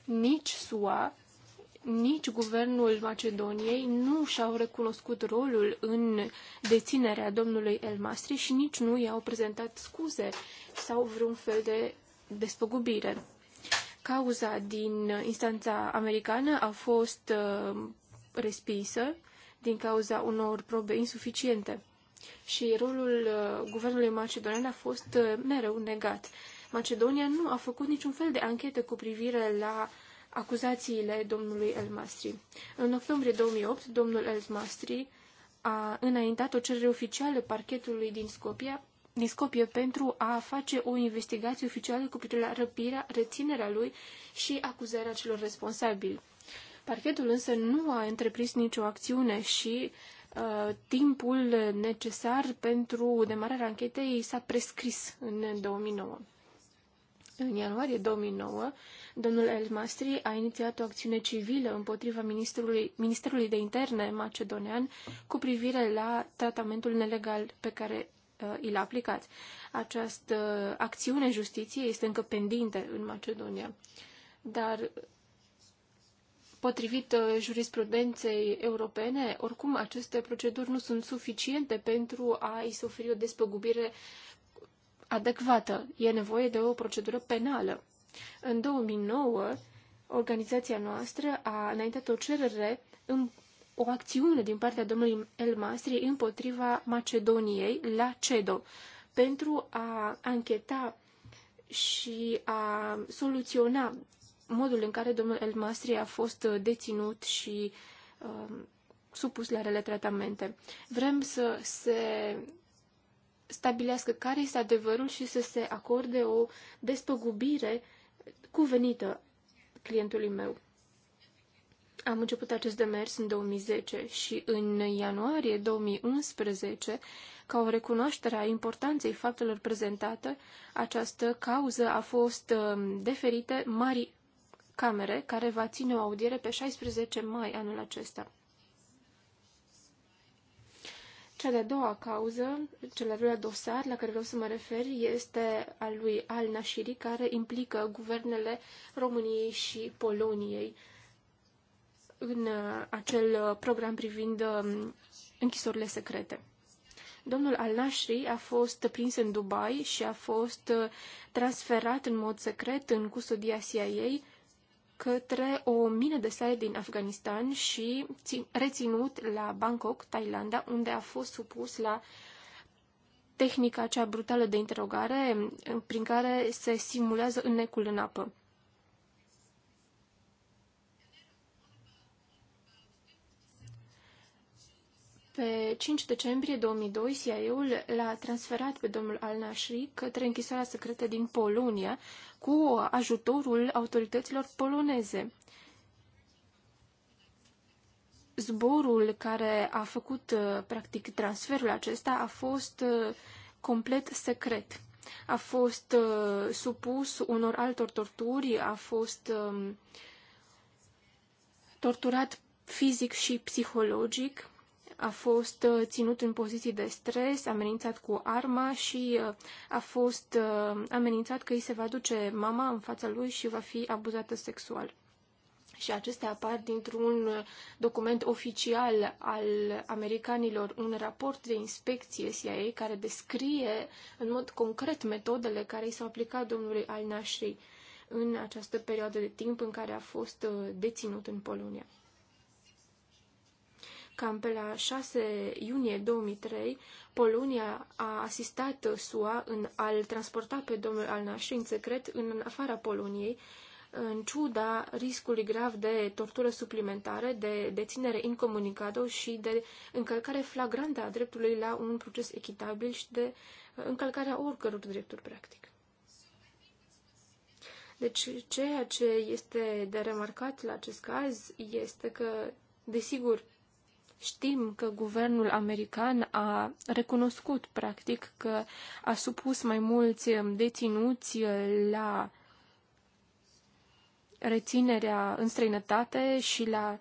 nici SUA, nici guvernul Macedoniei nu și-au recunoscut rolul în deținerea domnului El Mastri și nici nu i-au prezentat scuze sau vreun fel de despăgubire. Cauza din instanța americană a fost uh, respinsă din cauza unor probe insuficiente și rolul uh, guvernului macedonian a fost uh, mereu negat. Macedonia nu a făcut niciun fel de anchetă cu privire la acuzațiile domnului El Mastri. În octombrie 2008, domnul El Mastri a înaintat o cerere oficială parchetului din Scopia din Scopie pentru a face o investigație oficială cu privire la răpirea, reținerea lui și acuzarea celor responsabili. Parchetul însă nu a întreprins nicio acțiune și Uh, timpul necesar pentru demararea anchetei s-a prescris în 2009. În ianuarie 2009, domnul El Mastri a inițiat o acțiune civilă împotriva Ministerului, Ministerului de Interne macedonean cu privire la tratamentul nelegal pe care uh, i l-a aplicat. Această acțiune justiției este încă pendinte în Macedonia, dar Potrivit uh, jurisprudenței europene, oricum aceste proceduri nu sunt suficiente pentru a-i se oferi o despăgubire adecvată. E nevoie de o procedură penală. În 2009, organizația noastră a înaintat o cerere în o acțiune din partea domnului El Mastri împotriva Macedoniei la CEDO pentru a ancheta și a soluționa modul în care domnul El Masri a fost uh, deținut și uh, supus la rele tratamente. Vrem să se stabilească care este adevărul și să se acorde o despăgubire cuvenită clientului meu. Am început acest demers în 2010 și în ianuarie 2011, ca o recunoaștere a importanței faptelor prezentate, această cauză a fost uh, deferită Marii Camere, care va ține o audiere pe 16 mai anul acesta. Cea de-a doua cauză, cel de dosar la care vreau să mă refer, este al lui Al Nashiri, care implică guvernele României și Poloniei în uh, acel uh, program privind um, închisorile secrete. Domnul Al Nashri a fost prins în Dubai și a fost uh, transferat în mod secret în custodia CIA către o mină de sare din Afganistan și reținut la Bangkok, Thailanda, unde a fost supus la tehnica cea brutală de interogare prin care se simulează înnecul în apă. Pe 5 decembrie 2002, CIA-ul l-a transferat pe domnul Al Nashri către închisoarea secretă din Polonia, cu ajutorul autorităților poloneze. Zborul care a făcut, uh, practic, transferul acesta a fost uh, complet secret. A fost uh, supus unor altor torturi, a fost um, torturat fizic și psihologic a fost uh, ținut în poziții de stres, amenințat cu arma și uh, a fost uh, amenințat că îi se va duce mama în fața lui și va fi abuzată sexual. Și acestea apar dintr-un document oficial al americanilor, un raport de inspecție CIA care descrie în mod concret metodele care i s-au aplicat domnului al Nashri în această perioadă de timp în care a fost deținut în Polonia. Cam pe la 6 iunie 2003, Polonia a asistat SUA în a-l transporta pe domnul Alnaș în secret în afara Poloniei, în ciuda riscului grav de tortură suplimentare, de deținere incomunicată și de încălcare flagrantă a dreptului la un proces echitabil și de încălcarea oricăror drepturi, practic. Deci, ceea ce este de remarcat la acest caz este că, desigur, Știm că guvernul american a recunoscut, practic, că a supus mai mulți deținuți la reținerea în străinătate și la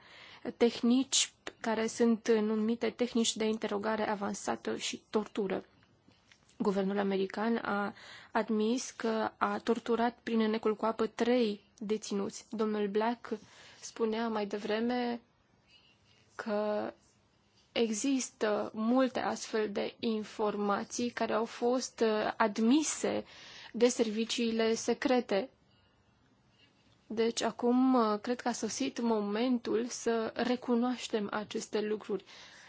tehnici care sunt numite tehnici de interogare avansată și tortură. Guvernul american a admis că a torturat prin înecul cu apă trei deținuți. Domnul Black spunea mai devreme că există multe astfel de informații care au fost uh, admise de serviciile secrete. Deci acum uh, cred că a sosit momentul să recunoaștem aceste lucruri.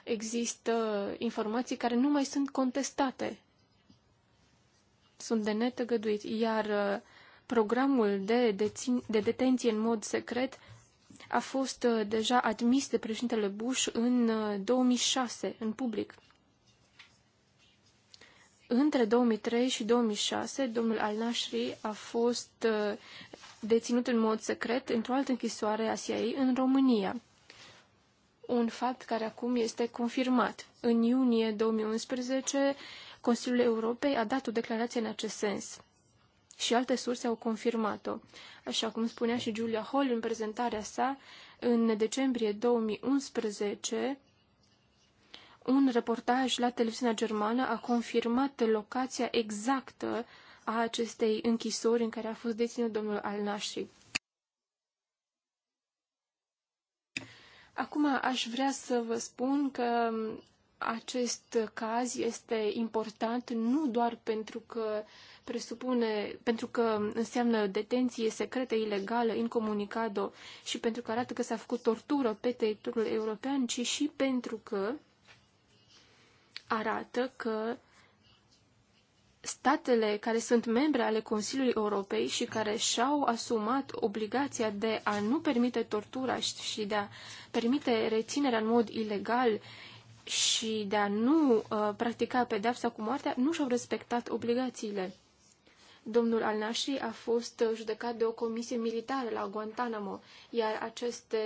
Există informații care nu mai sunt contestate. Sunt de netăgăduit, iar uh, programul de, dețin, de detenție în mod secret a fost uh, deja admis de președintele Bush în 2006, uh, în public. Între 2003 și 2006, domnul Al-Nashri a fost uh, deținut în mod secret într-o altă închisoare a CIA în România. Un fapt care acum este confirmat. În iunie 2011, Consiliul Europei a dat o declarație în acest sens și alte surse au confirmat-o. Așa cum spunea și Julia Hall în prezentarea sa, în decembrie 2011, un reportaj la televiziunea germană a confirmat locația exactă a acestei închisori în care a fost deținut domnul al -Nashi. Acum aș vrea să vă spun că acest caz este important nu doar pentru că uh, presupune, pentru că înseamnă detenție secretă, ilegală, incomunicado și pentru că arată că s-a făcut tortură pe teritoriul european, ci și pentru că arată că statele care sunt membre ale Consiliului Europei și care și-au asumat obligația de a nu permite tortura și de a permite reținerea în mod ilegal și de a nu uh, practica pedeapsa cu moartea, nu și-au respectat obligațiile. Domnul Al-Nashri a fost uh, judecat de o comisie militară la Guantanamo, iar aceste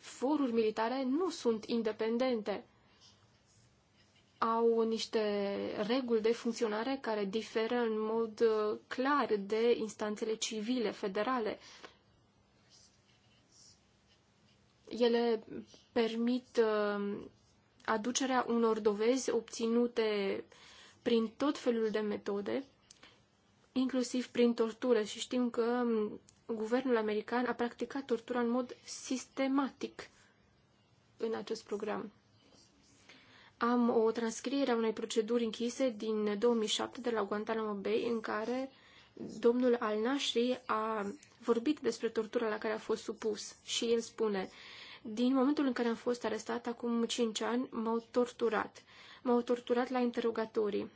foruri militare nu sunt independente. Au niște reguli de funcționare care diferă în mod uh, clar de instanțele civile, federale. Ele permit uh, aducerea unor dovezi obținute prin tot felul de metode inclusiv prin tortură și știm că mm, guvernul american a practicat tortura în mod sistematic în acest program. Am o transcriere a unei proceduri închise din 2007 de la Guantanamo Bay în care domnul al Nashri a vorbit despre tortura la care a fost supus și el spune din momentul în care am fost arestat acum 5 ani, m-au torturat. M-au torturat la interogatorii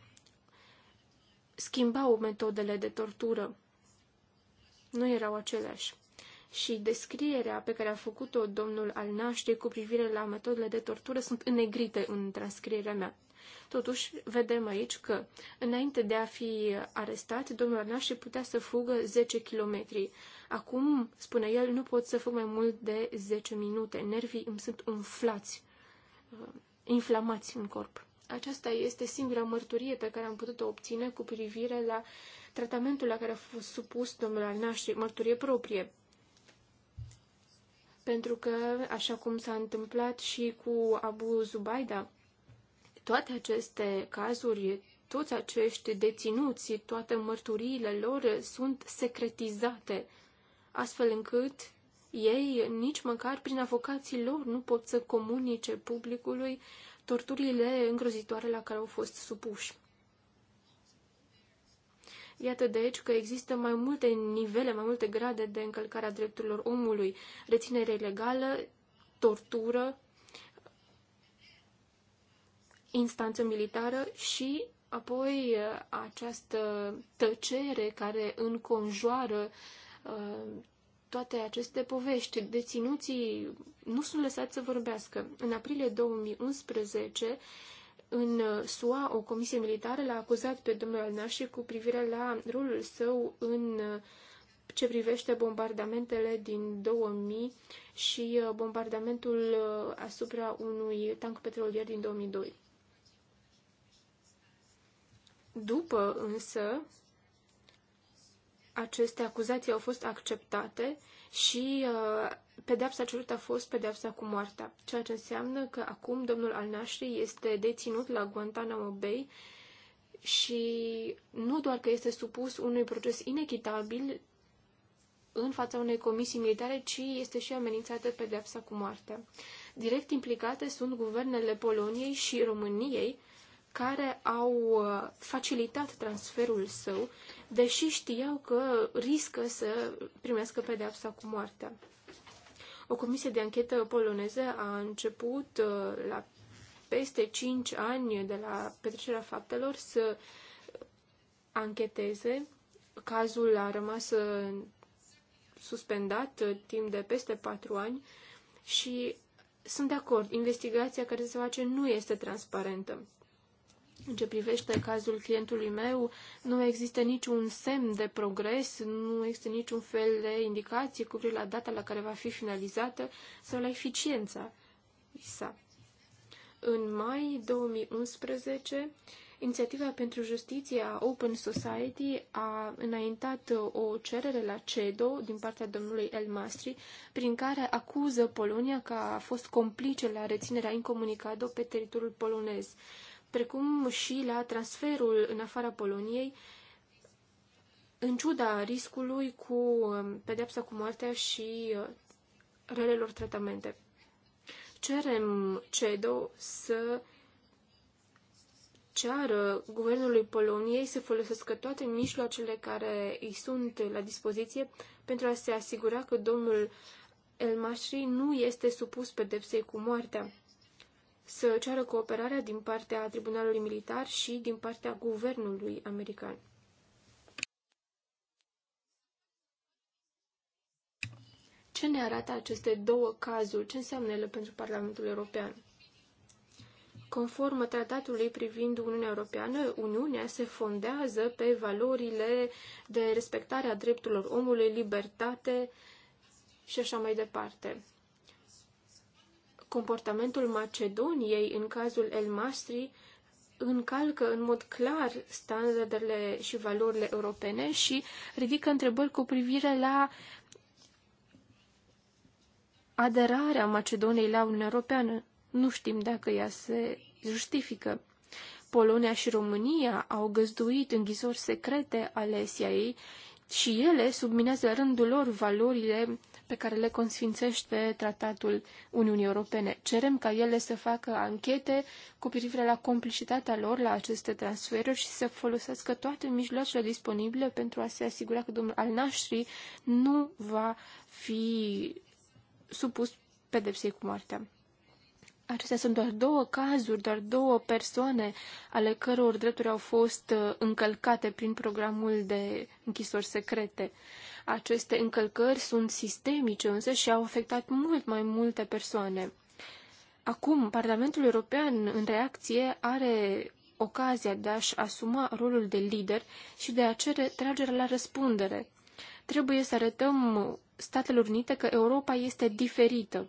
schimbau metodele de tortură. Nu erau aceleași. Și descrierea pe care a făcut-o domnul al nașterii cu privire la metodele de tortură sunt înegrite în transcrierea mea. Totuși, vedem aici că, înainte de a fi arestat, domnul Arnașe putea să fugă 10 kilometri. Acum, spune el, nu pot să fug mai mult de 10 minute. Nervii îmi sunt umflați, uh, inflamați în corp. Aceasta este singura mărturie pe care am putut-o obține cu privire la tratamentul la care a fost supus domnul al mărturie proprie. Pentru că, așa cum s-a întâmplat și cu Abu Zubaida, toate aceste cazuri, toți acești deținuți, toate mărturiile lor sunt secretizate, astfel încât ei, nici măcar prin avocații lor, nu pot să comunice publicului torturile îngrozitoare la care au fost supuși. Iată deci că există mai multe nivele, mai multe grade de încălcare a drepturilor omului, reținere ilegală, tortură, instanță militară și apoi uh, această tăcere care înconjoară uh, toate aceste povești. Deținuții nu sunt lăsați să vorbească. În aprilie 2011, în SUA, o comisie militară l-a acuzat pe domnul Alnașe cu privire la rolul său în ce privește bombardamentele din 2000 și uh, bombardamentul uh, asupra unui tank petrolier din 2002. După însă, aceste acuzații au fost acceptate și uh, pedepsa cerută a fost pedepsa cu moartea, ceea ce înseamnă că acum domnul Al-Nashri este deținut la Guantanamo Bay și nu doar că este supus unui proces inechitabil în fața unei comisii militare, ci este și amenințată pedepsa cu moartea. Direct implicate sunt guvernele Poloniei și României, care au uh, facilitat transferul său deși știau că riscă să primească pedeapsa cu moartea. O comisie de anchetă poloneză a început uh, la peste 5 ani de la petrecerea faptelor să ancheteze. Cazul a rămas uh, suspendat uh, timp de peste 4 ani și sunt de acord, investigația care se face nu este transparentă. În ce privește cazul clientului meu, nu există niciun semn de progres, nu există niciun fel de indicație cu privire la data la care va fi finalizată sau la eficiența sa. În mai 2011, Inițiativa pentru Justiție a Open Society a înaintat o cerere la CEDO din partea domnului El Mastri, prin care acuză Polonia că a fost complice la reținerea incomunicado pe teritoriul polonez precum și la transferul în afara Poloniei, în ciuda riscului cu um, pedepsa cu moartea și uh, relelor tratamente. Cerem CEDO să ceară guvernului Poloniei să folosească toate mijloacele care îi sunt la dispoziție pentru a se asigura că domnul Elmașri nu este supus pedepsei cu moartea să ceară cooperarea din partea Tribunalului Militar și din partea Guvernului American. Ce ne arată aceste două cazuri? Ce înseamnă ele pentru Parlamentul European? Conform tratatului privind Uniunea Europeană, Uniunea se fondează pe valorile de respectare a drepturilor omului, libertate și așa mai departe. Comportamentul Macedoniei în cazul El Mastri încalcă în mod clar standardele și valorile europene și ridică întrebări cu privire la aderarea Macedoniei la Uniunea Europeană. Nu știm dacă ea se justifică. Polonia și România au găzduit închisori secrete ale CIA și ele subminează la rândul lor valorile pe care le consfințește Tratatul Uniunii Europene. Cerem ca ele să facă anchete cu privire la complicitatea lor la aceste transferuri și să folosească toate mijloacele disponibile pentru a se asigura că domnul al nașterii nu va fi supus pedepsei cu moartea. Acestea sunt doar două cazuri, doar două persoane ale căror drepturi au fost uh, încălcate prin programul de închisori secrete. Aceste încălcări sunt sistemice însă și au afectat mult mai multe persoane. Acum, Parlamentul European, în reacție, are ocazia de a-și asuma rolul de lider și de a cere tragerea la răspundere. Trebuie să arătăm Statelor Unite că Europa este diferită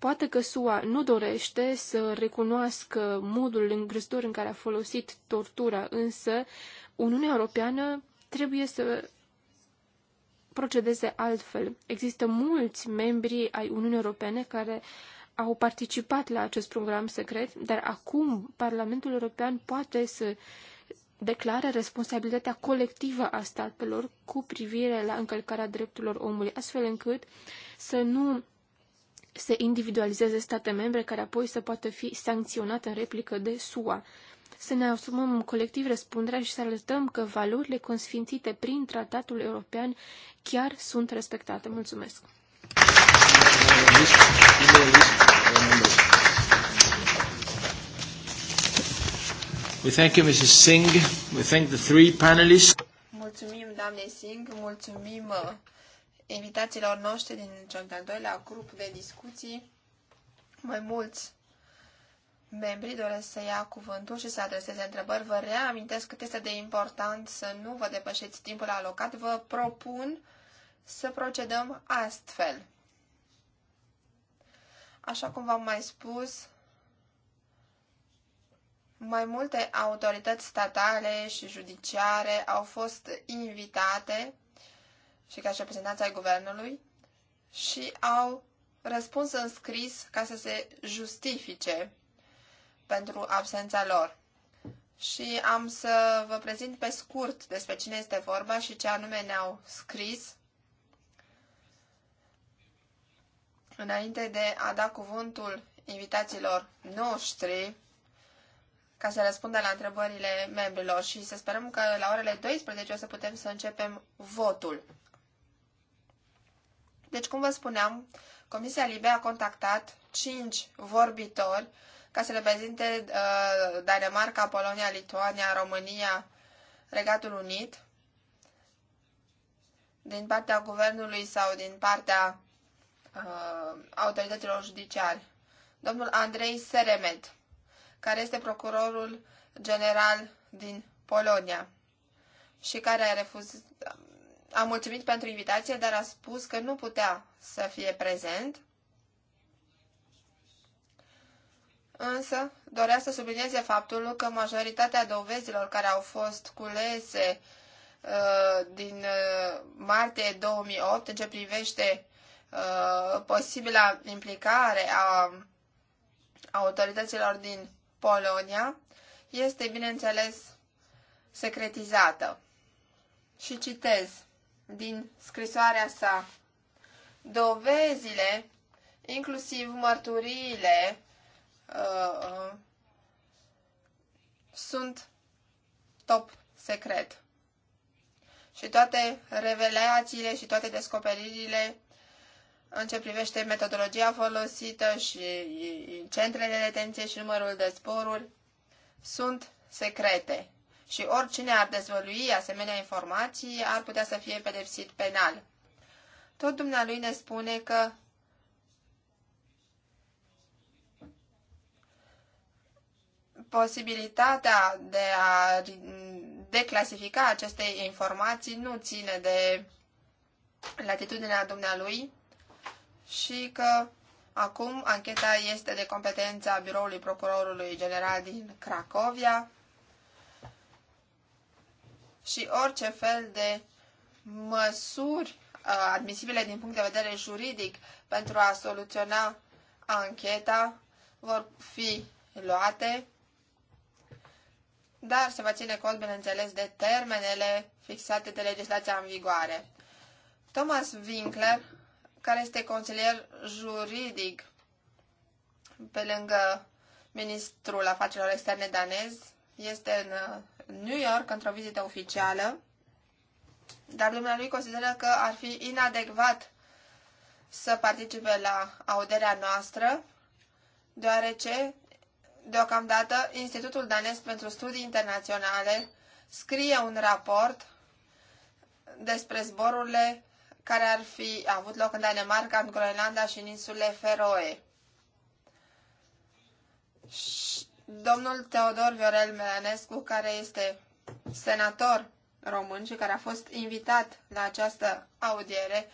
Poate că SUA nu dorește să recunoască modul îngrozitor în care a folosit tortura, însă Uniunea Europeană trebuie să procedeze altfel. Există mulți membri ai Uniunii Europene care au participat la acest program secret, dar acum Parlamentul European poate să declară responsabilitatea colectivă a statelor cu privire la încălcarea drepturilor omului, astfel încât să nu se individualizeze state membre care apoi să poată fi sancționate în replică de SUA. Să ne asumăm colectiv răspunderea și să arătăm că valorile consfințite prin tratatul european chiar sunt respectate. Mulțumesc! We thank you, Mrs. Singh. We thank the three panelists. Mulțumim, doamne Singh. Mulțumim uh, invitațiilor noștri din cel de-al doilea grup de discuții. Mai mulți membrii doresc să ia cuvântul și să adreseze întrebări. Vă reamintesc cât este de important să nu vă depășeți timpul alocat. Vă propun să procedăm astfel. Așa cum v-am mai spus, mai multe autorități statale și judiciare au fost invitate și ca și reprezentanți ai guvernului și au răspuns în scris ca să se justifice pentru absența lor. Și am să vă prezint pe scurt despre cine este vorba și ce anume ne-au scris înainte de a da cuvântul invitaților noștri ca să răspundă la întrebările membrilor și să sperăm că la orele 12 o să putem să începem votul. Deci, cum vă spuneam, Comisia Libe a contactat cinci vorbitori ca să reprezinte uh, Danemarca, Polonia, Lituania, România, Regatul Unit, din partea guvernului sau din partea uh, autorităților judiciare. Domnul Andrei Seremet, care este procurorul general din Polonia și care a refuzat, a mulțumit pentru invitație, dar a spus că nu putea să fie prezent. Însă, dorea să sublinieze faptul că majoritatea dovezilor care au fost culese uh, din uh, martie 2008 în ce privește uh, posibila implicare a autorităților din Polonia este, bineînțeles, secretizată. Și citez din scrisoarea sa. Dovezile, inclusiv mărturiile, uh, uh, sunt top secret. Și toate revelațiile și toate descoperirile în ce privește metodologia folosită și centrele de detenție și numărul de sporuri sunt secrete și oricine ar dezvălui asemenea informații ar putea să fie pedepsit penal. Tot dumnealui ne spune că posibilitatea de a declasifica aceste informații nu ține de latitudinea dumnealui și că acum ancheta este de competența Biroului Procurorului General din Cracovia și orice fel de măsuri uh, admisibile din punct de vedere juridic pentru a soluționa ancheta vor fi luate, dar se va ține cont, bineînțeles, de termenele fixate de legislația în vigoare. Thomas Winkler, care este consilier juridic pe lângă ministrul afacerilor externe danez, este în New York într-o vizită oficială, dar dumnealui consideră că ar fi inadecvat să participe la auderea noastră, deoarece deocamdată Institutul Danes pentru Studii Internaționale scrie un raport despre zborurile care ar fi avut loc în Danemarca, în Groenlanda și în insulele Feroe. Și Domnul Teodor Viorel Melanescu, care este senator român și care a fost invitat la această audiere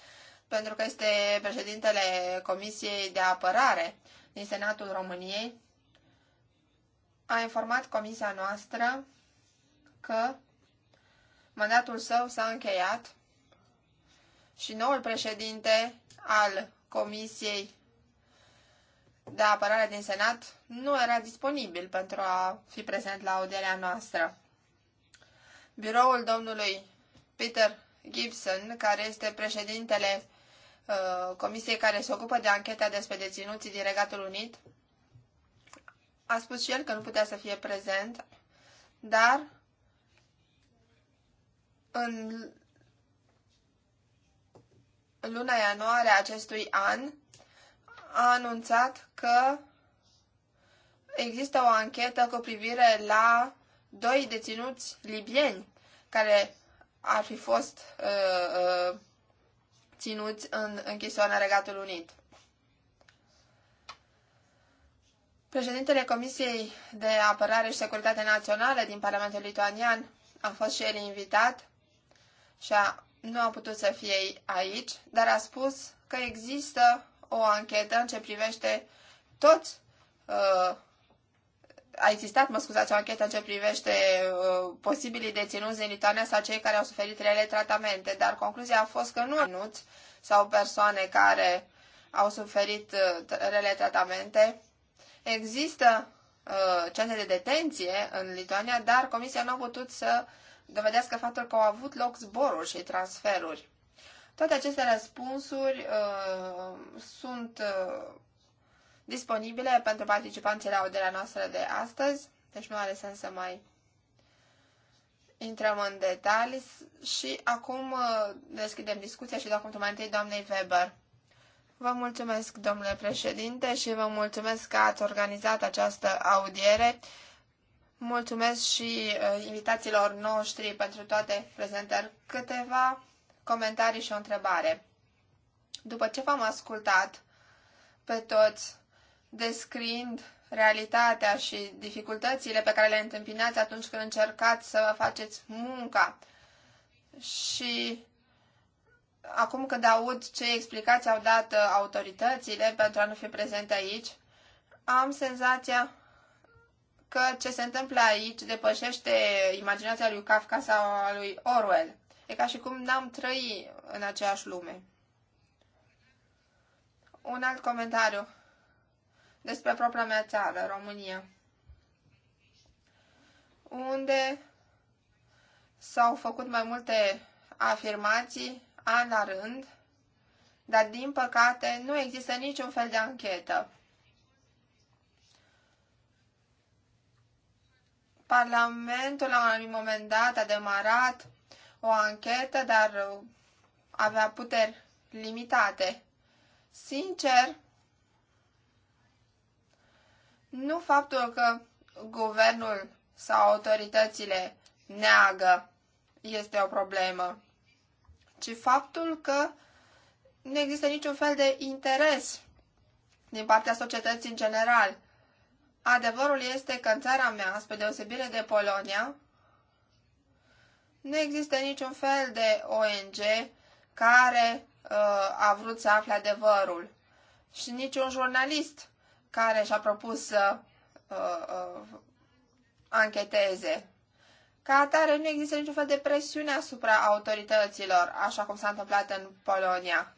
pentru că este președintele Comisiei de Apărare din Senatul României, a informat comisia noastră că mandatul său s-a încheiat și noul președinte al Comisiei de apărare din Senat nu era disponibil pentru a fi prezent la audierea noastră. Biroul domnului Peter Gibson, care este președintele uh, comisiei care se ocupă de ancheta despre deținuții din Regatul Unit, a spus și el că nu putea să fie prezent, dar în luna ianuarie acestui an, a anunțat că există o anchetă cu privire la doi deținuți libieni care ar fi fost uh, uh, ținuți în închisoarea Regatul Unit. Președintele Comisiei de Apărare și Securitate Națională din Parlamentul Lituanian a fost și el invitat și a, nu a putut să fie aici, dar a spus că există o anchetă în ce privește toți uh, a existat, mă scuzați, o anchetă în ce privește uh, posibilii deținuți din Lituania sau cei care au suferit rele tratamente, dar concluzia a fost că nu anuți sau persoane care au suferit uh, rele tratamente. Există uh, centre de detenție în Lituania, dar Comisia nu a putut să dovedească faptul că au avut loc zboruri și transferuri. Toate aceste răspunsuri uh, sunt uh, disponibile pentru participanții la audierea noastră de astăzi, deci nu are sens să mai intrăm în detalii și acum uh, deschidem discuția și dau cuvântul mai întâi doamnei Weber. Vă mulțumesc, domnule președinte, și vă mulțumesc că ați organizat această audiere. Mulțumesc și uh, invitațiilor noștri pentru toate prezentări. Câteva comentarii și o întrebare. După ce v-am ascultat pe toți descriind realitatea și dificultățile pe care le întâmpinați atunci când încercați să vă faceți munca și acum când aud ce explicații au dat uh, autoritățile pentru a nu fi prezente aici, am senzația că ce se întâmplă aici depășește imaginația lui Kafka sau a lui Orwell. E ca și cum n-am trăit în aceeași lume. Un alt comentariu despre propria mea țară, România, unde s-au făcut mai multe afirmații an la rând, dar din păcate nu există niciun fel de anchetă. Parlamentul la un moment dat a demarat o anchetă, dar uh, avea puteri limitate. Sincer, nu faptul că guvernul sau autoritățile neagă este o problemă, ci faptul că nu există niciun fel de interes din partea societății în general. Adevărul este că în țara mea, spre deosebire de Polonia, nu există niciun fel de ONG care uh, a vrut să afle adevărul și niciun jurnalist care și-a propus să uh, uh, ancheteze. Ca atare, nu există niciun fel de presiune asupra autorităților, așa cum s-a întâmplat în Polonia,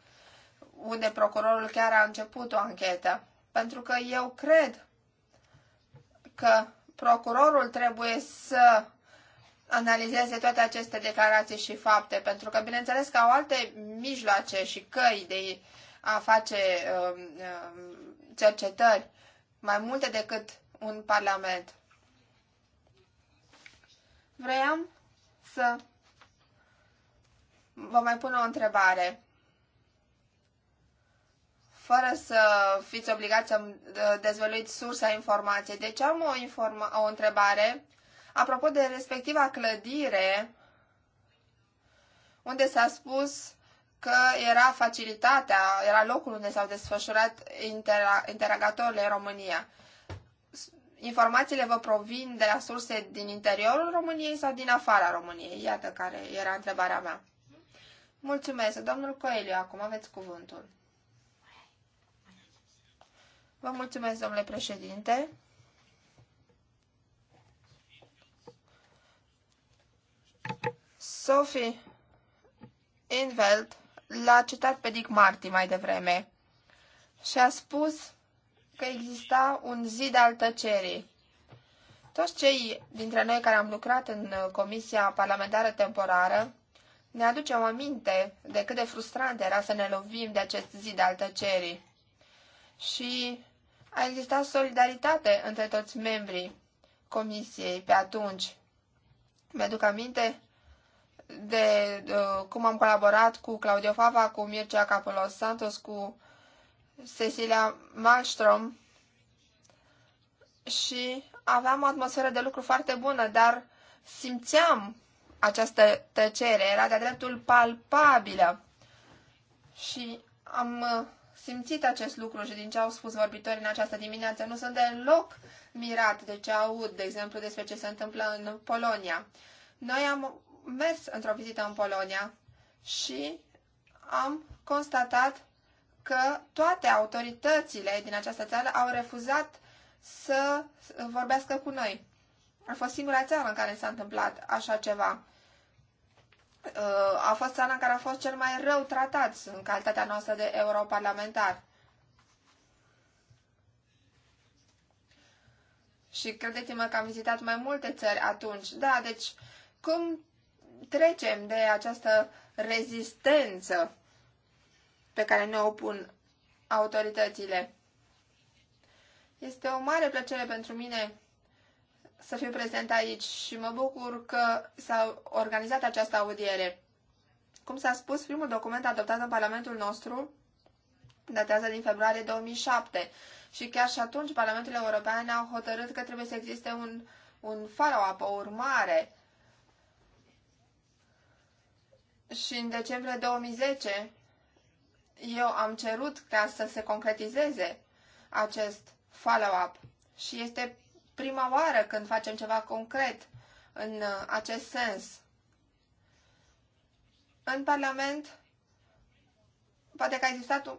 unde procurorul chiar a început o anchetă. Pentru că eu cred că procurorul trebuie să analizeze toate aceste declarații și fapte, pentru că, bineînțeles, că au alte mijloace și căi de a face uh, cercetări mai multe decât un parlament. Vreau să vă mai pun o întrebare. Fără să fiți obligați să uh, dezvăluiți sursa informației. Deci am o, informa- o întrebare apropo de respectiva clădire, unde s-a spus că era facilitatea, era locul unde s-au desfășurat interagatorile în România. Informațiile vă provin de la surse din interiorul României sau din afara României? Iată care era întrebarea mea. Mulțumesc. Domnul Coelho, acum aveți cuvântul. Vă mulțumesc, domnule președinte. Sophie Inveld l-a citat pe Dick Marty mai devreme și a spus că exista un zid al tăcerii. Toți cei dintre noi care am lucrat în uh, Comisia Parlamentară Temporară ne aducem aminte de cât de frustrant era să ne lovim de acest zid al tăcerii. Și a existat solidaritate între toți membrii Comisiei pe atunci. Mi-aduc aminte de uh, cum am colaborat cu Claudio Fava, cu Mircea Capolos Santos, cu Cecilia Malmström și aveam o atmosferă de lucru foarte bună, dar simțeam această tăcere, era de-a dreptul palpabilă. Și am uh, simțit acest lucru și din ce au spus vorbitorii în această dimineață, nu sunt deloc mirat de ce aud, de exemplu, despre ce se întâmplă în Polonia. Noi am mers într-o vizită în Polonia și am constatat că toate autoritățile din această țară au refuzat să vorbească cu noi. A fost singura țară în care s-a întâmplat așa ceva. Uh, a fost țara în care a fost cel mai rău tratat în calitatea noastră de europarlamentar. Și credeți-mă că am vizitat mai multe țări atunci. Da, deci cum trecem de această rezistență pe care ne opun autoritățile. Este o mare plăcere pentru mine să fiu prezent aici și mă bucur că s-a organizat această audiere. Cum s-a spus, primul document adoptat în Parlamentul nostru datează din februarie 2007 și chiar și atunci Parlamentul European a hotărât că trebuie să existe un, un follow-up, o urmare Și în decembrie 2010 eu am cerut ca să se concretizeze acest follow-up și este prima oară când facem ceva concret în uh, acest sens. În Parlament, poate că a existat un,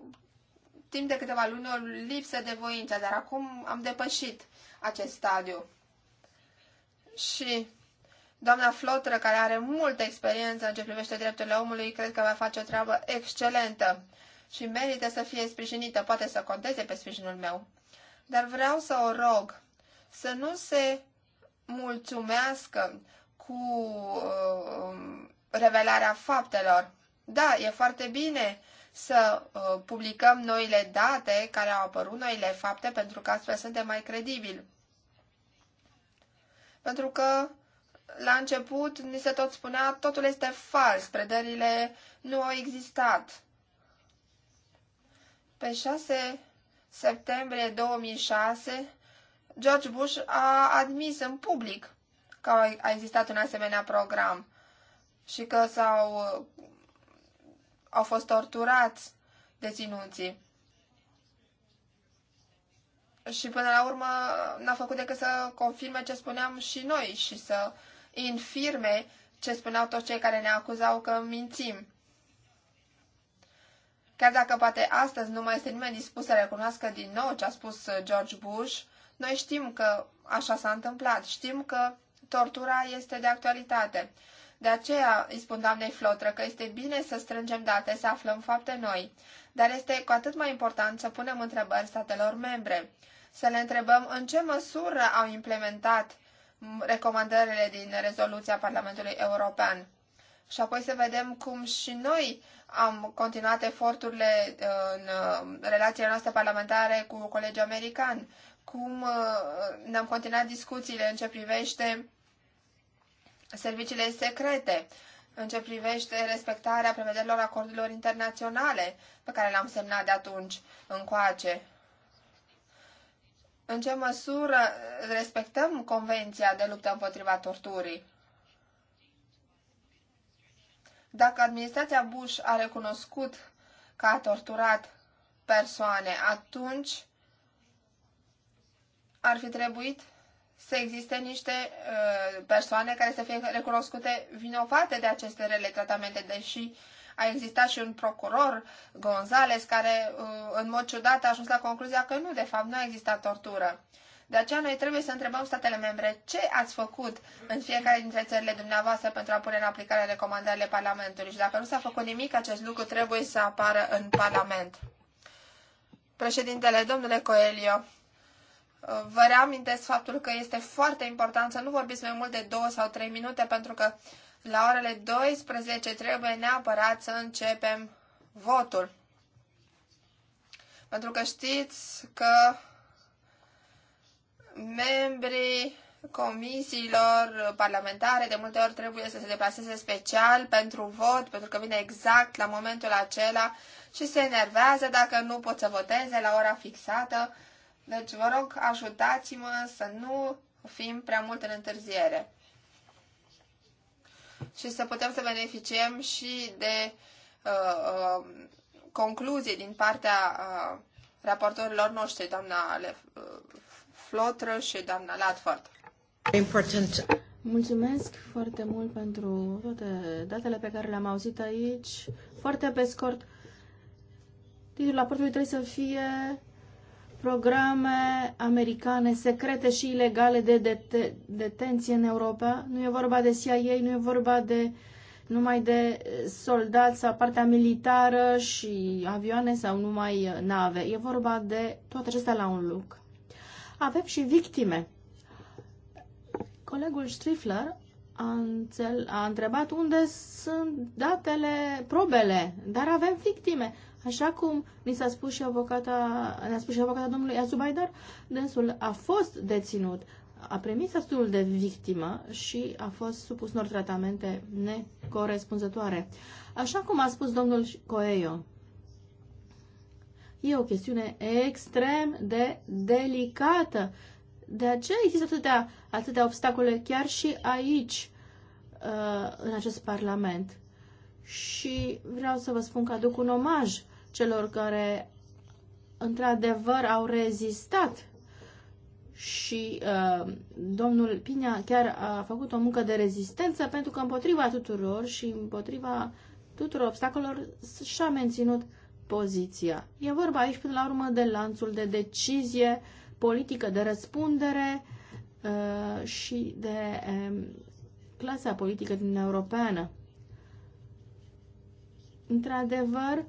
timp de câteva luni o lipsă de voință, dar acum am depășit acest stadiu. Și Doamna Flotră, care are multă experiență în ce privește drepturile omului, cred că va face o treabă excelentă și merită să fie sprijinită, poate să conteze pe sprijinul meu. Dar vreau să o rog să nu se mulțumească cu uh, revelarea faptelor. Da, e foarte bine să uh, publicăm noile date care au apărut, noile fapte, pentru că astfel suntem mai credibili. Pentru că la început ni se tot spunea totul este fals, predările nu au existat. Pe 6 septembrie 2006, George Bush a admis în public că a existat un asemenea program și că s-au au fost torturați deținuții. Și până la urmă n-a făcut decât să confirme ce spuneam și noi și să infirme ce spuneau toți cei care ne acuzau că mințim. Chiar dacă poate astăzi nu mai este nimeni dispus să recunoască din nou ce a spus George Bush, noi știm că așa s-a întâmplat, știm că tortura este de actualitate. De aceea îi spun doamnei Flotră că este bine să strângem date, să aflăm fapte noi, dar este cu atât mai important să punem întrebări statelor membre, să le întrebăm în ce măsură au implementat recomandările din rezoluția Parlamentului European. Și apoi să vedem cum și noi am continuat eforturile uh, în uh, relațiile noastre parlamentare cu colegii americani, cum uh, ne-am continuat discuțiile în ce privește serviciile secrete, în ce privește respectarea prevederilor acordurilor internaționale pe care le-am semnat de atunci încoace în ce măsură respectăm Convenția de luptă împotriva torturii. Dacă administrația Bush a recunoscut că a torturat persoane, atunci ar fi trebuit să existe niște uh, persoane care să fie recunoscute vinovate de aceste rele tratamente, deși a existat și un procuror, Gonzales, care uh, în mod ciudat a ajuns la concluzia că nu, de fapt, nu a existat tortură. De aceea noi trebuie să întrebăm statele membre ce ați făcut în fiecare dintre țările dumneavoastră pentru a pune în aplicare recomandările Parlamentului și dacă nu s-a făcut nimic, acest lucru trebuie să apară în Parlament. Președintele, domnule Coelio, uh, vă reamintesc faptul că este foarte important să nu vorbiți mai mult de două sau trei minute pentru că la orele 12 trebuie neapărat să începem votul. Pentru că știți că membrii comisiilor parlamentare de multe ori trebuie să se deplaseze special pentru vot, pentru că vine exact la momentul acela și se enervează dacă nu pot să voteze la ora fixată. Deci vă rog, ajutați-mă să nu fim prea mult în întârziere și să putem să beneficiem și de uh, uh, concluzie din partea uh, raportorilor noștri, doamna Le, uh, Flotră și doamna Latford. Important. Mulțumesc foarte mult pentru toate datele pe care le-am auzit aici. Foarte pe scurt, titlul raportului trebuie să fie programe americane secrete și ilegale de dete- detenție în Europa. Nu e vorba de CIA, nu e vorba de numai de eh, soldați sau partea militară și avioane sau numai eh, nave. E vorba de toate acestea la un loc. Avem și victime. Colegul Strifler a, înțel, a întrebat unde sunt datele, probele, dar avem victime. Așa cum ni s-a spus și avocata, ne-a spus și avocata domnului Azubaidar, dânsul a fost deținut, a primit statutul de victimă și a fost supus unor tratamente necorespunzătoare. Așa cum a spus domnul Coelho, e o chestiune extrem de delicată. De aceea există atâtea, atâtea obstacole chiar și aici, uh, în acest parlament. Și vreau să vă spun că aduc un omaj celor care într-adevăr au rezistat și uh, domnul Pinea chiar a făcut o muncă de rezistență pentru că împotriva tuturor și împotriva tuturor obstacolor și-a menținut poziția. E vorba aici până la urmă de lanțul de decizie politică, de răspundere uh, și de uh, clasa politică din Europeană. Într-adevăr, uh,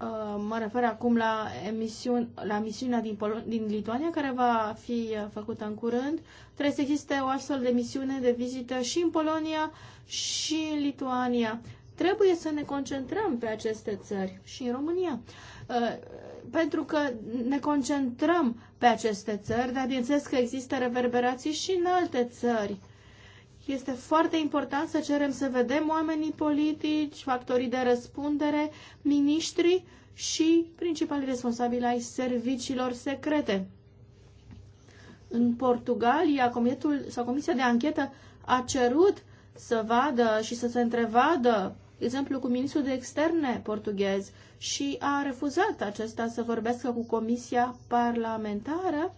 Uh, mă refer acum la, emisiun, la misiunea din, Pol- din Lituania, care va fi uh, făcută în curând. Trebuie să existe o astfel de misiune de vizită și în Polonia și în Lituania. Trebuie să ne concentrăm pe aceste țări și în România. Uh, pentru că ne concentrăm pe aceste țări, dar bineînțeles că există reverberații și în alte țări. Este foarte important să cerem să vedem oamenii politici, factorii de răspundere, miniștri și principalii responsabili ai serviciilor secrete. În Portugalia, comitetul sau comisia de anchetă a cerut să vadă și să se întrevadă, de exemplu, cu ministrul de externe portughez și a refuzat acesta să vorbească cu comisia parlamentară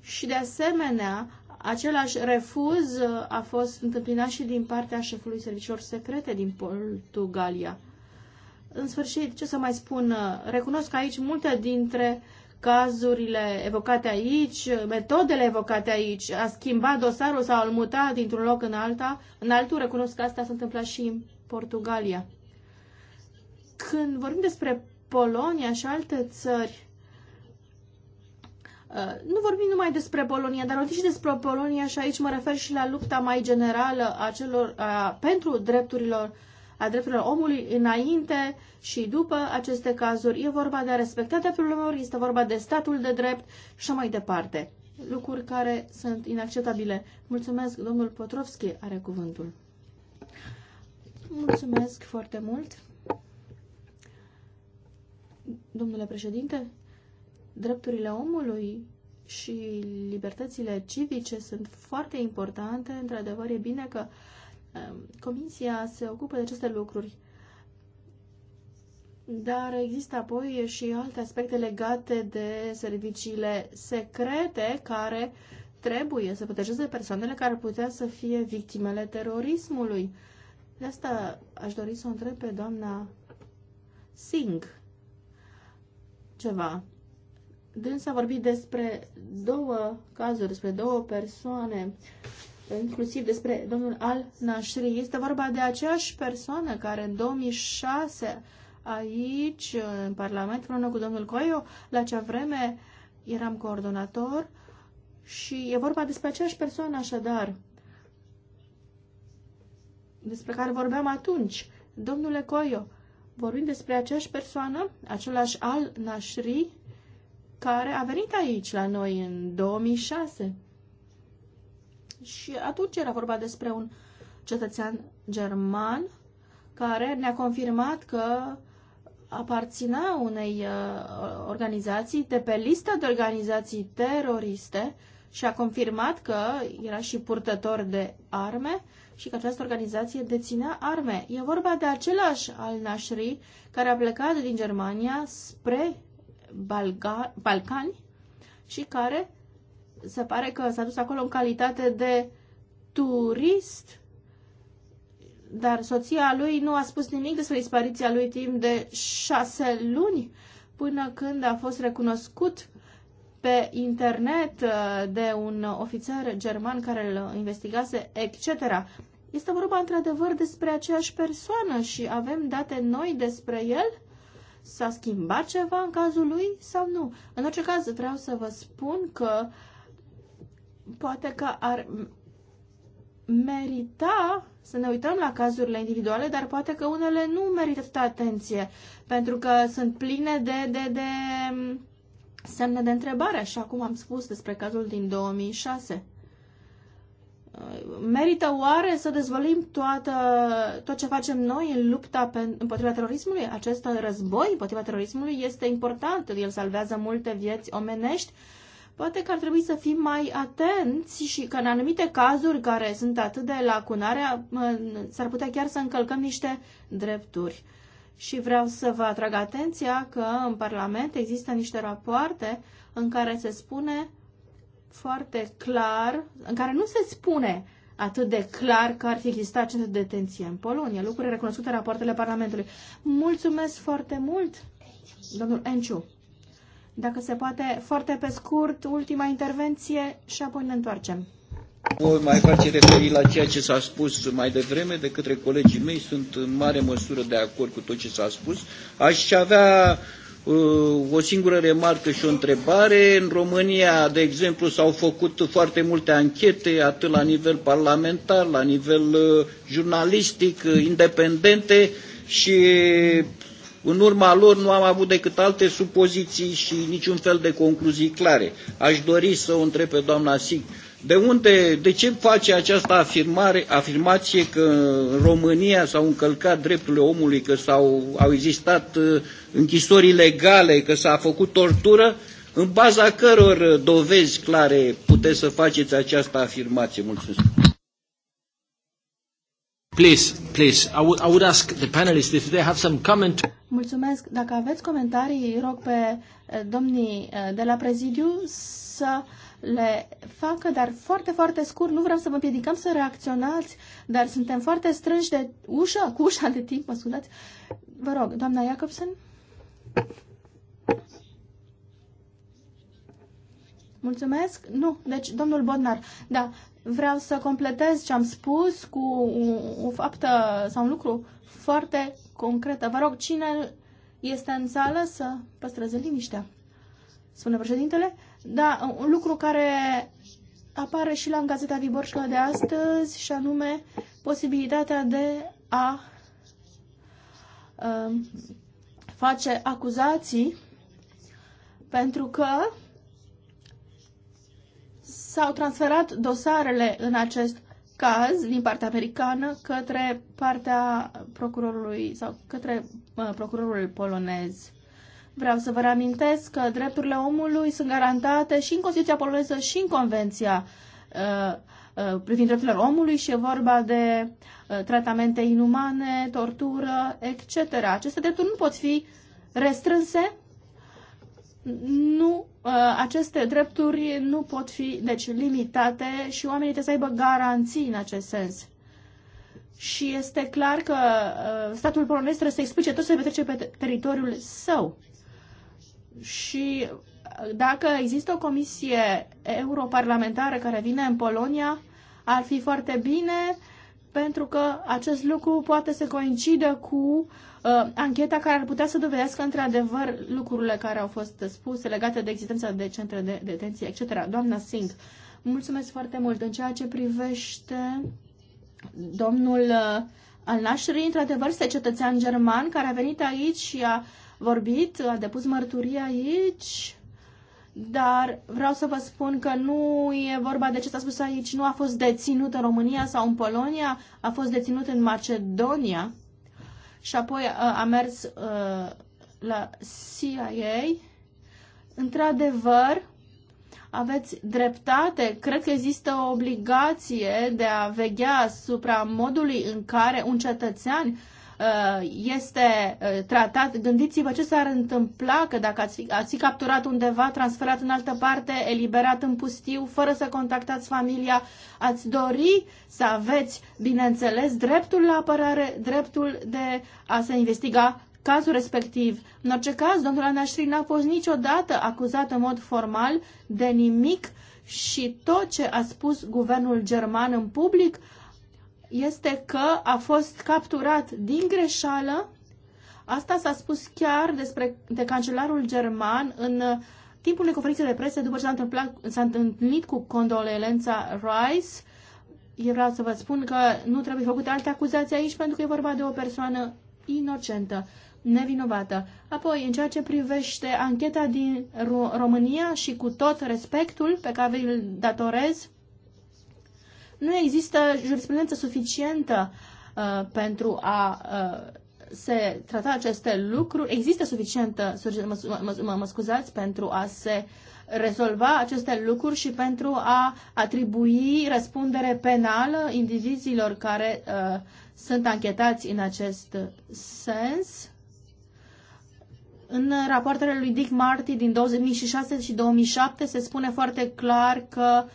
și de asemenea Același refuz uh, a fost întâmpinat și din partea șefului serviciilor secrete din Portugalia. În sfârșit, ce să mai spun, uh, recunosc aici multe dintre cazurile evocate aici, metodele evocate aici, a schimbat dosarul sau a-l muta dintr-un loc în, alta, în altul, recunosc că asta s-a întâmplat și în Portugalia. Când vorbim despre Polonia și alte țări, Uh, nu vorbim numai despre Polonia, dar și despre Polonia și aici mă refer și la lupta mai generală a celor, a, pentru drepturilor, a drepturilor omului înainte și după aceste cazuri. E vorba de a respecta drepturile lor, este vorba de statul de drept și așa mai departe. Lucruri care sunt inacceptabile. Mulțumesc, domnul Potrovski are cuvântul. Mulțumesc foarte mult. Domnule președinte, drepturile omului și libertățile civice sunt foarte importante. Într-adevăr, e bine că um, Comisia se ocupă de aceste lucruri. Dar există apoi și alte aspecte legate de serviciile secrete care trebuie să protejeze persoanele care putea să fie victimele terorismului. De asta aș dori să o întreb pe doamna Singh ceva. Dânsa a vorbit despre două cazuri, despre două persoane, inclusiv despre domnul al Nașri. Este vorba de aceeași persoană care în 2006 aici, în Parlament, împreună cu domnul Coio, la acea vreme eram coordonator și e vorba despre aceeași persoană așadar, despre care vorbeam atunci. Domnule Coio, vorbim despre aceeași persoană, același al nașri, care a venit aici la noi în 2006. Și atunci era vorba despre un cetățean german care ne-a confirmat că aparținea unei uh, organizații de pe lista de organizații teroriste și a confirmat că era și purtător de arme și că această organizație deținea arme. E vorba de același al nașrii care a plecat din Germania spre Balga, Balcani și care se pare că s-a dus acolo în calitate de turist, dar soția lui nu a spus nimic despre dispariția lui timp de șase luni, până când a fost recunoscut pe internet uh, de un ofițer german care îl investigase, etc. Este vorba într-adevăr despre aceeași persoană și avem date noi despre el S-a schimbat ceva în cazul lui sau nu? În orice caz, vreau să vă spun că poate că ar merita să ne uităm la cazurile individuale, dar poate că unele nu merită atâta atenție, pentru că sunt pline de, de, de mm, semne de întrebare, așa cum am spus despre cazul din 2006. Merită oare să dezvălim toată, tot ce facem noi în lupta pe, împotriva terorismului? Acest război împotriva terorismului este important, el salvează multe vieți omenești. Poate că ar trebui să fim mai atenți și că în anumite cazuri care sunt atât de lacunare, s-ar putea chiar să încălcăm niște drepturi. Și vreau să vă atrag atenția că în Parlament există niște rapoarte în care se spune foarte clar, în care nu se spune atât de clar că ar fi existat centru de detenție în Polonia, lucruri recunoscute în rapoartele Parlamentului. Mulțumesc foarte mult, domnul Enciu. Dacă se poate, foarte pe scurt, ultima intervenție și apoi ne întoarcem. Voi mai face referire la ceea ce s-a spus mai devreme de către colegii mei. Sunt în mare măsură de acord cu tot ce s-a spus. Aș avea Uh, o singură remarcă și o întrebare. În România, de exemplu, s-au făcut foarte multe anchete, atât la nivel parlamentar, la nivel uh, jurnalistic, uh, independente și în urma lor nu am avut decât alte supoziții și niciun fel de concluzii clare. Aș dori să o întreb pe doamna Sig de unde, de ce face această afirmare, afirmație că în România s-au încălcat drepturile omului, că s-au, au existat uh, închisori ilegale, că s-a făcut tortură, în baza căror uh, dovezi clare puteți să faceți această afirmație? Mulțumesc. Please, please, I would, I would ask the panelists if they have some comment. Mulțumesc. Dacă aveți comentarii, rog pe uh, domnii de la prezidiu să uh, le facă, dar foarte, foarte scurt, nu vreau să vă împiedicăm să reacționați, dar suntem foarte strânși de ușă, cu ușa de timp, mă sunați. Vă rog, doamna Jacobsen. Mulțumesc. Nu, deci domnul Bodnar, da, vreau să completez ce am spus cu o faptă sau un lucru foarte concretă. Vă rog, cine este în sală să păstreze liniștea? Spune președintele. Da, un lucru care apare și la în Gazeta Viborșca de astăzi, și anume posibilitatea de a um, face acuzații, pentru că s-au transferat dosarele în acest caz din partea americană către partea procurorului sau către uh, procurorul polonez. Vreau să vă reamintesc că drepturile omului sunt garantate și în Constituția poloneză și în Convenția uh, uh, privind drepturile omului și e vorba de uh, tratamente inumane, tortură, etc. Aceste drepturi nu pot fi restrânse, nu, aceste drepturi nu pot fi, deci, limitate și oamenii trebuie să aibă garanții în acest sens. Și este clar că statul polonez trebuie să explice tot ce se petrece pe teritoriul său și uh, dacă există o comisie europarlamentară care vine în Polonia, ar fi foarte bine pentru că acest lucru poate să coincidă cu uh, ancheta care ar putea să dovedească într-adevăr lucrurile care au fost spuse legate de existența de centre de detenție, etc. Doamna Singh, mulțumesc foarte mult. În ceea ce privește domnul uh, al nașterii, într-adevăr, este cetățean german care a venit aici și a vorbit, a depus mărturie aici, dar vreau să vă spun că nu e vorba de ce s-a spus aici. Nu a fost deținut în România sau în Polonia, a fost deținut în Macedonia și apoi uh, a mers uh, la CIA. Într-adevăr, aveți dreptate. Cred că există o obligație de a veghea asupra modului în care un cetățean Uh, este uh, tratat, gândiți-vă ce s-ar întâmpla că dacă ați fi, ați fi capturat undeva, transferat în altă parte, eliberat în pustiu, fără să contactați familia, ați dori să aveți, bineînțeles, dreptul la apărare, dreptul de a se investiga cazul respectiv. În orice caz, domnul Anaștri n-a fost niciodată acuzat în mod formal de nimic și tot ce a spus guvernul german în public este că a fost capturat din greșeală. Asta s-a spus chiar despre, de cancelarul german în uh, timpul unei conferințe de presă după ce s-a, întâmplat, s-a întâlnit cu condolența Rice. Eu vreau să vă spun că nu trebuie făcute alte acuzații aici pentru că e vorba de o persoană inocentă nevinovată. Apoi, în ceea ce privește ancheta din România și cu tot respectul pe care îl datorez nu există jurisprudență suficientă uh, pentru a uh, se trata aceste lucruri, există suficientă, mă, mă, mă, mă scuzați, pentru a se rezolva aceste lucruri și pentru a atribui răspundere penală indivizilor care uh, sunt anchetați în acest sens. În rapoartele lui Dick Marty din 2006 și 2007 se spune foarte clar că uh,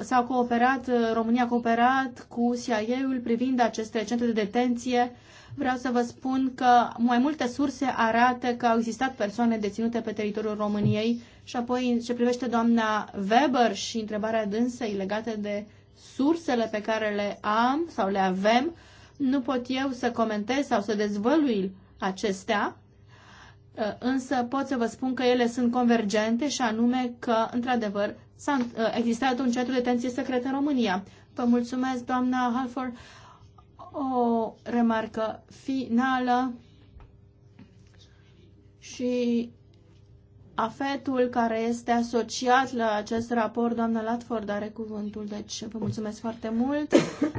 S-a, cooperat, uh, România a cooperat cu CIA-ul privind aceste centre de detenție. Vreau să vă spun că mai multe surse arată că au existat persoane deținute pe teritoriul României și apoi ce privește doamna Weber și întrebarea dânsei legată de sursele pe care le am sau le avem, nu pot eu să comentez sau să dezvălui acestea, uh, însă pot să vă spun că ele sunt convergente și anume că, într-adevăr, S-a uh, existat un centru de detenție secret în România. Vă mulțumesc, doamna Halfor. O remarcă finală și afetul care este asociat la acest raport, doamna Latford are cuvântul, deci vă mulțumesc foarte mult.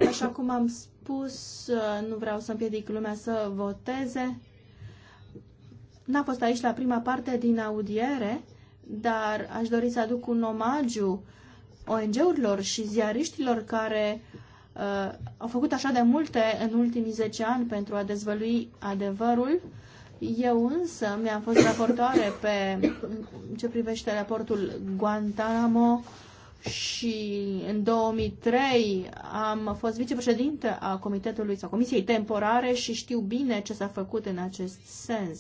Așa cum am spus, uh, nu vreau să împiedic lumea să voteze. N-a fost aici la prima parte din audiere, dar aș dori să aduc un omagiu ONG-urilor și ziariștilor care uh, au făcut așa de multe în ultimii 10 ani pentru a dezvălui adevărul. Eu însă mi-am fost raportoare pe ce privește raportul Guantanamo și în 2003 am fost vicepreședinte a comitetului sau comisiei temporare și știu bine ce s-a făcut în acest sens.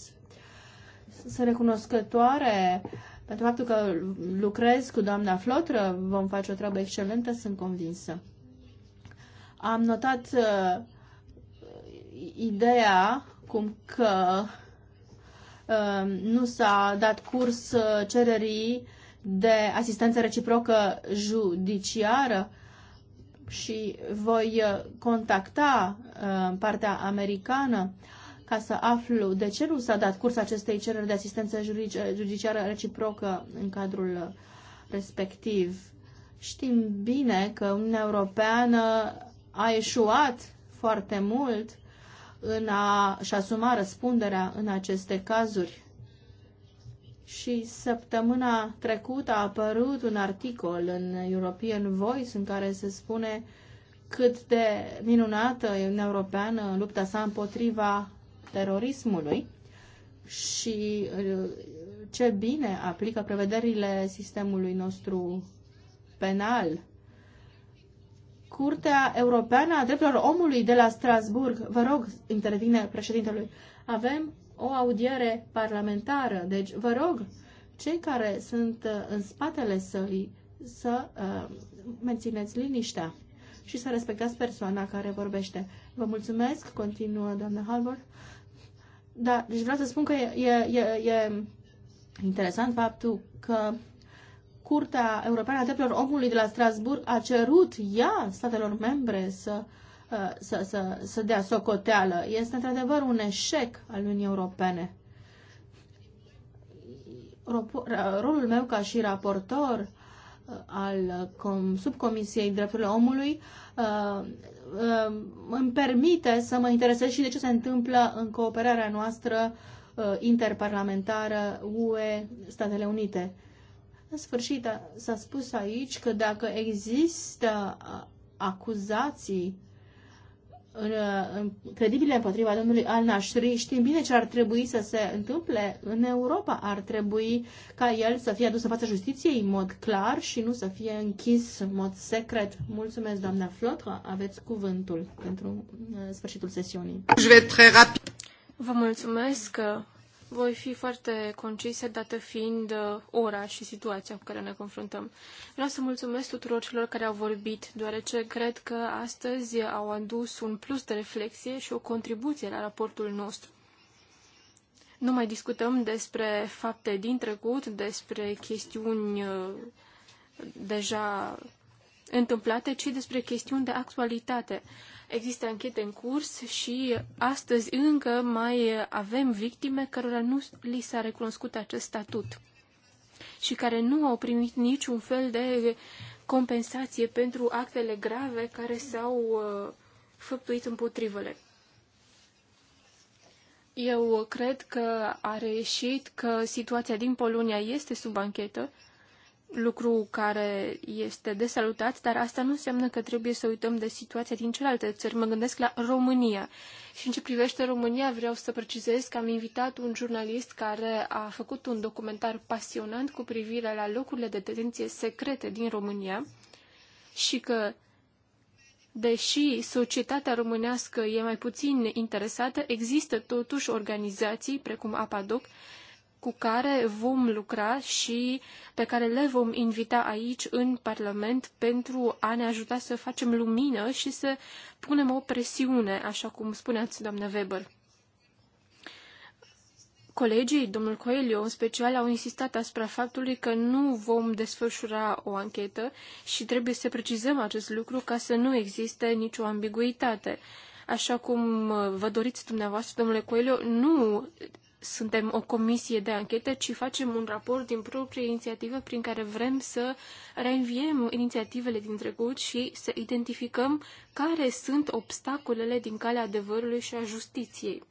Sunt recunoscătoare uh, pentru faptul că lucrez cu doamna Flotră, vom face o treabă excelentă, sunt convinsă. Am notat uh, ideea cum că uh, nu s-a dat curs uh, cererii de asistență reciprocă judiciară și voi uh, contacta uh, partea americană uh, ca să aflu de ce nu s-a dat curs acestei cereri de asistență judiciară reciprocă în cadrul respectiv. Știm bine că Uniunea Europeană a eșuat foarte mult în a-și asuma răspunderea în aceste cazuri. Și săptămâna trecută a apărut un articol în European Voice în care se spune cât de minunată e Uniunea Europeană în lupta sa împotriva terorismului și uh, ce bine aplică prevederile sistemului nostru penal. Curtea Europeană a Drepturilor Omului de la Strasburg, vă rog, intervine președintelui, avem o audiere parlamentară, deci vă rog, cei care sunt uh, în spatele sălii să uh, mențineți liniștea și să respectați persoana care vorbește. Vă mulțumesc, continuă doamna Halbert. Da, deci vreau să spun că e, e, e interesant faptul că Curtea Europeană a Drepturilor Omului de la Strasburg a cerut ea statelor membre să, uh, să, să, să dea socoteală. Este într-adevăr un eșec al Uniunii Europene. Rolul meu ca și raportor uh, al uh, subcomisiei drepturile omului Um, îmi permite să mă interesez și de ce se întâmplă în cooperarea noastră uh, interparlamentară UE-Statele Unite. În sfârșit, s-a spus aici că dacă există acuzații credibile împotriva domnului al Nashri, știm bine ce ar trebui să se întâmple în Europa. Ar trebui ca el să fie adus în fața justiției în mod clar și nu să fie închis în mod secret. Mulțumesc, doamna Flotra. Aveți cuvântul pentru uh, sfârșitul sesiunii. Vă mulțumesc. Voi fi foarte concise, dată fiind uh, ora și situația cu care ne confruntăm. Vreau să mulțumesc tuturor celor care au vorbit, deoarece cred că astăzi au adus un plus de reflexie și o contribuție la raportul nostru. Nu mai discutăm despre fapte din trecut, despre chestiuni uh, deja întâmplate, ci despre chestiuni de actualitate. Există anchete în curs și astăzi încă mai avem victime cărora nu li s-a recunoscut acest statut și care nu au primit niciun fel de compensație pentru actele grave care s-au uh, făptuit împotrivele. Eu cred că a reieșit că situația din Polonia este sub anchetă lucru care este de salutat, dar asta nu înseamnă că trebuie să uităm de situația din celelalte țări. Mă gândesc la România. Și în ce privește România, vreau să precizez că am invitat un jurnalist care a făcut un documentar pasionant cu privire la locurile de detenție secrete din România și că, deși societatea românească e mai puțin interesată, există totuși organizații, precum APADOC, cu care vom lucra și pe care le vom invita aici în Parlament pentru a ne ajuta să facem lumină și să punem o presiune, așa cum spuneați, doamnă Weber. Colegii, domnul Coelho în special, au insistat asupra faptului că nu vom desfășura o anchetă și trebuie să precizăm acest lucru ca să nu existe nicio ambiguitate. Așa cum uh, vă doriți dumneavoastră, domnule Coelho, nu suntem o comisie de anchetă, ci facem un raport din proprie inițiativă prin care vrem să reînviem inițiativele din trecut și să identificăm care sunt obstacolele din calea adevărului și a justiției.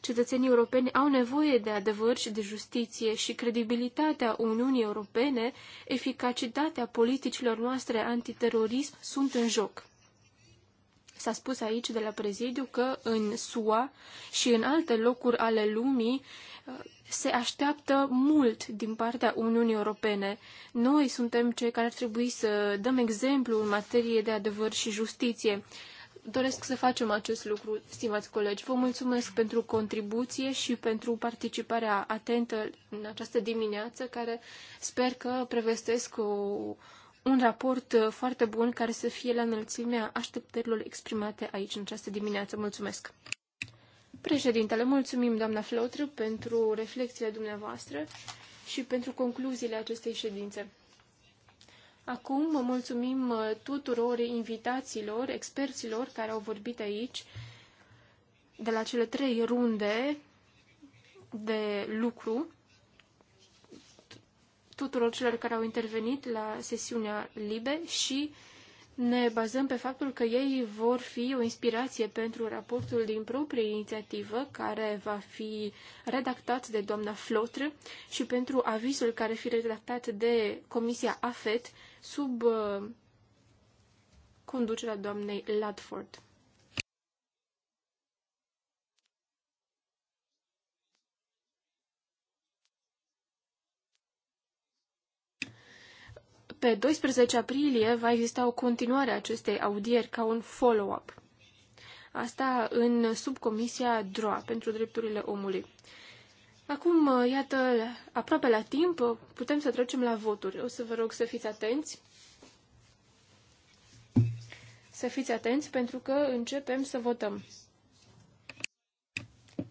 Cetățenii europeni au nevoie de adevăr și de justiție și credibilitatea Uniunii Europene, eficacitatea politicilor noastre antiterorism sunt în joc. S-a spus aici de la prezidiu că în SUA și în alte locuri ale lumii uh, se așteaptă mult din partea Uniunii Europene. Noi suntem cei care ar trebui să dăm exemplu în materie de adevăr și justiție. Doresc să facem acest lucru, stimați colegi. Vă mulțumesc pentru contribuție și pentru participarea atentă în această dimineață, care sper că prevestesc o un raport uh, foarte bun care să fie la înălțimea așteptărilor exprimate aici în această dimineață. Mulțumesc! Președintele, mulțumim, doamna Flotru, pentru reflexiile dumneavoastră și pentru concluziile acestei ședințe. Acum mulțumim uh, tuturor invitațiilor, experților care au vorbit aici de la cele trei runde de lucru tuturor celor care au intervenit la sesiunea LIBE și ne bazăm pe faptul că ei vor fi o inspirație pentru raportul din proprie inițiativă care va fi redactat de doamna Flotră și pentru avizul care fi redactat de Comisia AFET sub uh, conducerea doamnei Ladford. Pe 12 aprilie va exista o continuare a acestei audieri ca un follow-up. Asta în subcomisia DROA pentru drepturile omului. Acum, iată, aproape la timp, putem să trecem la voturi. O să vă rog să fiți atenți. Să fiți atenți pentru că începem să votăm.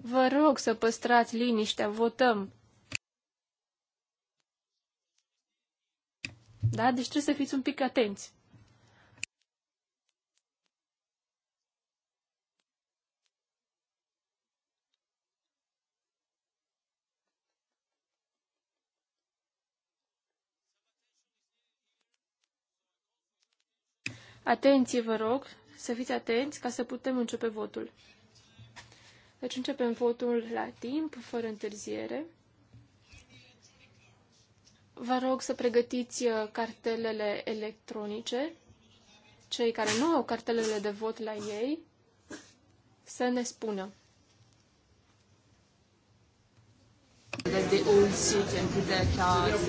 Vă rog să păstrați liniștea, votăm. Da? Deci trebuie să fiți un pic atenți. Atenție, vă rog, să fiți atenți ca să putem începe votul. Deci începem votul la timp, fără întârziere. Vă rog să pregătiți uh, cartelele electronice. Cei care nu au cartelele de vot la ei, să ne spună. that they all sit and put their cards.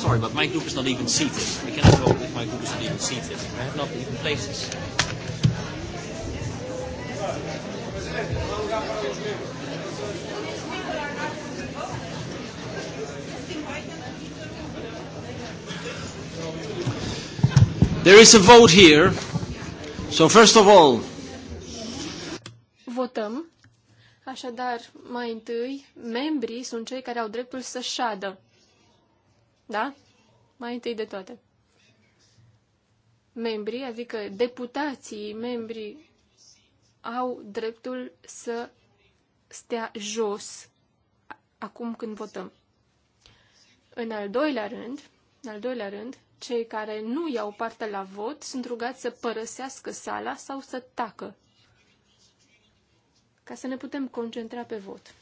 Sorry, but my group is not even seated. We cannot vote if my group is not even seated. I have not even places. There is a vote here. So first of all, votăm. Așadar, mai întâi, membrii sunt cei care au dreptul să șadă. Da? Mai întâi de toate. Membrii, adică deputații, membrii au dreptul să stea jos acum când votăm. În al doilea rând, în al doilea rând, cei care nu iau parte la vot sunt rugați să părăsească sala sau să tacă ca să ne putem concentra pe vot.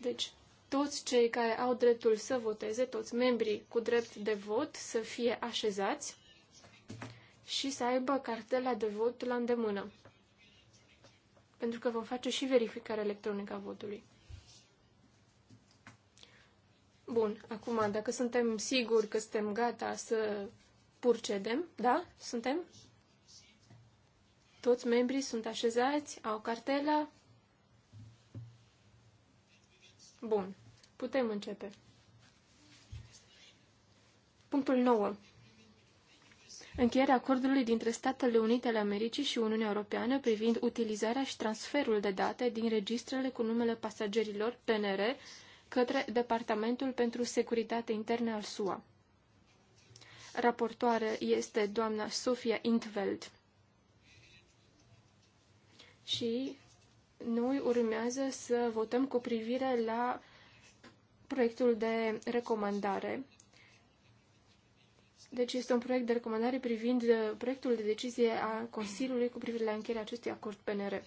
Deci, toți cei care au dreptul să voteze, toți membrii cu drept de vot, să fie așezați și să aibă cartela de vot la îndemână. Pentru că vom face și verificarea electronică a votului. Bun, acum, dacă suntem siguri că suntem gata să purcedem, da? Suntem? Toți membrii sunt așezați, au cartela. Bun, putem începe. Punctul 9 încheierea acordului dintre Statele Unite ale Americii și Uniunea Europeană privind utilizarea și transferul de date din registrele cu numele pasagerilor PNR către Departamentul pentru Securitate Interne al SUA. Raportoare este doamna Sofia Intveld. Și noi urmează să votăm cu privire la proiectul de recomandare deci este un proiect de recomandare privind uh, proiectul de decizie a Consiliului cu privire la încheierea acestui acord PNR.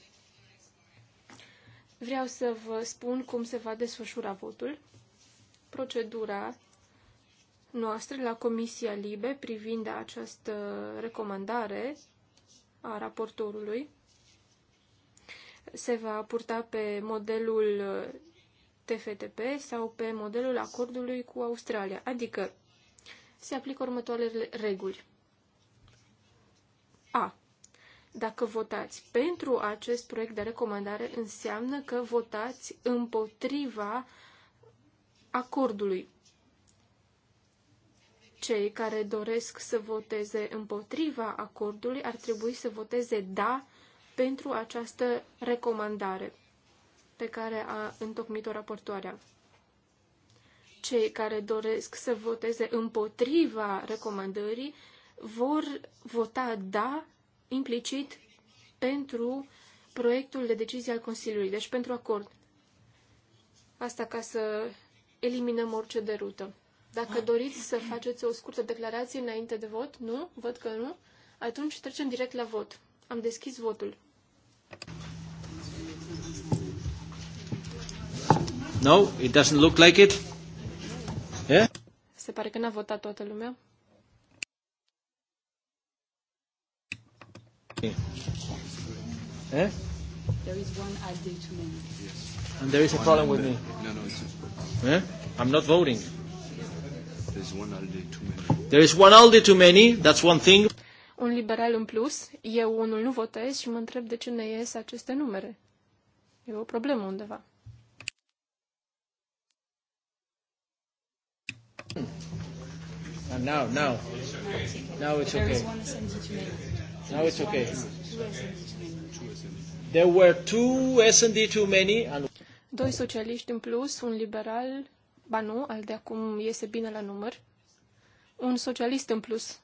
Vreau să vă spun cum se va desfășura votul. Procedura noastră la Comisia Libe privind această recomandare a raportorului se va purta pe modelul TFTP sau pe modelul acordului cu Australia, adică se aplică următoarele reguli. A. Dacă votați pentru acest proiect de recomandare, înseamnă că votați împotriva acordului. Cei care doresc să voteze împotriva acordului ar trebui să voteze da pentru această recomandare pe care a întocmit-o raportoarea cei care doresc să voteze împotriva recomandării vor vota da implicit pentru proiectul de decizie al Consiliului, deci pentru acord. Asta ca să eliminăm orice derută. Dacă doriți să faceți o scurtă declarație înainte de vot, nu? Văd că nu. Atunci trecem direct la vot. Am deschis votul. No, it doesn't look like it. Se pare că n-a votat toată lumea. Eh? There is one ID too many. Yes. And there is a problem with me. No, no, it's eh? I'm not voting. There's one ALDE too many. There is one Aldi too many. That's one thing. Un liberal în plus. Eu unul nu votez și mă întreb de ce ne ies aceste numere. E o problemă undeva. And uh, now, now. Now it's okay. Now it's okay. There were two S&D too many. Doi socialiști în plus, un liberal, ba nu, al de acum iese bine la număr, un socialist în plus.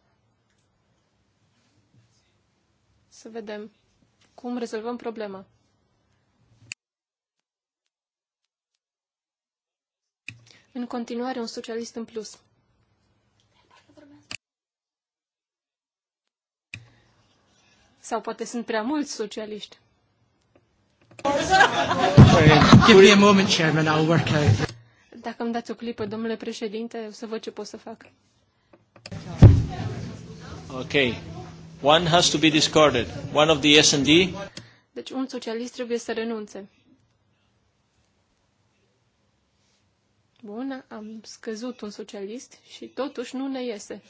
Să vedem cum rezolvăm problema. În continuare, un socialist în plus. Sau poate sunt prea mulți socialiști. Give me a moment, Chairman, I'll work out. Dacă îmi dați o clipă, domnule președinte, o să văd ce pot să fac. Ok. One has to be discarded. One of the S&D. Deci un socialist trebuie să renunțe. Bun, am scăzut un socialist și totuși nu ne iese.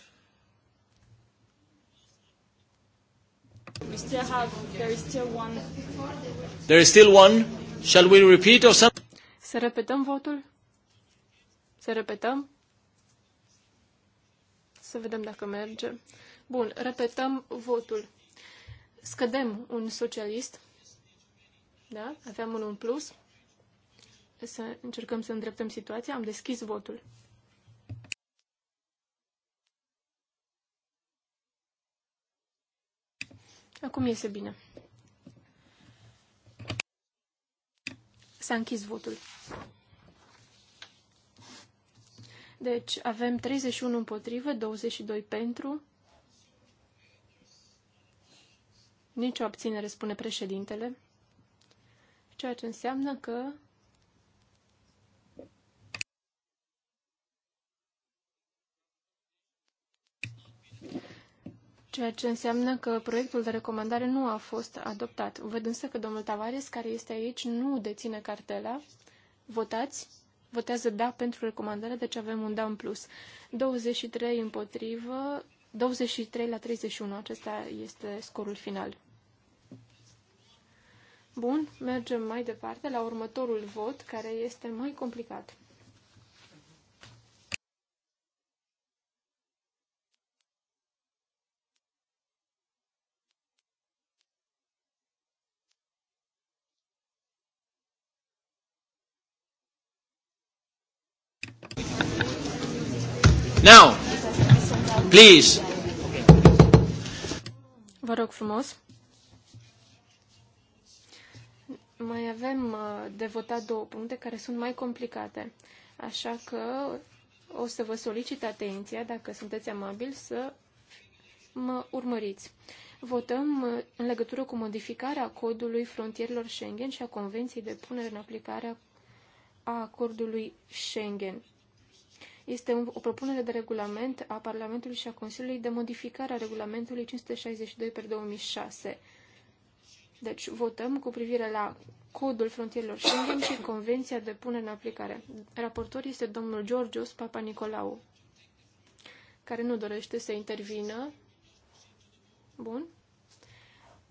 We still have, there is still one. There is still one. Shall we repeat or something? Să repetăm votul? Să repetăm? Să vedem dacă merge. Bun, repetăm votul. Scădem un socialist. Da? Aveam unul în plus să încercăm să îndreptăm situația. Am deschis votul. Acum iese bine. S-a închis votul. Deci avem 31 împotrivă, 22 pentru. Nici o abținere, spune președintele. Ceea ce înseamnă că ceea ce înseamnă că proiectul de recomandare nu a fost adoptat. Văd însă că domnul Tavares, care este aici, nu deține cartela. Votați? Votează da pentru recomandare, deci avem un da în plus. 23 împotrivă, 23 la 31, acesta este scorul final. Bun, mergem mai departe la următorul vot, care este mai complicat. Now, please. Vă rog frumos. Mai avem uh, de votat două puncte care sunt mai complicate. Așa că o să vă solicit atenția, dacă sunteți amabil, să mă urmăriți. Votăm uh, în legătură cu modificarea codului frontierilor Schengen și a Convenției de punere în aplicare a acordului Schengen. Este o propunere de regulament a Parlamentului și a Consiliului de modificare a regulamentului 562 pe 2006. Deci votăm cu privire la Codul Frontierelor Schengen și Convenția de punere în aplicare. Raportor este domnul Georgios Papa Nicolau, care nu dorește să intervină. Bun.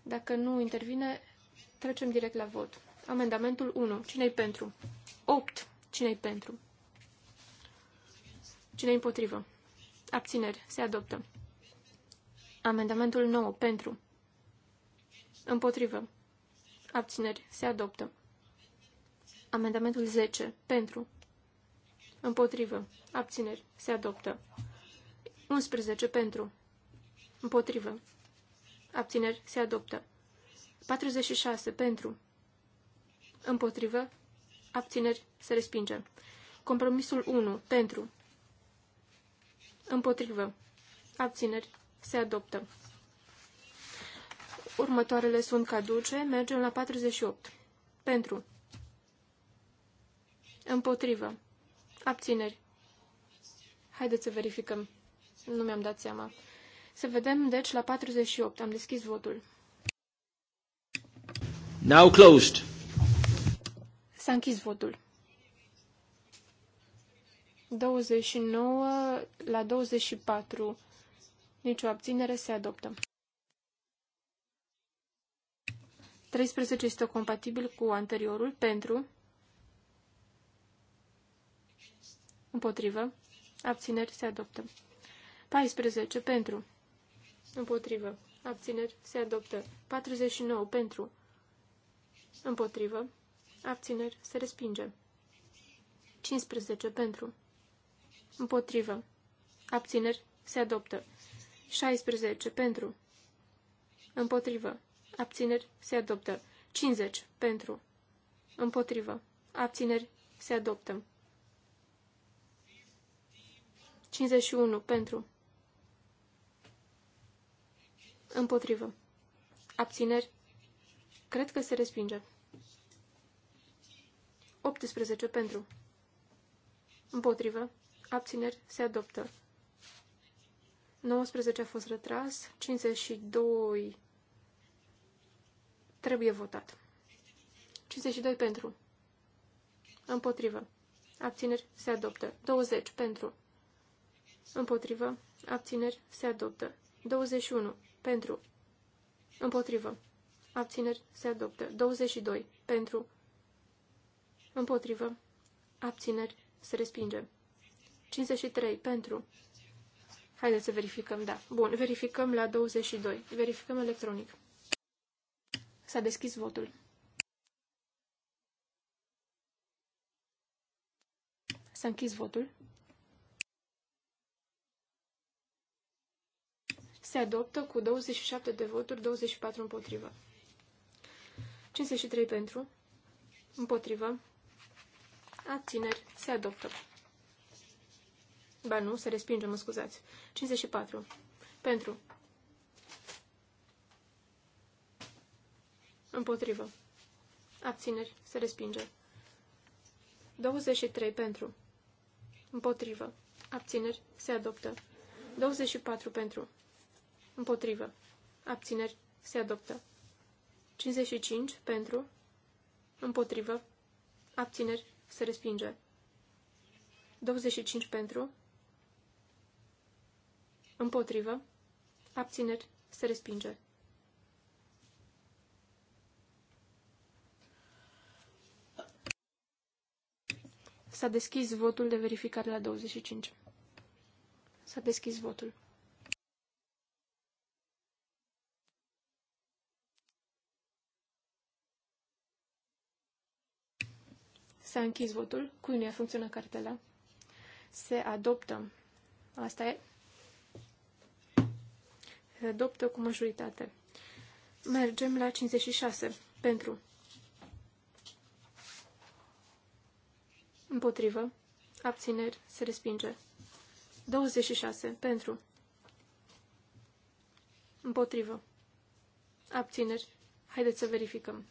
Dacă nu intervine, trecem direct la vot. Amendamentul 1. Cine-i pentru? 8. Cine-i pentru? Cine împotrivă? Abțineri. Se adoptă. Amendamentul 9. Pentru. Împotrivă. Abțineri. Se adoptă. Amendamentul 10. Pentru. Împotrivă. Abțineri. Se adoptă. 11. Pentru. Împotrivă. Abțineri. Se adoptă. 46. Pentru. Împotrivă. Abțineri. Se respinge. Compromisul 1. Pentru. Împotrivă. Abțineri. Se adoptă. Următoarele sunt caduce. Mergem la 48. Pentru. Împotrivă. Abțineri. Haideți să verificăm. Nu mi-am dat seama. Să vedem, deci, la 48. Am deschis votul. Now closed. S-a închis votul. 29 la 24. Nicio abținere se adoptă. 13 este compatibil cu anteriorul pentru împotrivă, abțineri se adoptă. 14 pentru împotrivă, abțineri se adoptă. 49 pentru împotrivă, abțineri se respinge. 15 pentru Împotrivă. Abțineri. Se adoptă. 16. Pentru. Împotrivă. Abțineri. Se adoptă. 50. Pentru. Împotrivă. Abțineri. Se adoptă. 51. Pentru. Împotrivă. Abțineri. Cred că se respinge. 18. Pentru. Împotrivă abțineri, se adoptă. 19 a fost retras, 52 trebuie votat. 52 pentru. Împotrivă. Abțineri se adoptă. 20 pentru. Împotrivă. Abțineri se adoptă. 21 pentru. Împotrivă. Abțineri se adoptă. 22 pentru. Împotrivă. Abțineri se respinge. 53 pentru. Haideți să verificăm, da. Bun, verificăm la 22. Verificăm electronic. S-a deschis votul. S-a închis votul. Se adoptă cu 27 de voturi, 24 împotrivă. 53 pentru, împotrivă, abțineri, se adoptă. Ba nu, se respinge, mă scuzați. 54. Pentru. Împotrivă. Abțineri. Se respinge. 23. Pentru. Împotrivă. Abțineri. Se adoptă. 24. Pentru. Împotrivă. Abțineri. Se adoptă. 55. Pentru. Împotrivă. Abțineri. Se respinge. 25 pentru. Împotrivă. Abțineri. Se respinge. S-a deschis votul de verificare la 25. S-a deschis votul. S-a închis votul. Cui nu a funcționat cartela? Se adoptă. Asta e. Se adoptă cu majoritate. Mergem la 56. Pentru. Împotrivă. Abțineri. Se respinge. 26. Pentru. Împotrivă. Abțineri. Haideți să verificăm.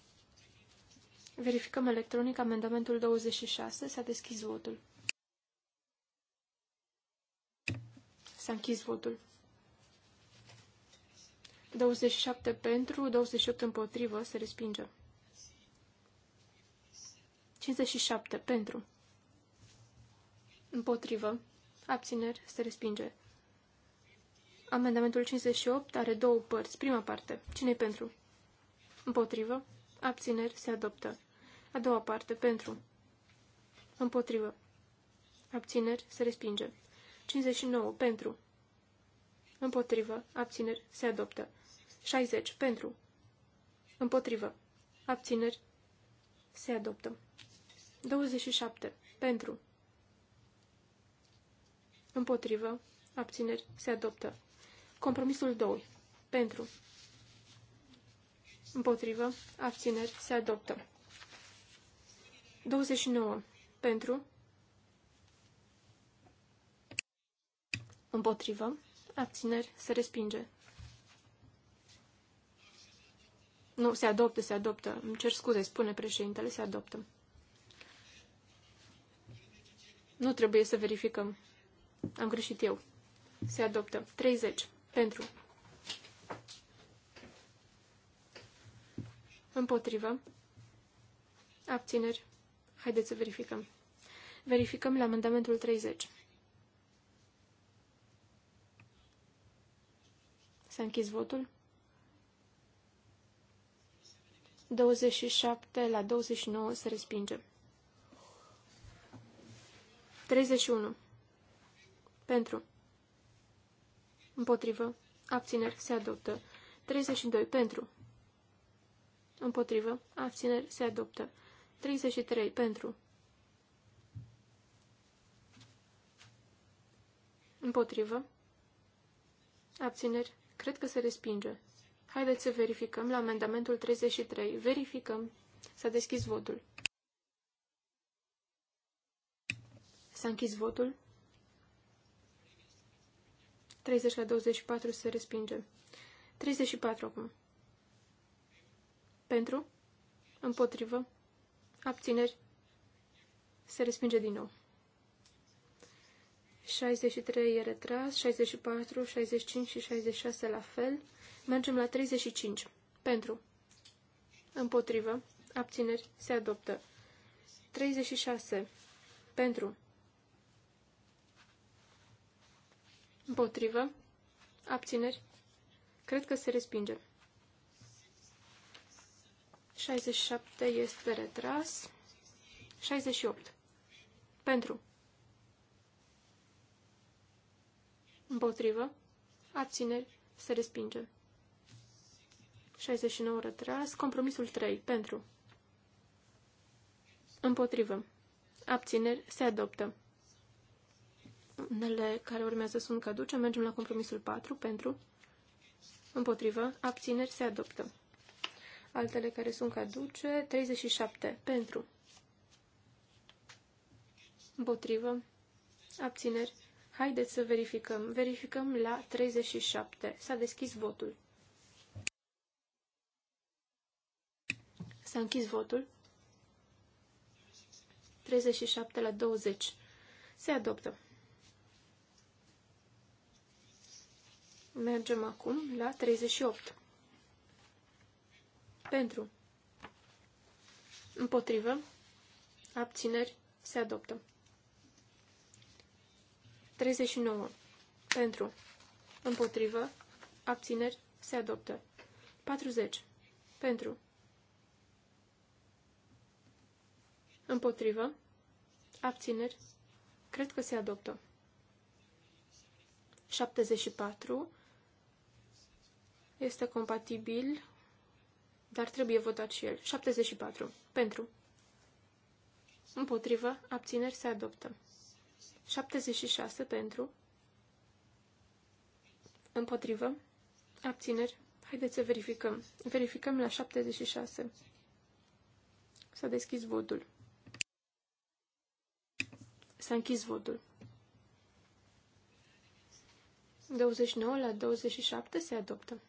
Verificăm electronic amendamentul 26. S-a deschis votul. S-a închis votul. 27 pentru, 28 împotrivă, se respinge. 57 pentru. Împotrivă. Abțineri, se respinge. Amendamentul 58 are două părți. Prima parte. cine pentru? Împotrivă. Abțineri, se adoptă. A doua parte. Pentru. Împotrivă. Abțineri, se respinge. 59. Pentru. Împotrivă. Abțineri, se adoptă. 60. Pentru. Împotrivă. Abțineri. Se adoptă. 27. Pentru. Împotrivă. Abțineri. Se adoptă. Compromisul 2. Pentru. Împotrivă. Abțineri. Se adoptă. 29. Pentru. Împotrivă. Abțineri. Se respinge. Nu, se adoptă, se adoptă. Îmi cer scuze, spune președintele, se adoptă. Nu trebuie să verificăm. Am greșit eu. Se adoptă. 30. Pentru. Împotrivă. Abțineri. Haideți să verificăm. Verificăm la amendamentul 30. S-a închis votul. 27 la 29 se respinge. 31. Pentru. Împotrivă. Abțineri se adoptă. 32. Pentru. Împotrivă. Abțineri se adoptă. 33. Pentru. Împotrivă. Abțineri. Cred că se respinge. Haideți să verificăm la amendamentul 33. Verificăm. S-a deschis votul. S-a închis votul. 30 la 24 se respinge. 34 acum. Pentru? Împotrivă? Abțineri? Se respinge din nou. 63 e retras, 64, 65 și 66 la fel. Mergem la 35. Pentru. Împotrivă. Abțineri. Se adoptă. 36. Pentru. Împotrivă. Abțineri. Cred că se respinge. 67 este retras. 68. Pentru. Împotrivă. Abțineri. Se respinge. 69 retras. Compromisul 3. Pentru. Împotrivă. Abțineri. Se adoptă. Nele care urmează sunt caduce. Mergem la compromisul 4. Pentru. Împotrivă. Abțineri. Se adoptă. Altele care sunt caduce. 37. Pentru. Împotrivă. Abțineri. Haideți să verificăm. Verificăm la 37. S-a deschis votul. S-a închis votul. 37 la 20. Se adoptă. Mergem acum la 38. Pentru. Împotrivă. Abțineri. Se adoptă. 39. Pentru. Împotrivă. Abțineri. Se adoptă. 40. Pentru. Împotrivă. Abțineri. Cred că se adoptă. 74. Este compatibil, dar trebuie votat și el. 74. Pentru. Împotrivă. Abțineri se adoptă. 76. Pentru. Împotrivă. Abțineri. Haideți să verificăm. Verificăm la 76. S-a deschis votul. S-a închis votul. 29 la 27 se adoptă.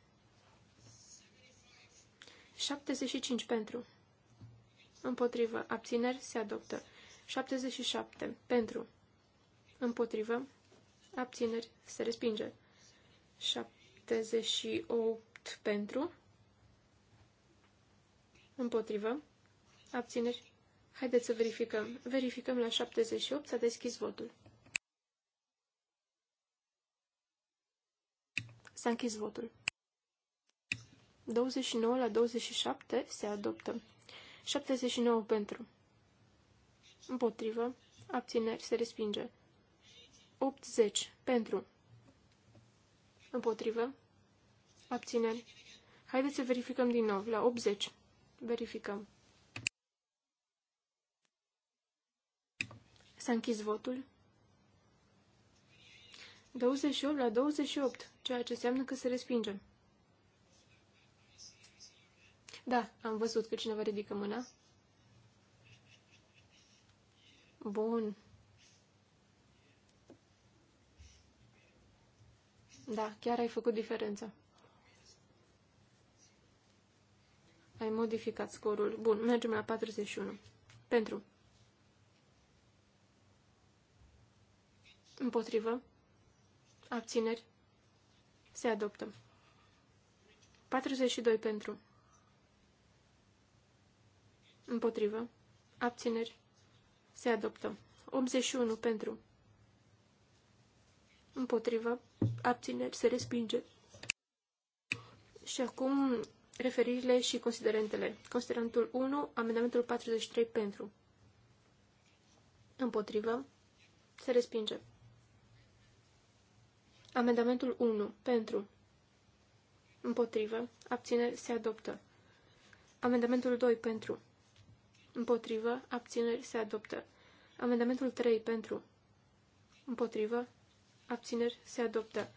75 pentru. Împotrivă. Abțineri se adoptă. 77 pentru. Împotrivă. Abțineri se respinge. 78 pentru. Împotrivă. Abțineri Haideți să verificăm. Verificăm la 78, s-a deschis votul. S-a închis votul. 29 la 27 se adoptă. 79 pentru. Împotrivă. Abțineri se respinge. 80 pentru. Împotrivă. Abțineri. Haideți să verificăm din nou. La 80. Verificăm. S-a închis votul. 28 la 28, ceea ce înseamnă că se respinge. Da, am văzut că cineva ridică mâna. Bun. Da, chiar ai făcut diferența. Ai modificat scorul. Bun, mergem la 41. Pentru. Împotrivă. Abțineri. Se adoptă. 42 pentru. Împotrivă. Abțineri. Se adoptă. 81 pentru. Împotrivă. Abțineri. Se respinge. Și acum referirile și considerentele. Considerentul 1, amendamentul 43 pentru. Împotrivă. Se respinge. Amendamentul 1. Pentru. Împotrivă. Abțineri. Se adoptă. Amendamentul 2. Pentru. Împotrivă. Abțineri. Se adoptă. Amendamentul 3. Pentru. Împotrivă. Abțineri. Se adoptă.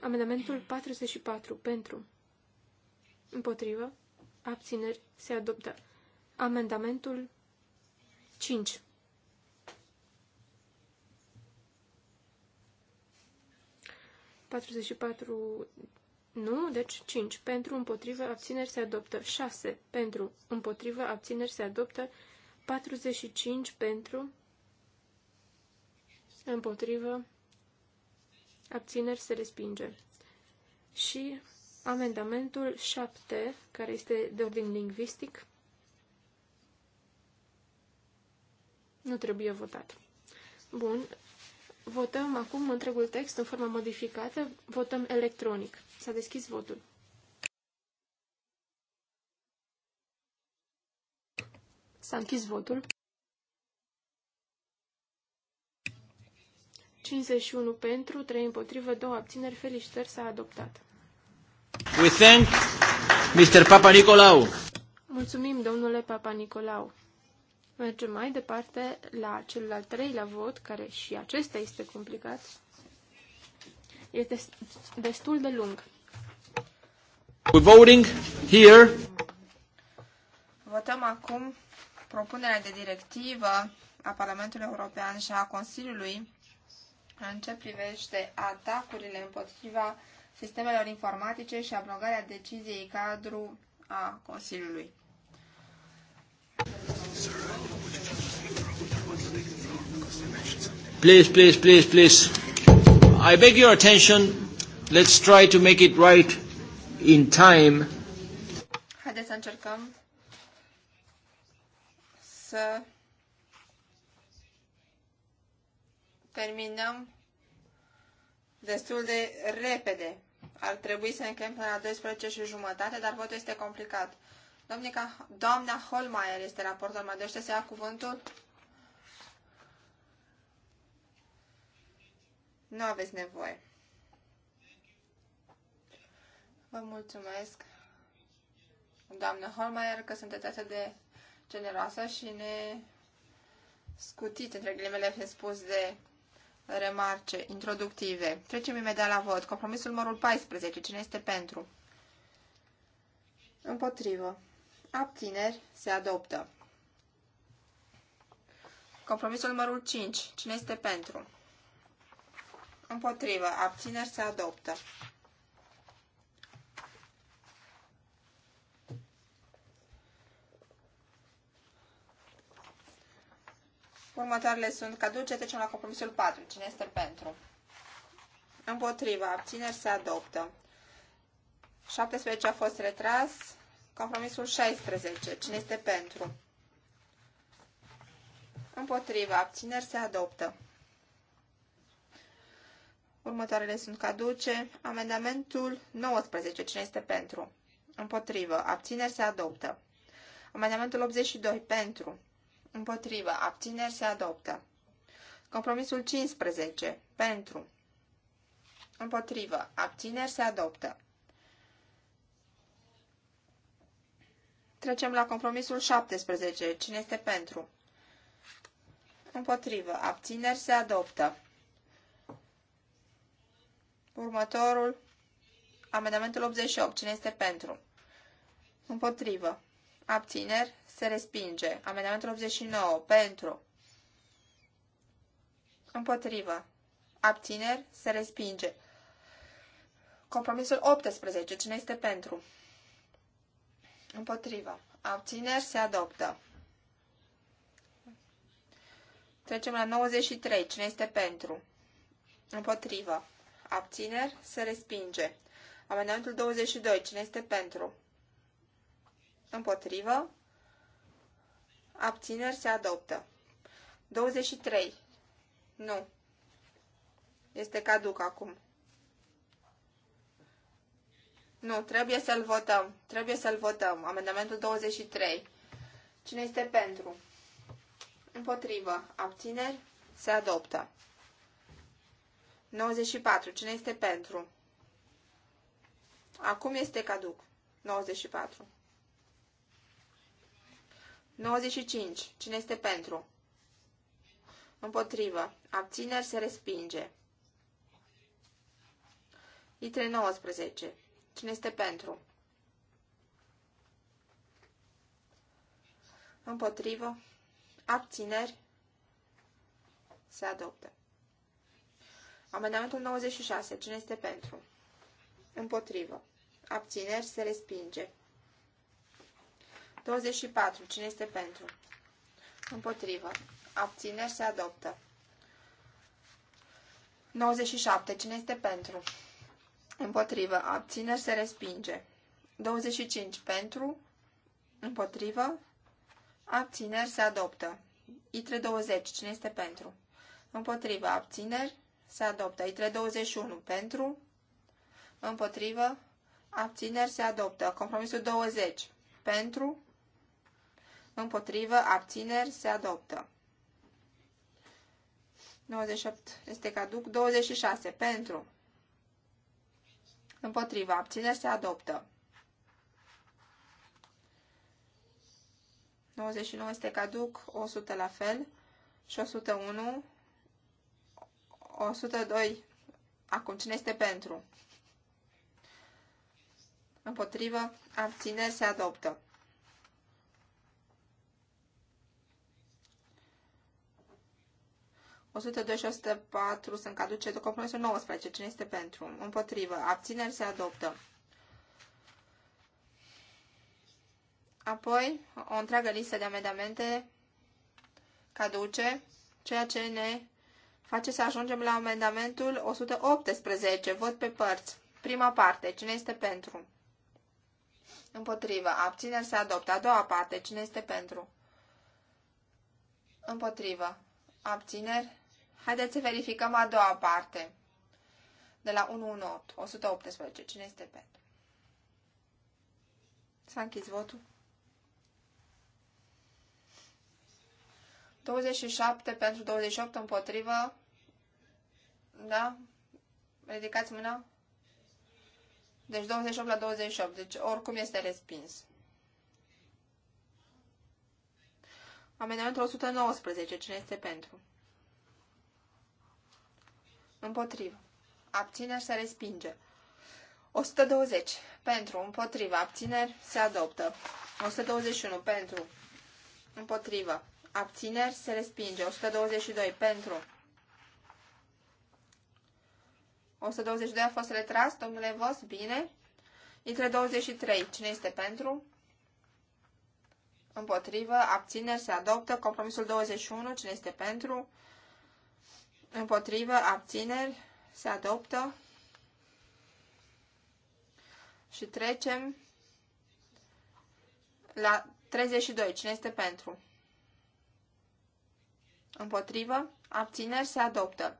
Amendamentul 44. Pentru. Împotrivă. Abțineri. Se adoptă. Amendamentul 5. 44 nu, deci 5. Pentru, împotrivă, abțineri se adoptă. 6. Pentru, împotrivă, abțineri se adoptă. 45 pentru, împotrivă, abțineri se respinge. Și amendamentul 7, care este de ordin lingvistic, nu trebuie votat. Bun, Votăm acum întregul text în forma modificată. Votăm electronic. S-a deschis votul. S-a închis votul. 51 pentru, 3 împotrivă, 2 abțineri. Felicitări, s-a adoptat. We thank Mr. Papa Nicolau. Mulțumim, domnule Papa Nicolau. Mergem mai departe la cel al treilea vot, care și acesta este complicat. Este destul de lung. We're voting here. Votăm acum propunerea de directivă a Parlamentului European și a Consiliului în ce privește atacurile împotriva sistemelor informatice și abrogarea deciziei cadru a Consiliului. Please, please, please, please. I beg your attention. Let's try to make it right in time. Haideți să încercăm să terminăm destul de repede. Ar trebui să încheiem până la 12 și jumătate, dar votul este complicat. Domnica, doamna Holmeier este raportor. Mă dorește să ia cuvântul? Nu aveți nevoie. Vă mulțumesc, doamnă Holmeier, că sunteți atât de generoasă și ne scutiți, între ghilimele fiind spus, de remarce introductive. Trecem imediat la vot. Compromisul numărul 14. Cine este pentru? Împotrivă abțineri, se adoptă. Compromisul numărul 5. Cine este pentru? Împotrivă. Abțineri se adoptă. Următoarele sunt caduce, trecem la compromisul 4. Cine este pentru? Împotrivă. Abțineri se adoptă. 17 a fost retras. Compromisul 16. Cine este pentru? Împotriva. Abțineri se adoptă. Următoarele sunt caduce. Amendamentul 19. Cine este pentru? Împotrivă. Abțineri se adoptă. Amendamentul 82. Pentru. Împotrivă. Abțineri se adoptă. Compromisul 15. Pentru. Împotrivă. Abțineri se adoptă. Trecem la compromisul 17. Cine este pentru? Împotrivă. Abțineri se adoptă. Următorul. Amendamentul 88. Cine este pentru? Împotrivă. Abțineri se respinge. Amendamentul 89. Pentru. Împotrivă. Abțineri se respinge. Compromisul 18. Cine este pentru? Împotrivă. Abțineri se adoptă. Trecem la 93. Cine este pentru? Împotrivă. Abțineri se respinge. Amendamentul 22. Cine este pentru? Împotrivă. Abțineri se adoptă. 23. Nu. Este caduc acum. Nu, trebuie să-l votăm. Trebuie să-l votăm. Amendamentul 23. Cine este pentru? Împotrivă. Abțineri? Se adoptă. 94. Cine este pentru? Acum este caduc. 94. 95. Cine este pentru? Împotrivă. Abțineri se respinge. Itre 19. Cine este pentru? Împotrivă. Abțineri. Se adoptă. Amendamentul 96. Cine este pentru? Împotrivă. Abțineri. Se respinge. 24. Cine este pentru? Împotrivă. Abțineri. Se adoptă. 97. Cine este pentru? împotrivă, abțineri se respinge. 25 pentru, împotrivă, abțineri se adoptă. ITRE 20, cine este pentru? Împotrivă, abțineri se adoptă. ITRE 21 pentru, împotrivă, abțineri se adoptă. Compromisul 20 pentru, împotrivă, abțineri se adoptă. 98 este caduc. 26 pentru, Împotriva. Abțineri se adoptă. 99 este caduc, 100 la fel și 101, 102. Acum, cine este pentru? Împotrivă, abțineri se adoptă. 102 și 104 sunt caduce de compromisul 19. Cine este pentru? Împotrivă. Abțineri se adoptă. Apoi, o întreagă listă de amendamente caduce, ceea ce ne face să ajungem la amendamentul 118. Vot pe părți. Prima parte. Cine este pentru? Împotrivă. Abțineri se adoptă. A doua parte. Cine este pentru? Împotrivă. Abțineri Haideți să verificăm a doua parte. De la 118, 118. Cine este pentru? S-a închis votul. 27 pentru 28 împotrivă. Da? Ridicați mâna. Deci 28 la 28. Deci oricum este respins. Amendamentul 119. Cine este pentru? împotrivă, abțineri se respinge. 120 pentru, împotrivă, abțineri se adoptă. 121 pentru, împotrivă, abțineri se respinge. 122 pentru. 122 a fost retras, domnule Vos, bine. Între 23, cine este pentru? Împotrivă, abțineri se adoptă. Compromisul 21, cine este pentru? Împotrivă, abțineri, se adoptă. Și trecem la 32. Cine este pentru? Împotrivă, abțineri, se adoptă.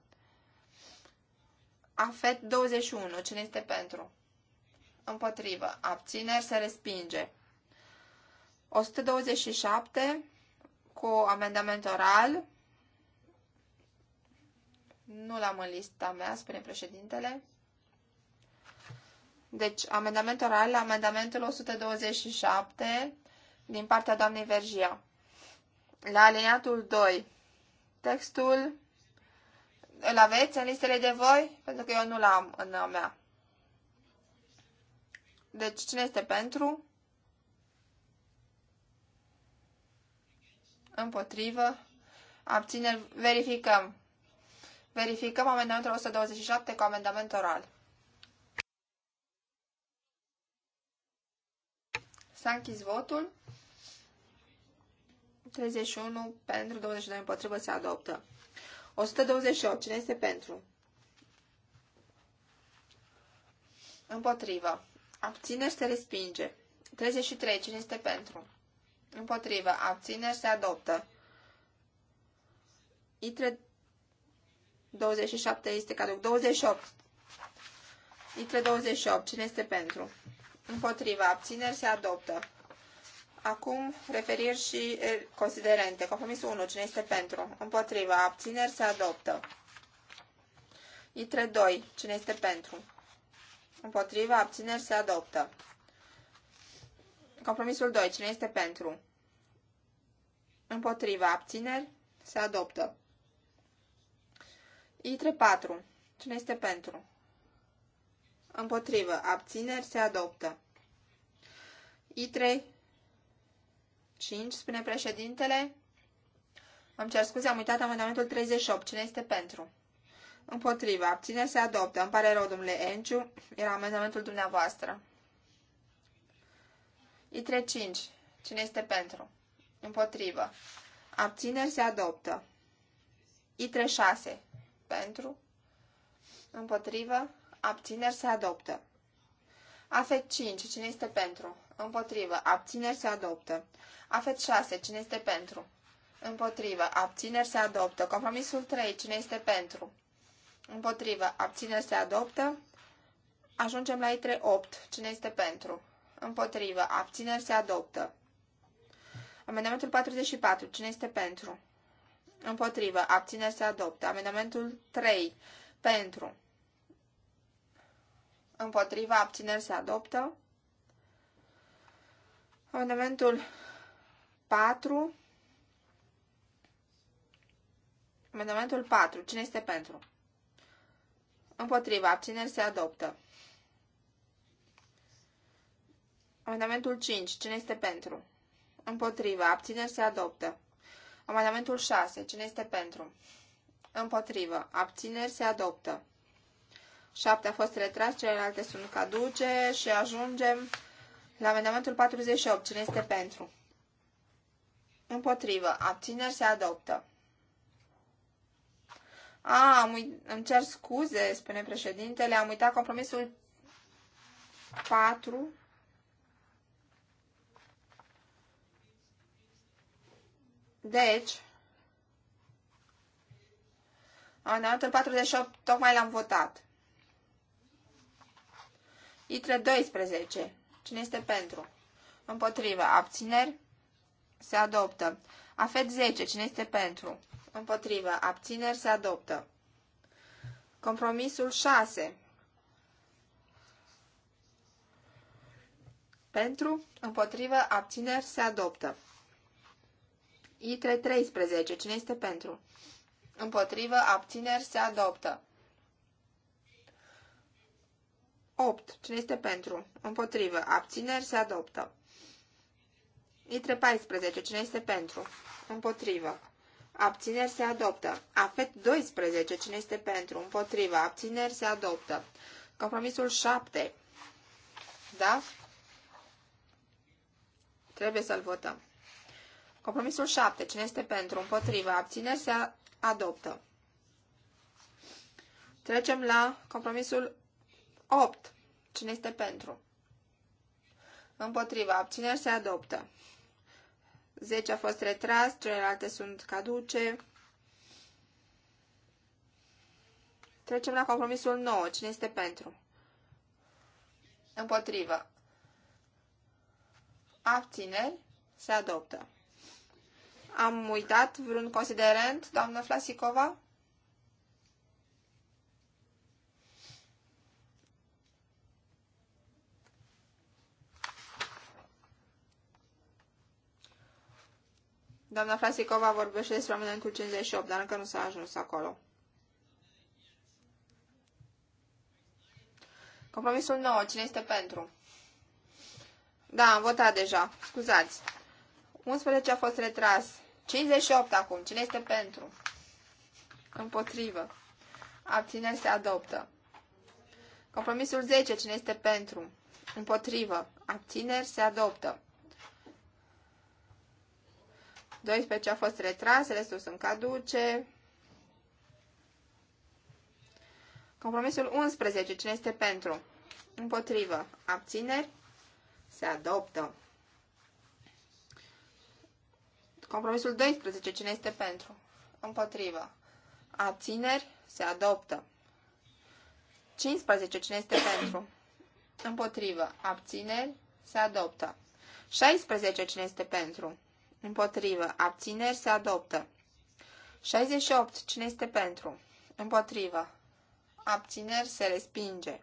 Afet 21. Cine este pentru? Împotrivă, abțineri, se respinge. 127 cu amendament oral nu l-am în lista mea, spune președintele. Deci, amendament oral la amendamentul 127 din partea doamnei Vergia. La alineatul 2. Textul îl aveți în listele de voi? Pentru că eu nu l-am în a mea. Deci, cine este pentru? Împotrivă. Abțineri. Verificăm. Verificăm amendamentul 127 cu amendament oral. S-a închis votul. 31 pentru, 22 împotrivă se adoptă. 128. Cine este pentru? Împotrivă. Abțineri se respinge. 33. Cine este pentru? Împotrivă. Abțineri se adoptă. Itre 27 este caduc. 28. Litre 28. Cine este pentru? Împotriva. Abțineri se adoptă. Acum referiri și considerente. Compromisul 1. Cine este pentru? Împotriva. Abțineri se adoptă. Litre 2. Cine este pentru? Împotriva. Abțineri se adoptă. Compromisul 2. Cine este pentru? Împotriva. Abțineri se adoptă i 3 4. Cine este pentru? Împotrivă. Abțineri se adoptă. i 3 5, spune președintele. Am cer scuze, am uitat amendamentul 38. Cine este pentru? Împotrivă. Abțineri se adoptă. Îmi pare rău, domnule Enciu. Era amendamentul dumneavoastră. i 3 5. Cine este pentru? Împotrivă. Abțineri se adoptă. i 3 6 pentru, împotrivă, abțineri se adoptă. Afet 5, cine este pentru? Împotrivă, abțineri se adoptă. Afet 6, cine este pentru? Împotrivă, abțineri se adoptă. Compromisul 3, cine este pentru? Împotrivă, abțineri se adoptă. Ajungem la ITRE 8, cine este pentru? Împotrivă, abțineri se adoptă. Amendamentul 44, cine este pentru? Împotrivă. Abțineri se adoptă. Amendamentul 3. Pentru. Împotrivă. Abțineri se adoptă. Amendamentul 4. Amendamentul 4. Cine este pentru? Împotrivă. Abțineri se adoptă. Amendamentul 5. Cine este pentru? Împotrivă. Abțineri se adoptă. Amendamentul 6. Cine este pentru? Împotrivă. Abțineri se adoptă. 7 a fost retras, celelalte sunt caduce și ajungem la amendamentul 48. Cine este pentru? Împotrivă. Abțineri se adoptă. A, am uit- îmi cer scuze, spune președintele, am uitat compromisul 4 Deci, amendamentul 48 tocmai l-am votat. ITRE 12. Cine este pentru? Împotrivă. Abțineri? Se adoptă. AFET 10. Cine este pentru? Împotrivă. Abțineri? Se adoptă. Compromisul 6. Pentru, împotrivă, abțineri se adoptă. ITRE 13. Cine este pentru? Împotrivă, abțineri, se adoptă. 8. Cine este pentru? Împotrivă, abțineri, se adoptă. ITRE 14. Cine este pentru? Împotrivă. Abțineri se adoptă. AFET 12. Cine este pentru? Împotriva. Abțineri se adoptă. Compromisul 7. Da? Trebuie să-l votăm. Compromisul 7. Cine este pentru? Împotrivă. Abține se adoptă. Trecem la compromisul 8. Cine este pentru? Împotrivă. Abțineri se adoptă. 10 a fost retras, celelalte sunt caduce. Trecem la compromisul 9. Cine este pentru? Împotrivă. Abțineri se adoptă. Am uitat vreun considerent, doamnă Flasicova? Doamna Flasicova vorbește despre amendamentul 58, dar încă nu s-a ajuns acolo. Compromisul 9. Cine este pentru? Da, am votat deja. Scuzați. 11 a fost retras. 58 acum. Cine este pentru? Împotrivă. Abțineri se adoptă. Compromisul 10. Cine este pentru? Împotrivă. Abțineri se adoptă. 12 a fost retras, restul sunt caduce. Compromisul 11. Cine este pentru? Împotrivă. Abțineri se adoptă. Compromisul 12. Cine este pentru? Împotrivă. Abțineri? Se adoptă. 15. Cine este pentru? Împotrivă. Abțineri? Se adoptă. 16. Cine este pentru? Împotrivă. Abțineri? Se adoptă. 68. Cine este pentru? Împotrivă. Abțineri? Se respinge.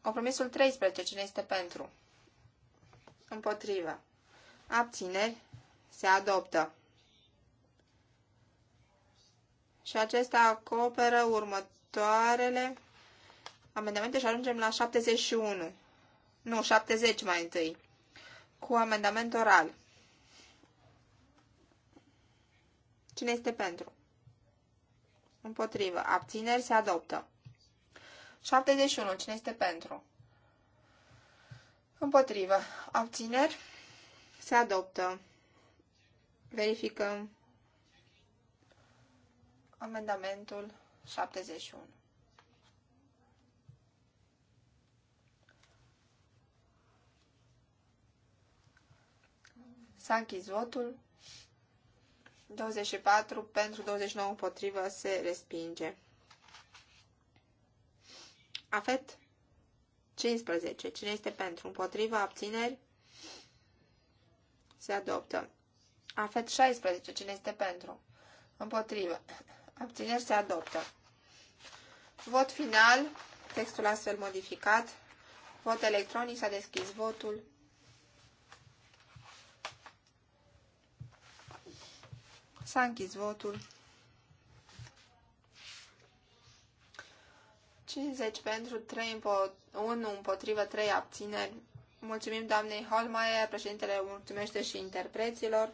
Compromisul 13. Cine este pentru? Împotrivă. Abțineri? se adoptă. Și acesta acoperă următoarele amendamente și ajungem la 71. Nu, 70 mai întâi. Cu amendament oral. Cine este pentru? Împotrivă. Abțineri se adoptă. 71. Cine este pentru? Împotrivă. Abțineri se adoptă. Verificăm amendamentul 71. S-a închis votul. 24 pentru 29 împotrivă se respinge. Afet 15. Cine este pentru? Împotrivă? Abțineri? Se adoptă. Afet 16. Cine este pentru? Împotrivă. Abțineri se adoptă. Vot final. Textul astfel modificat. Vot electronic. S-a deschis votul. S-a închis votul. 50 pentru, 3 împot 1 împotrivă, 3 abțineri. Mulțumim doamnei Holmeier, președintele mulțumește și interpreților.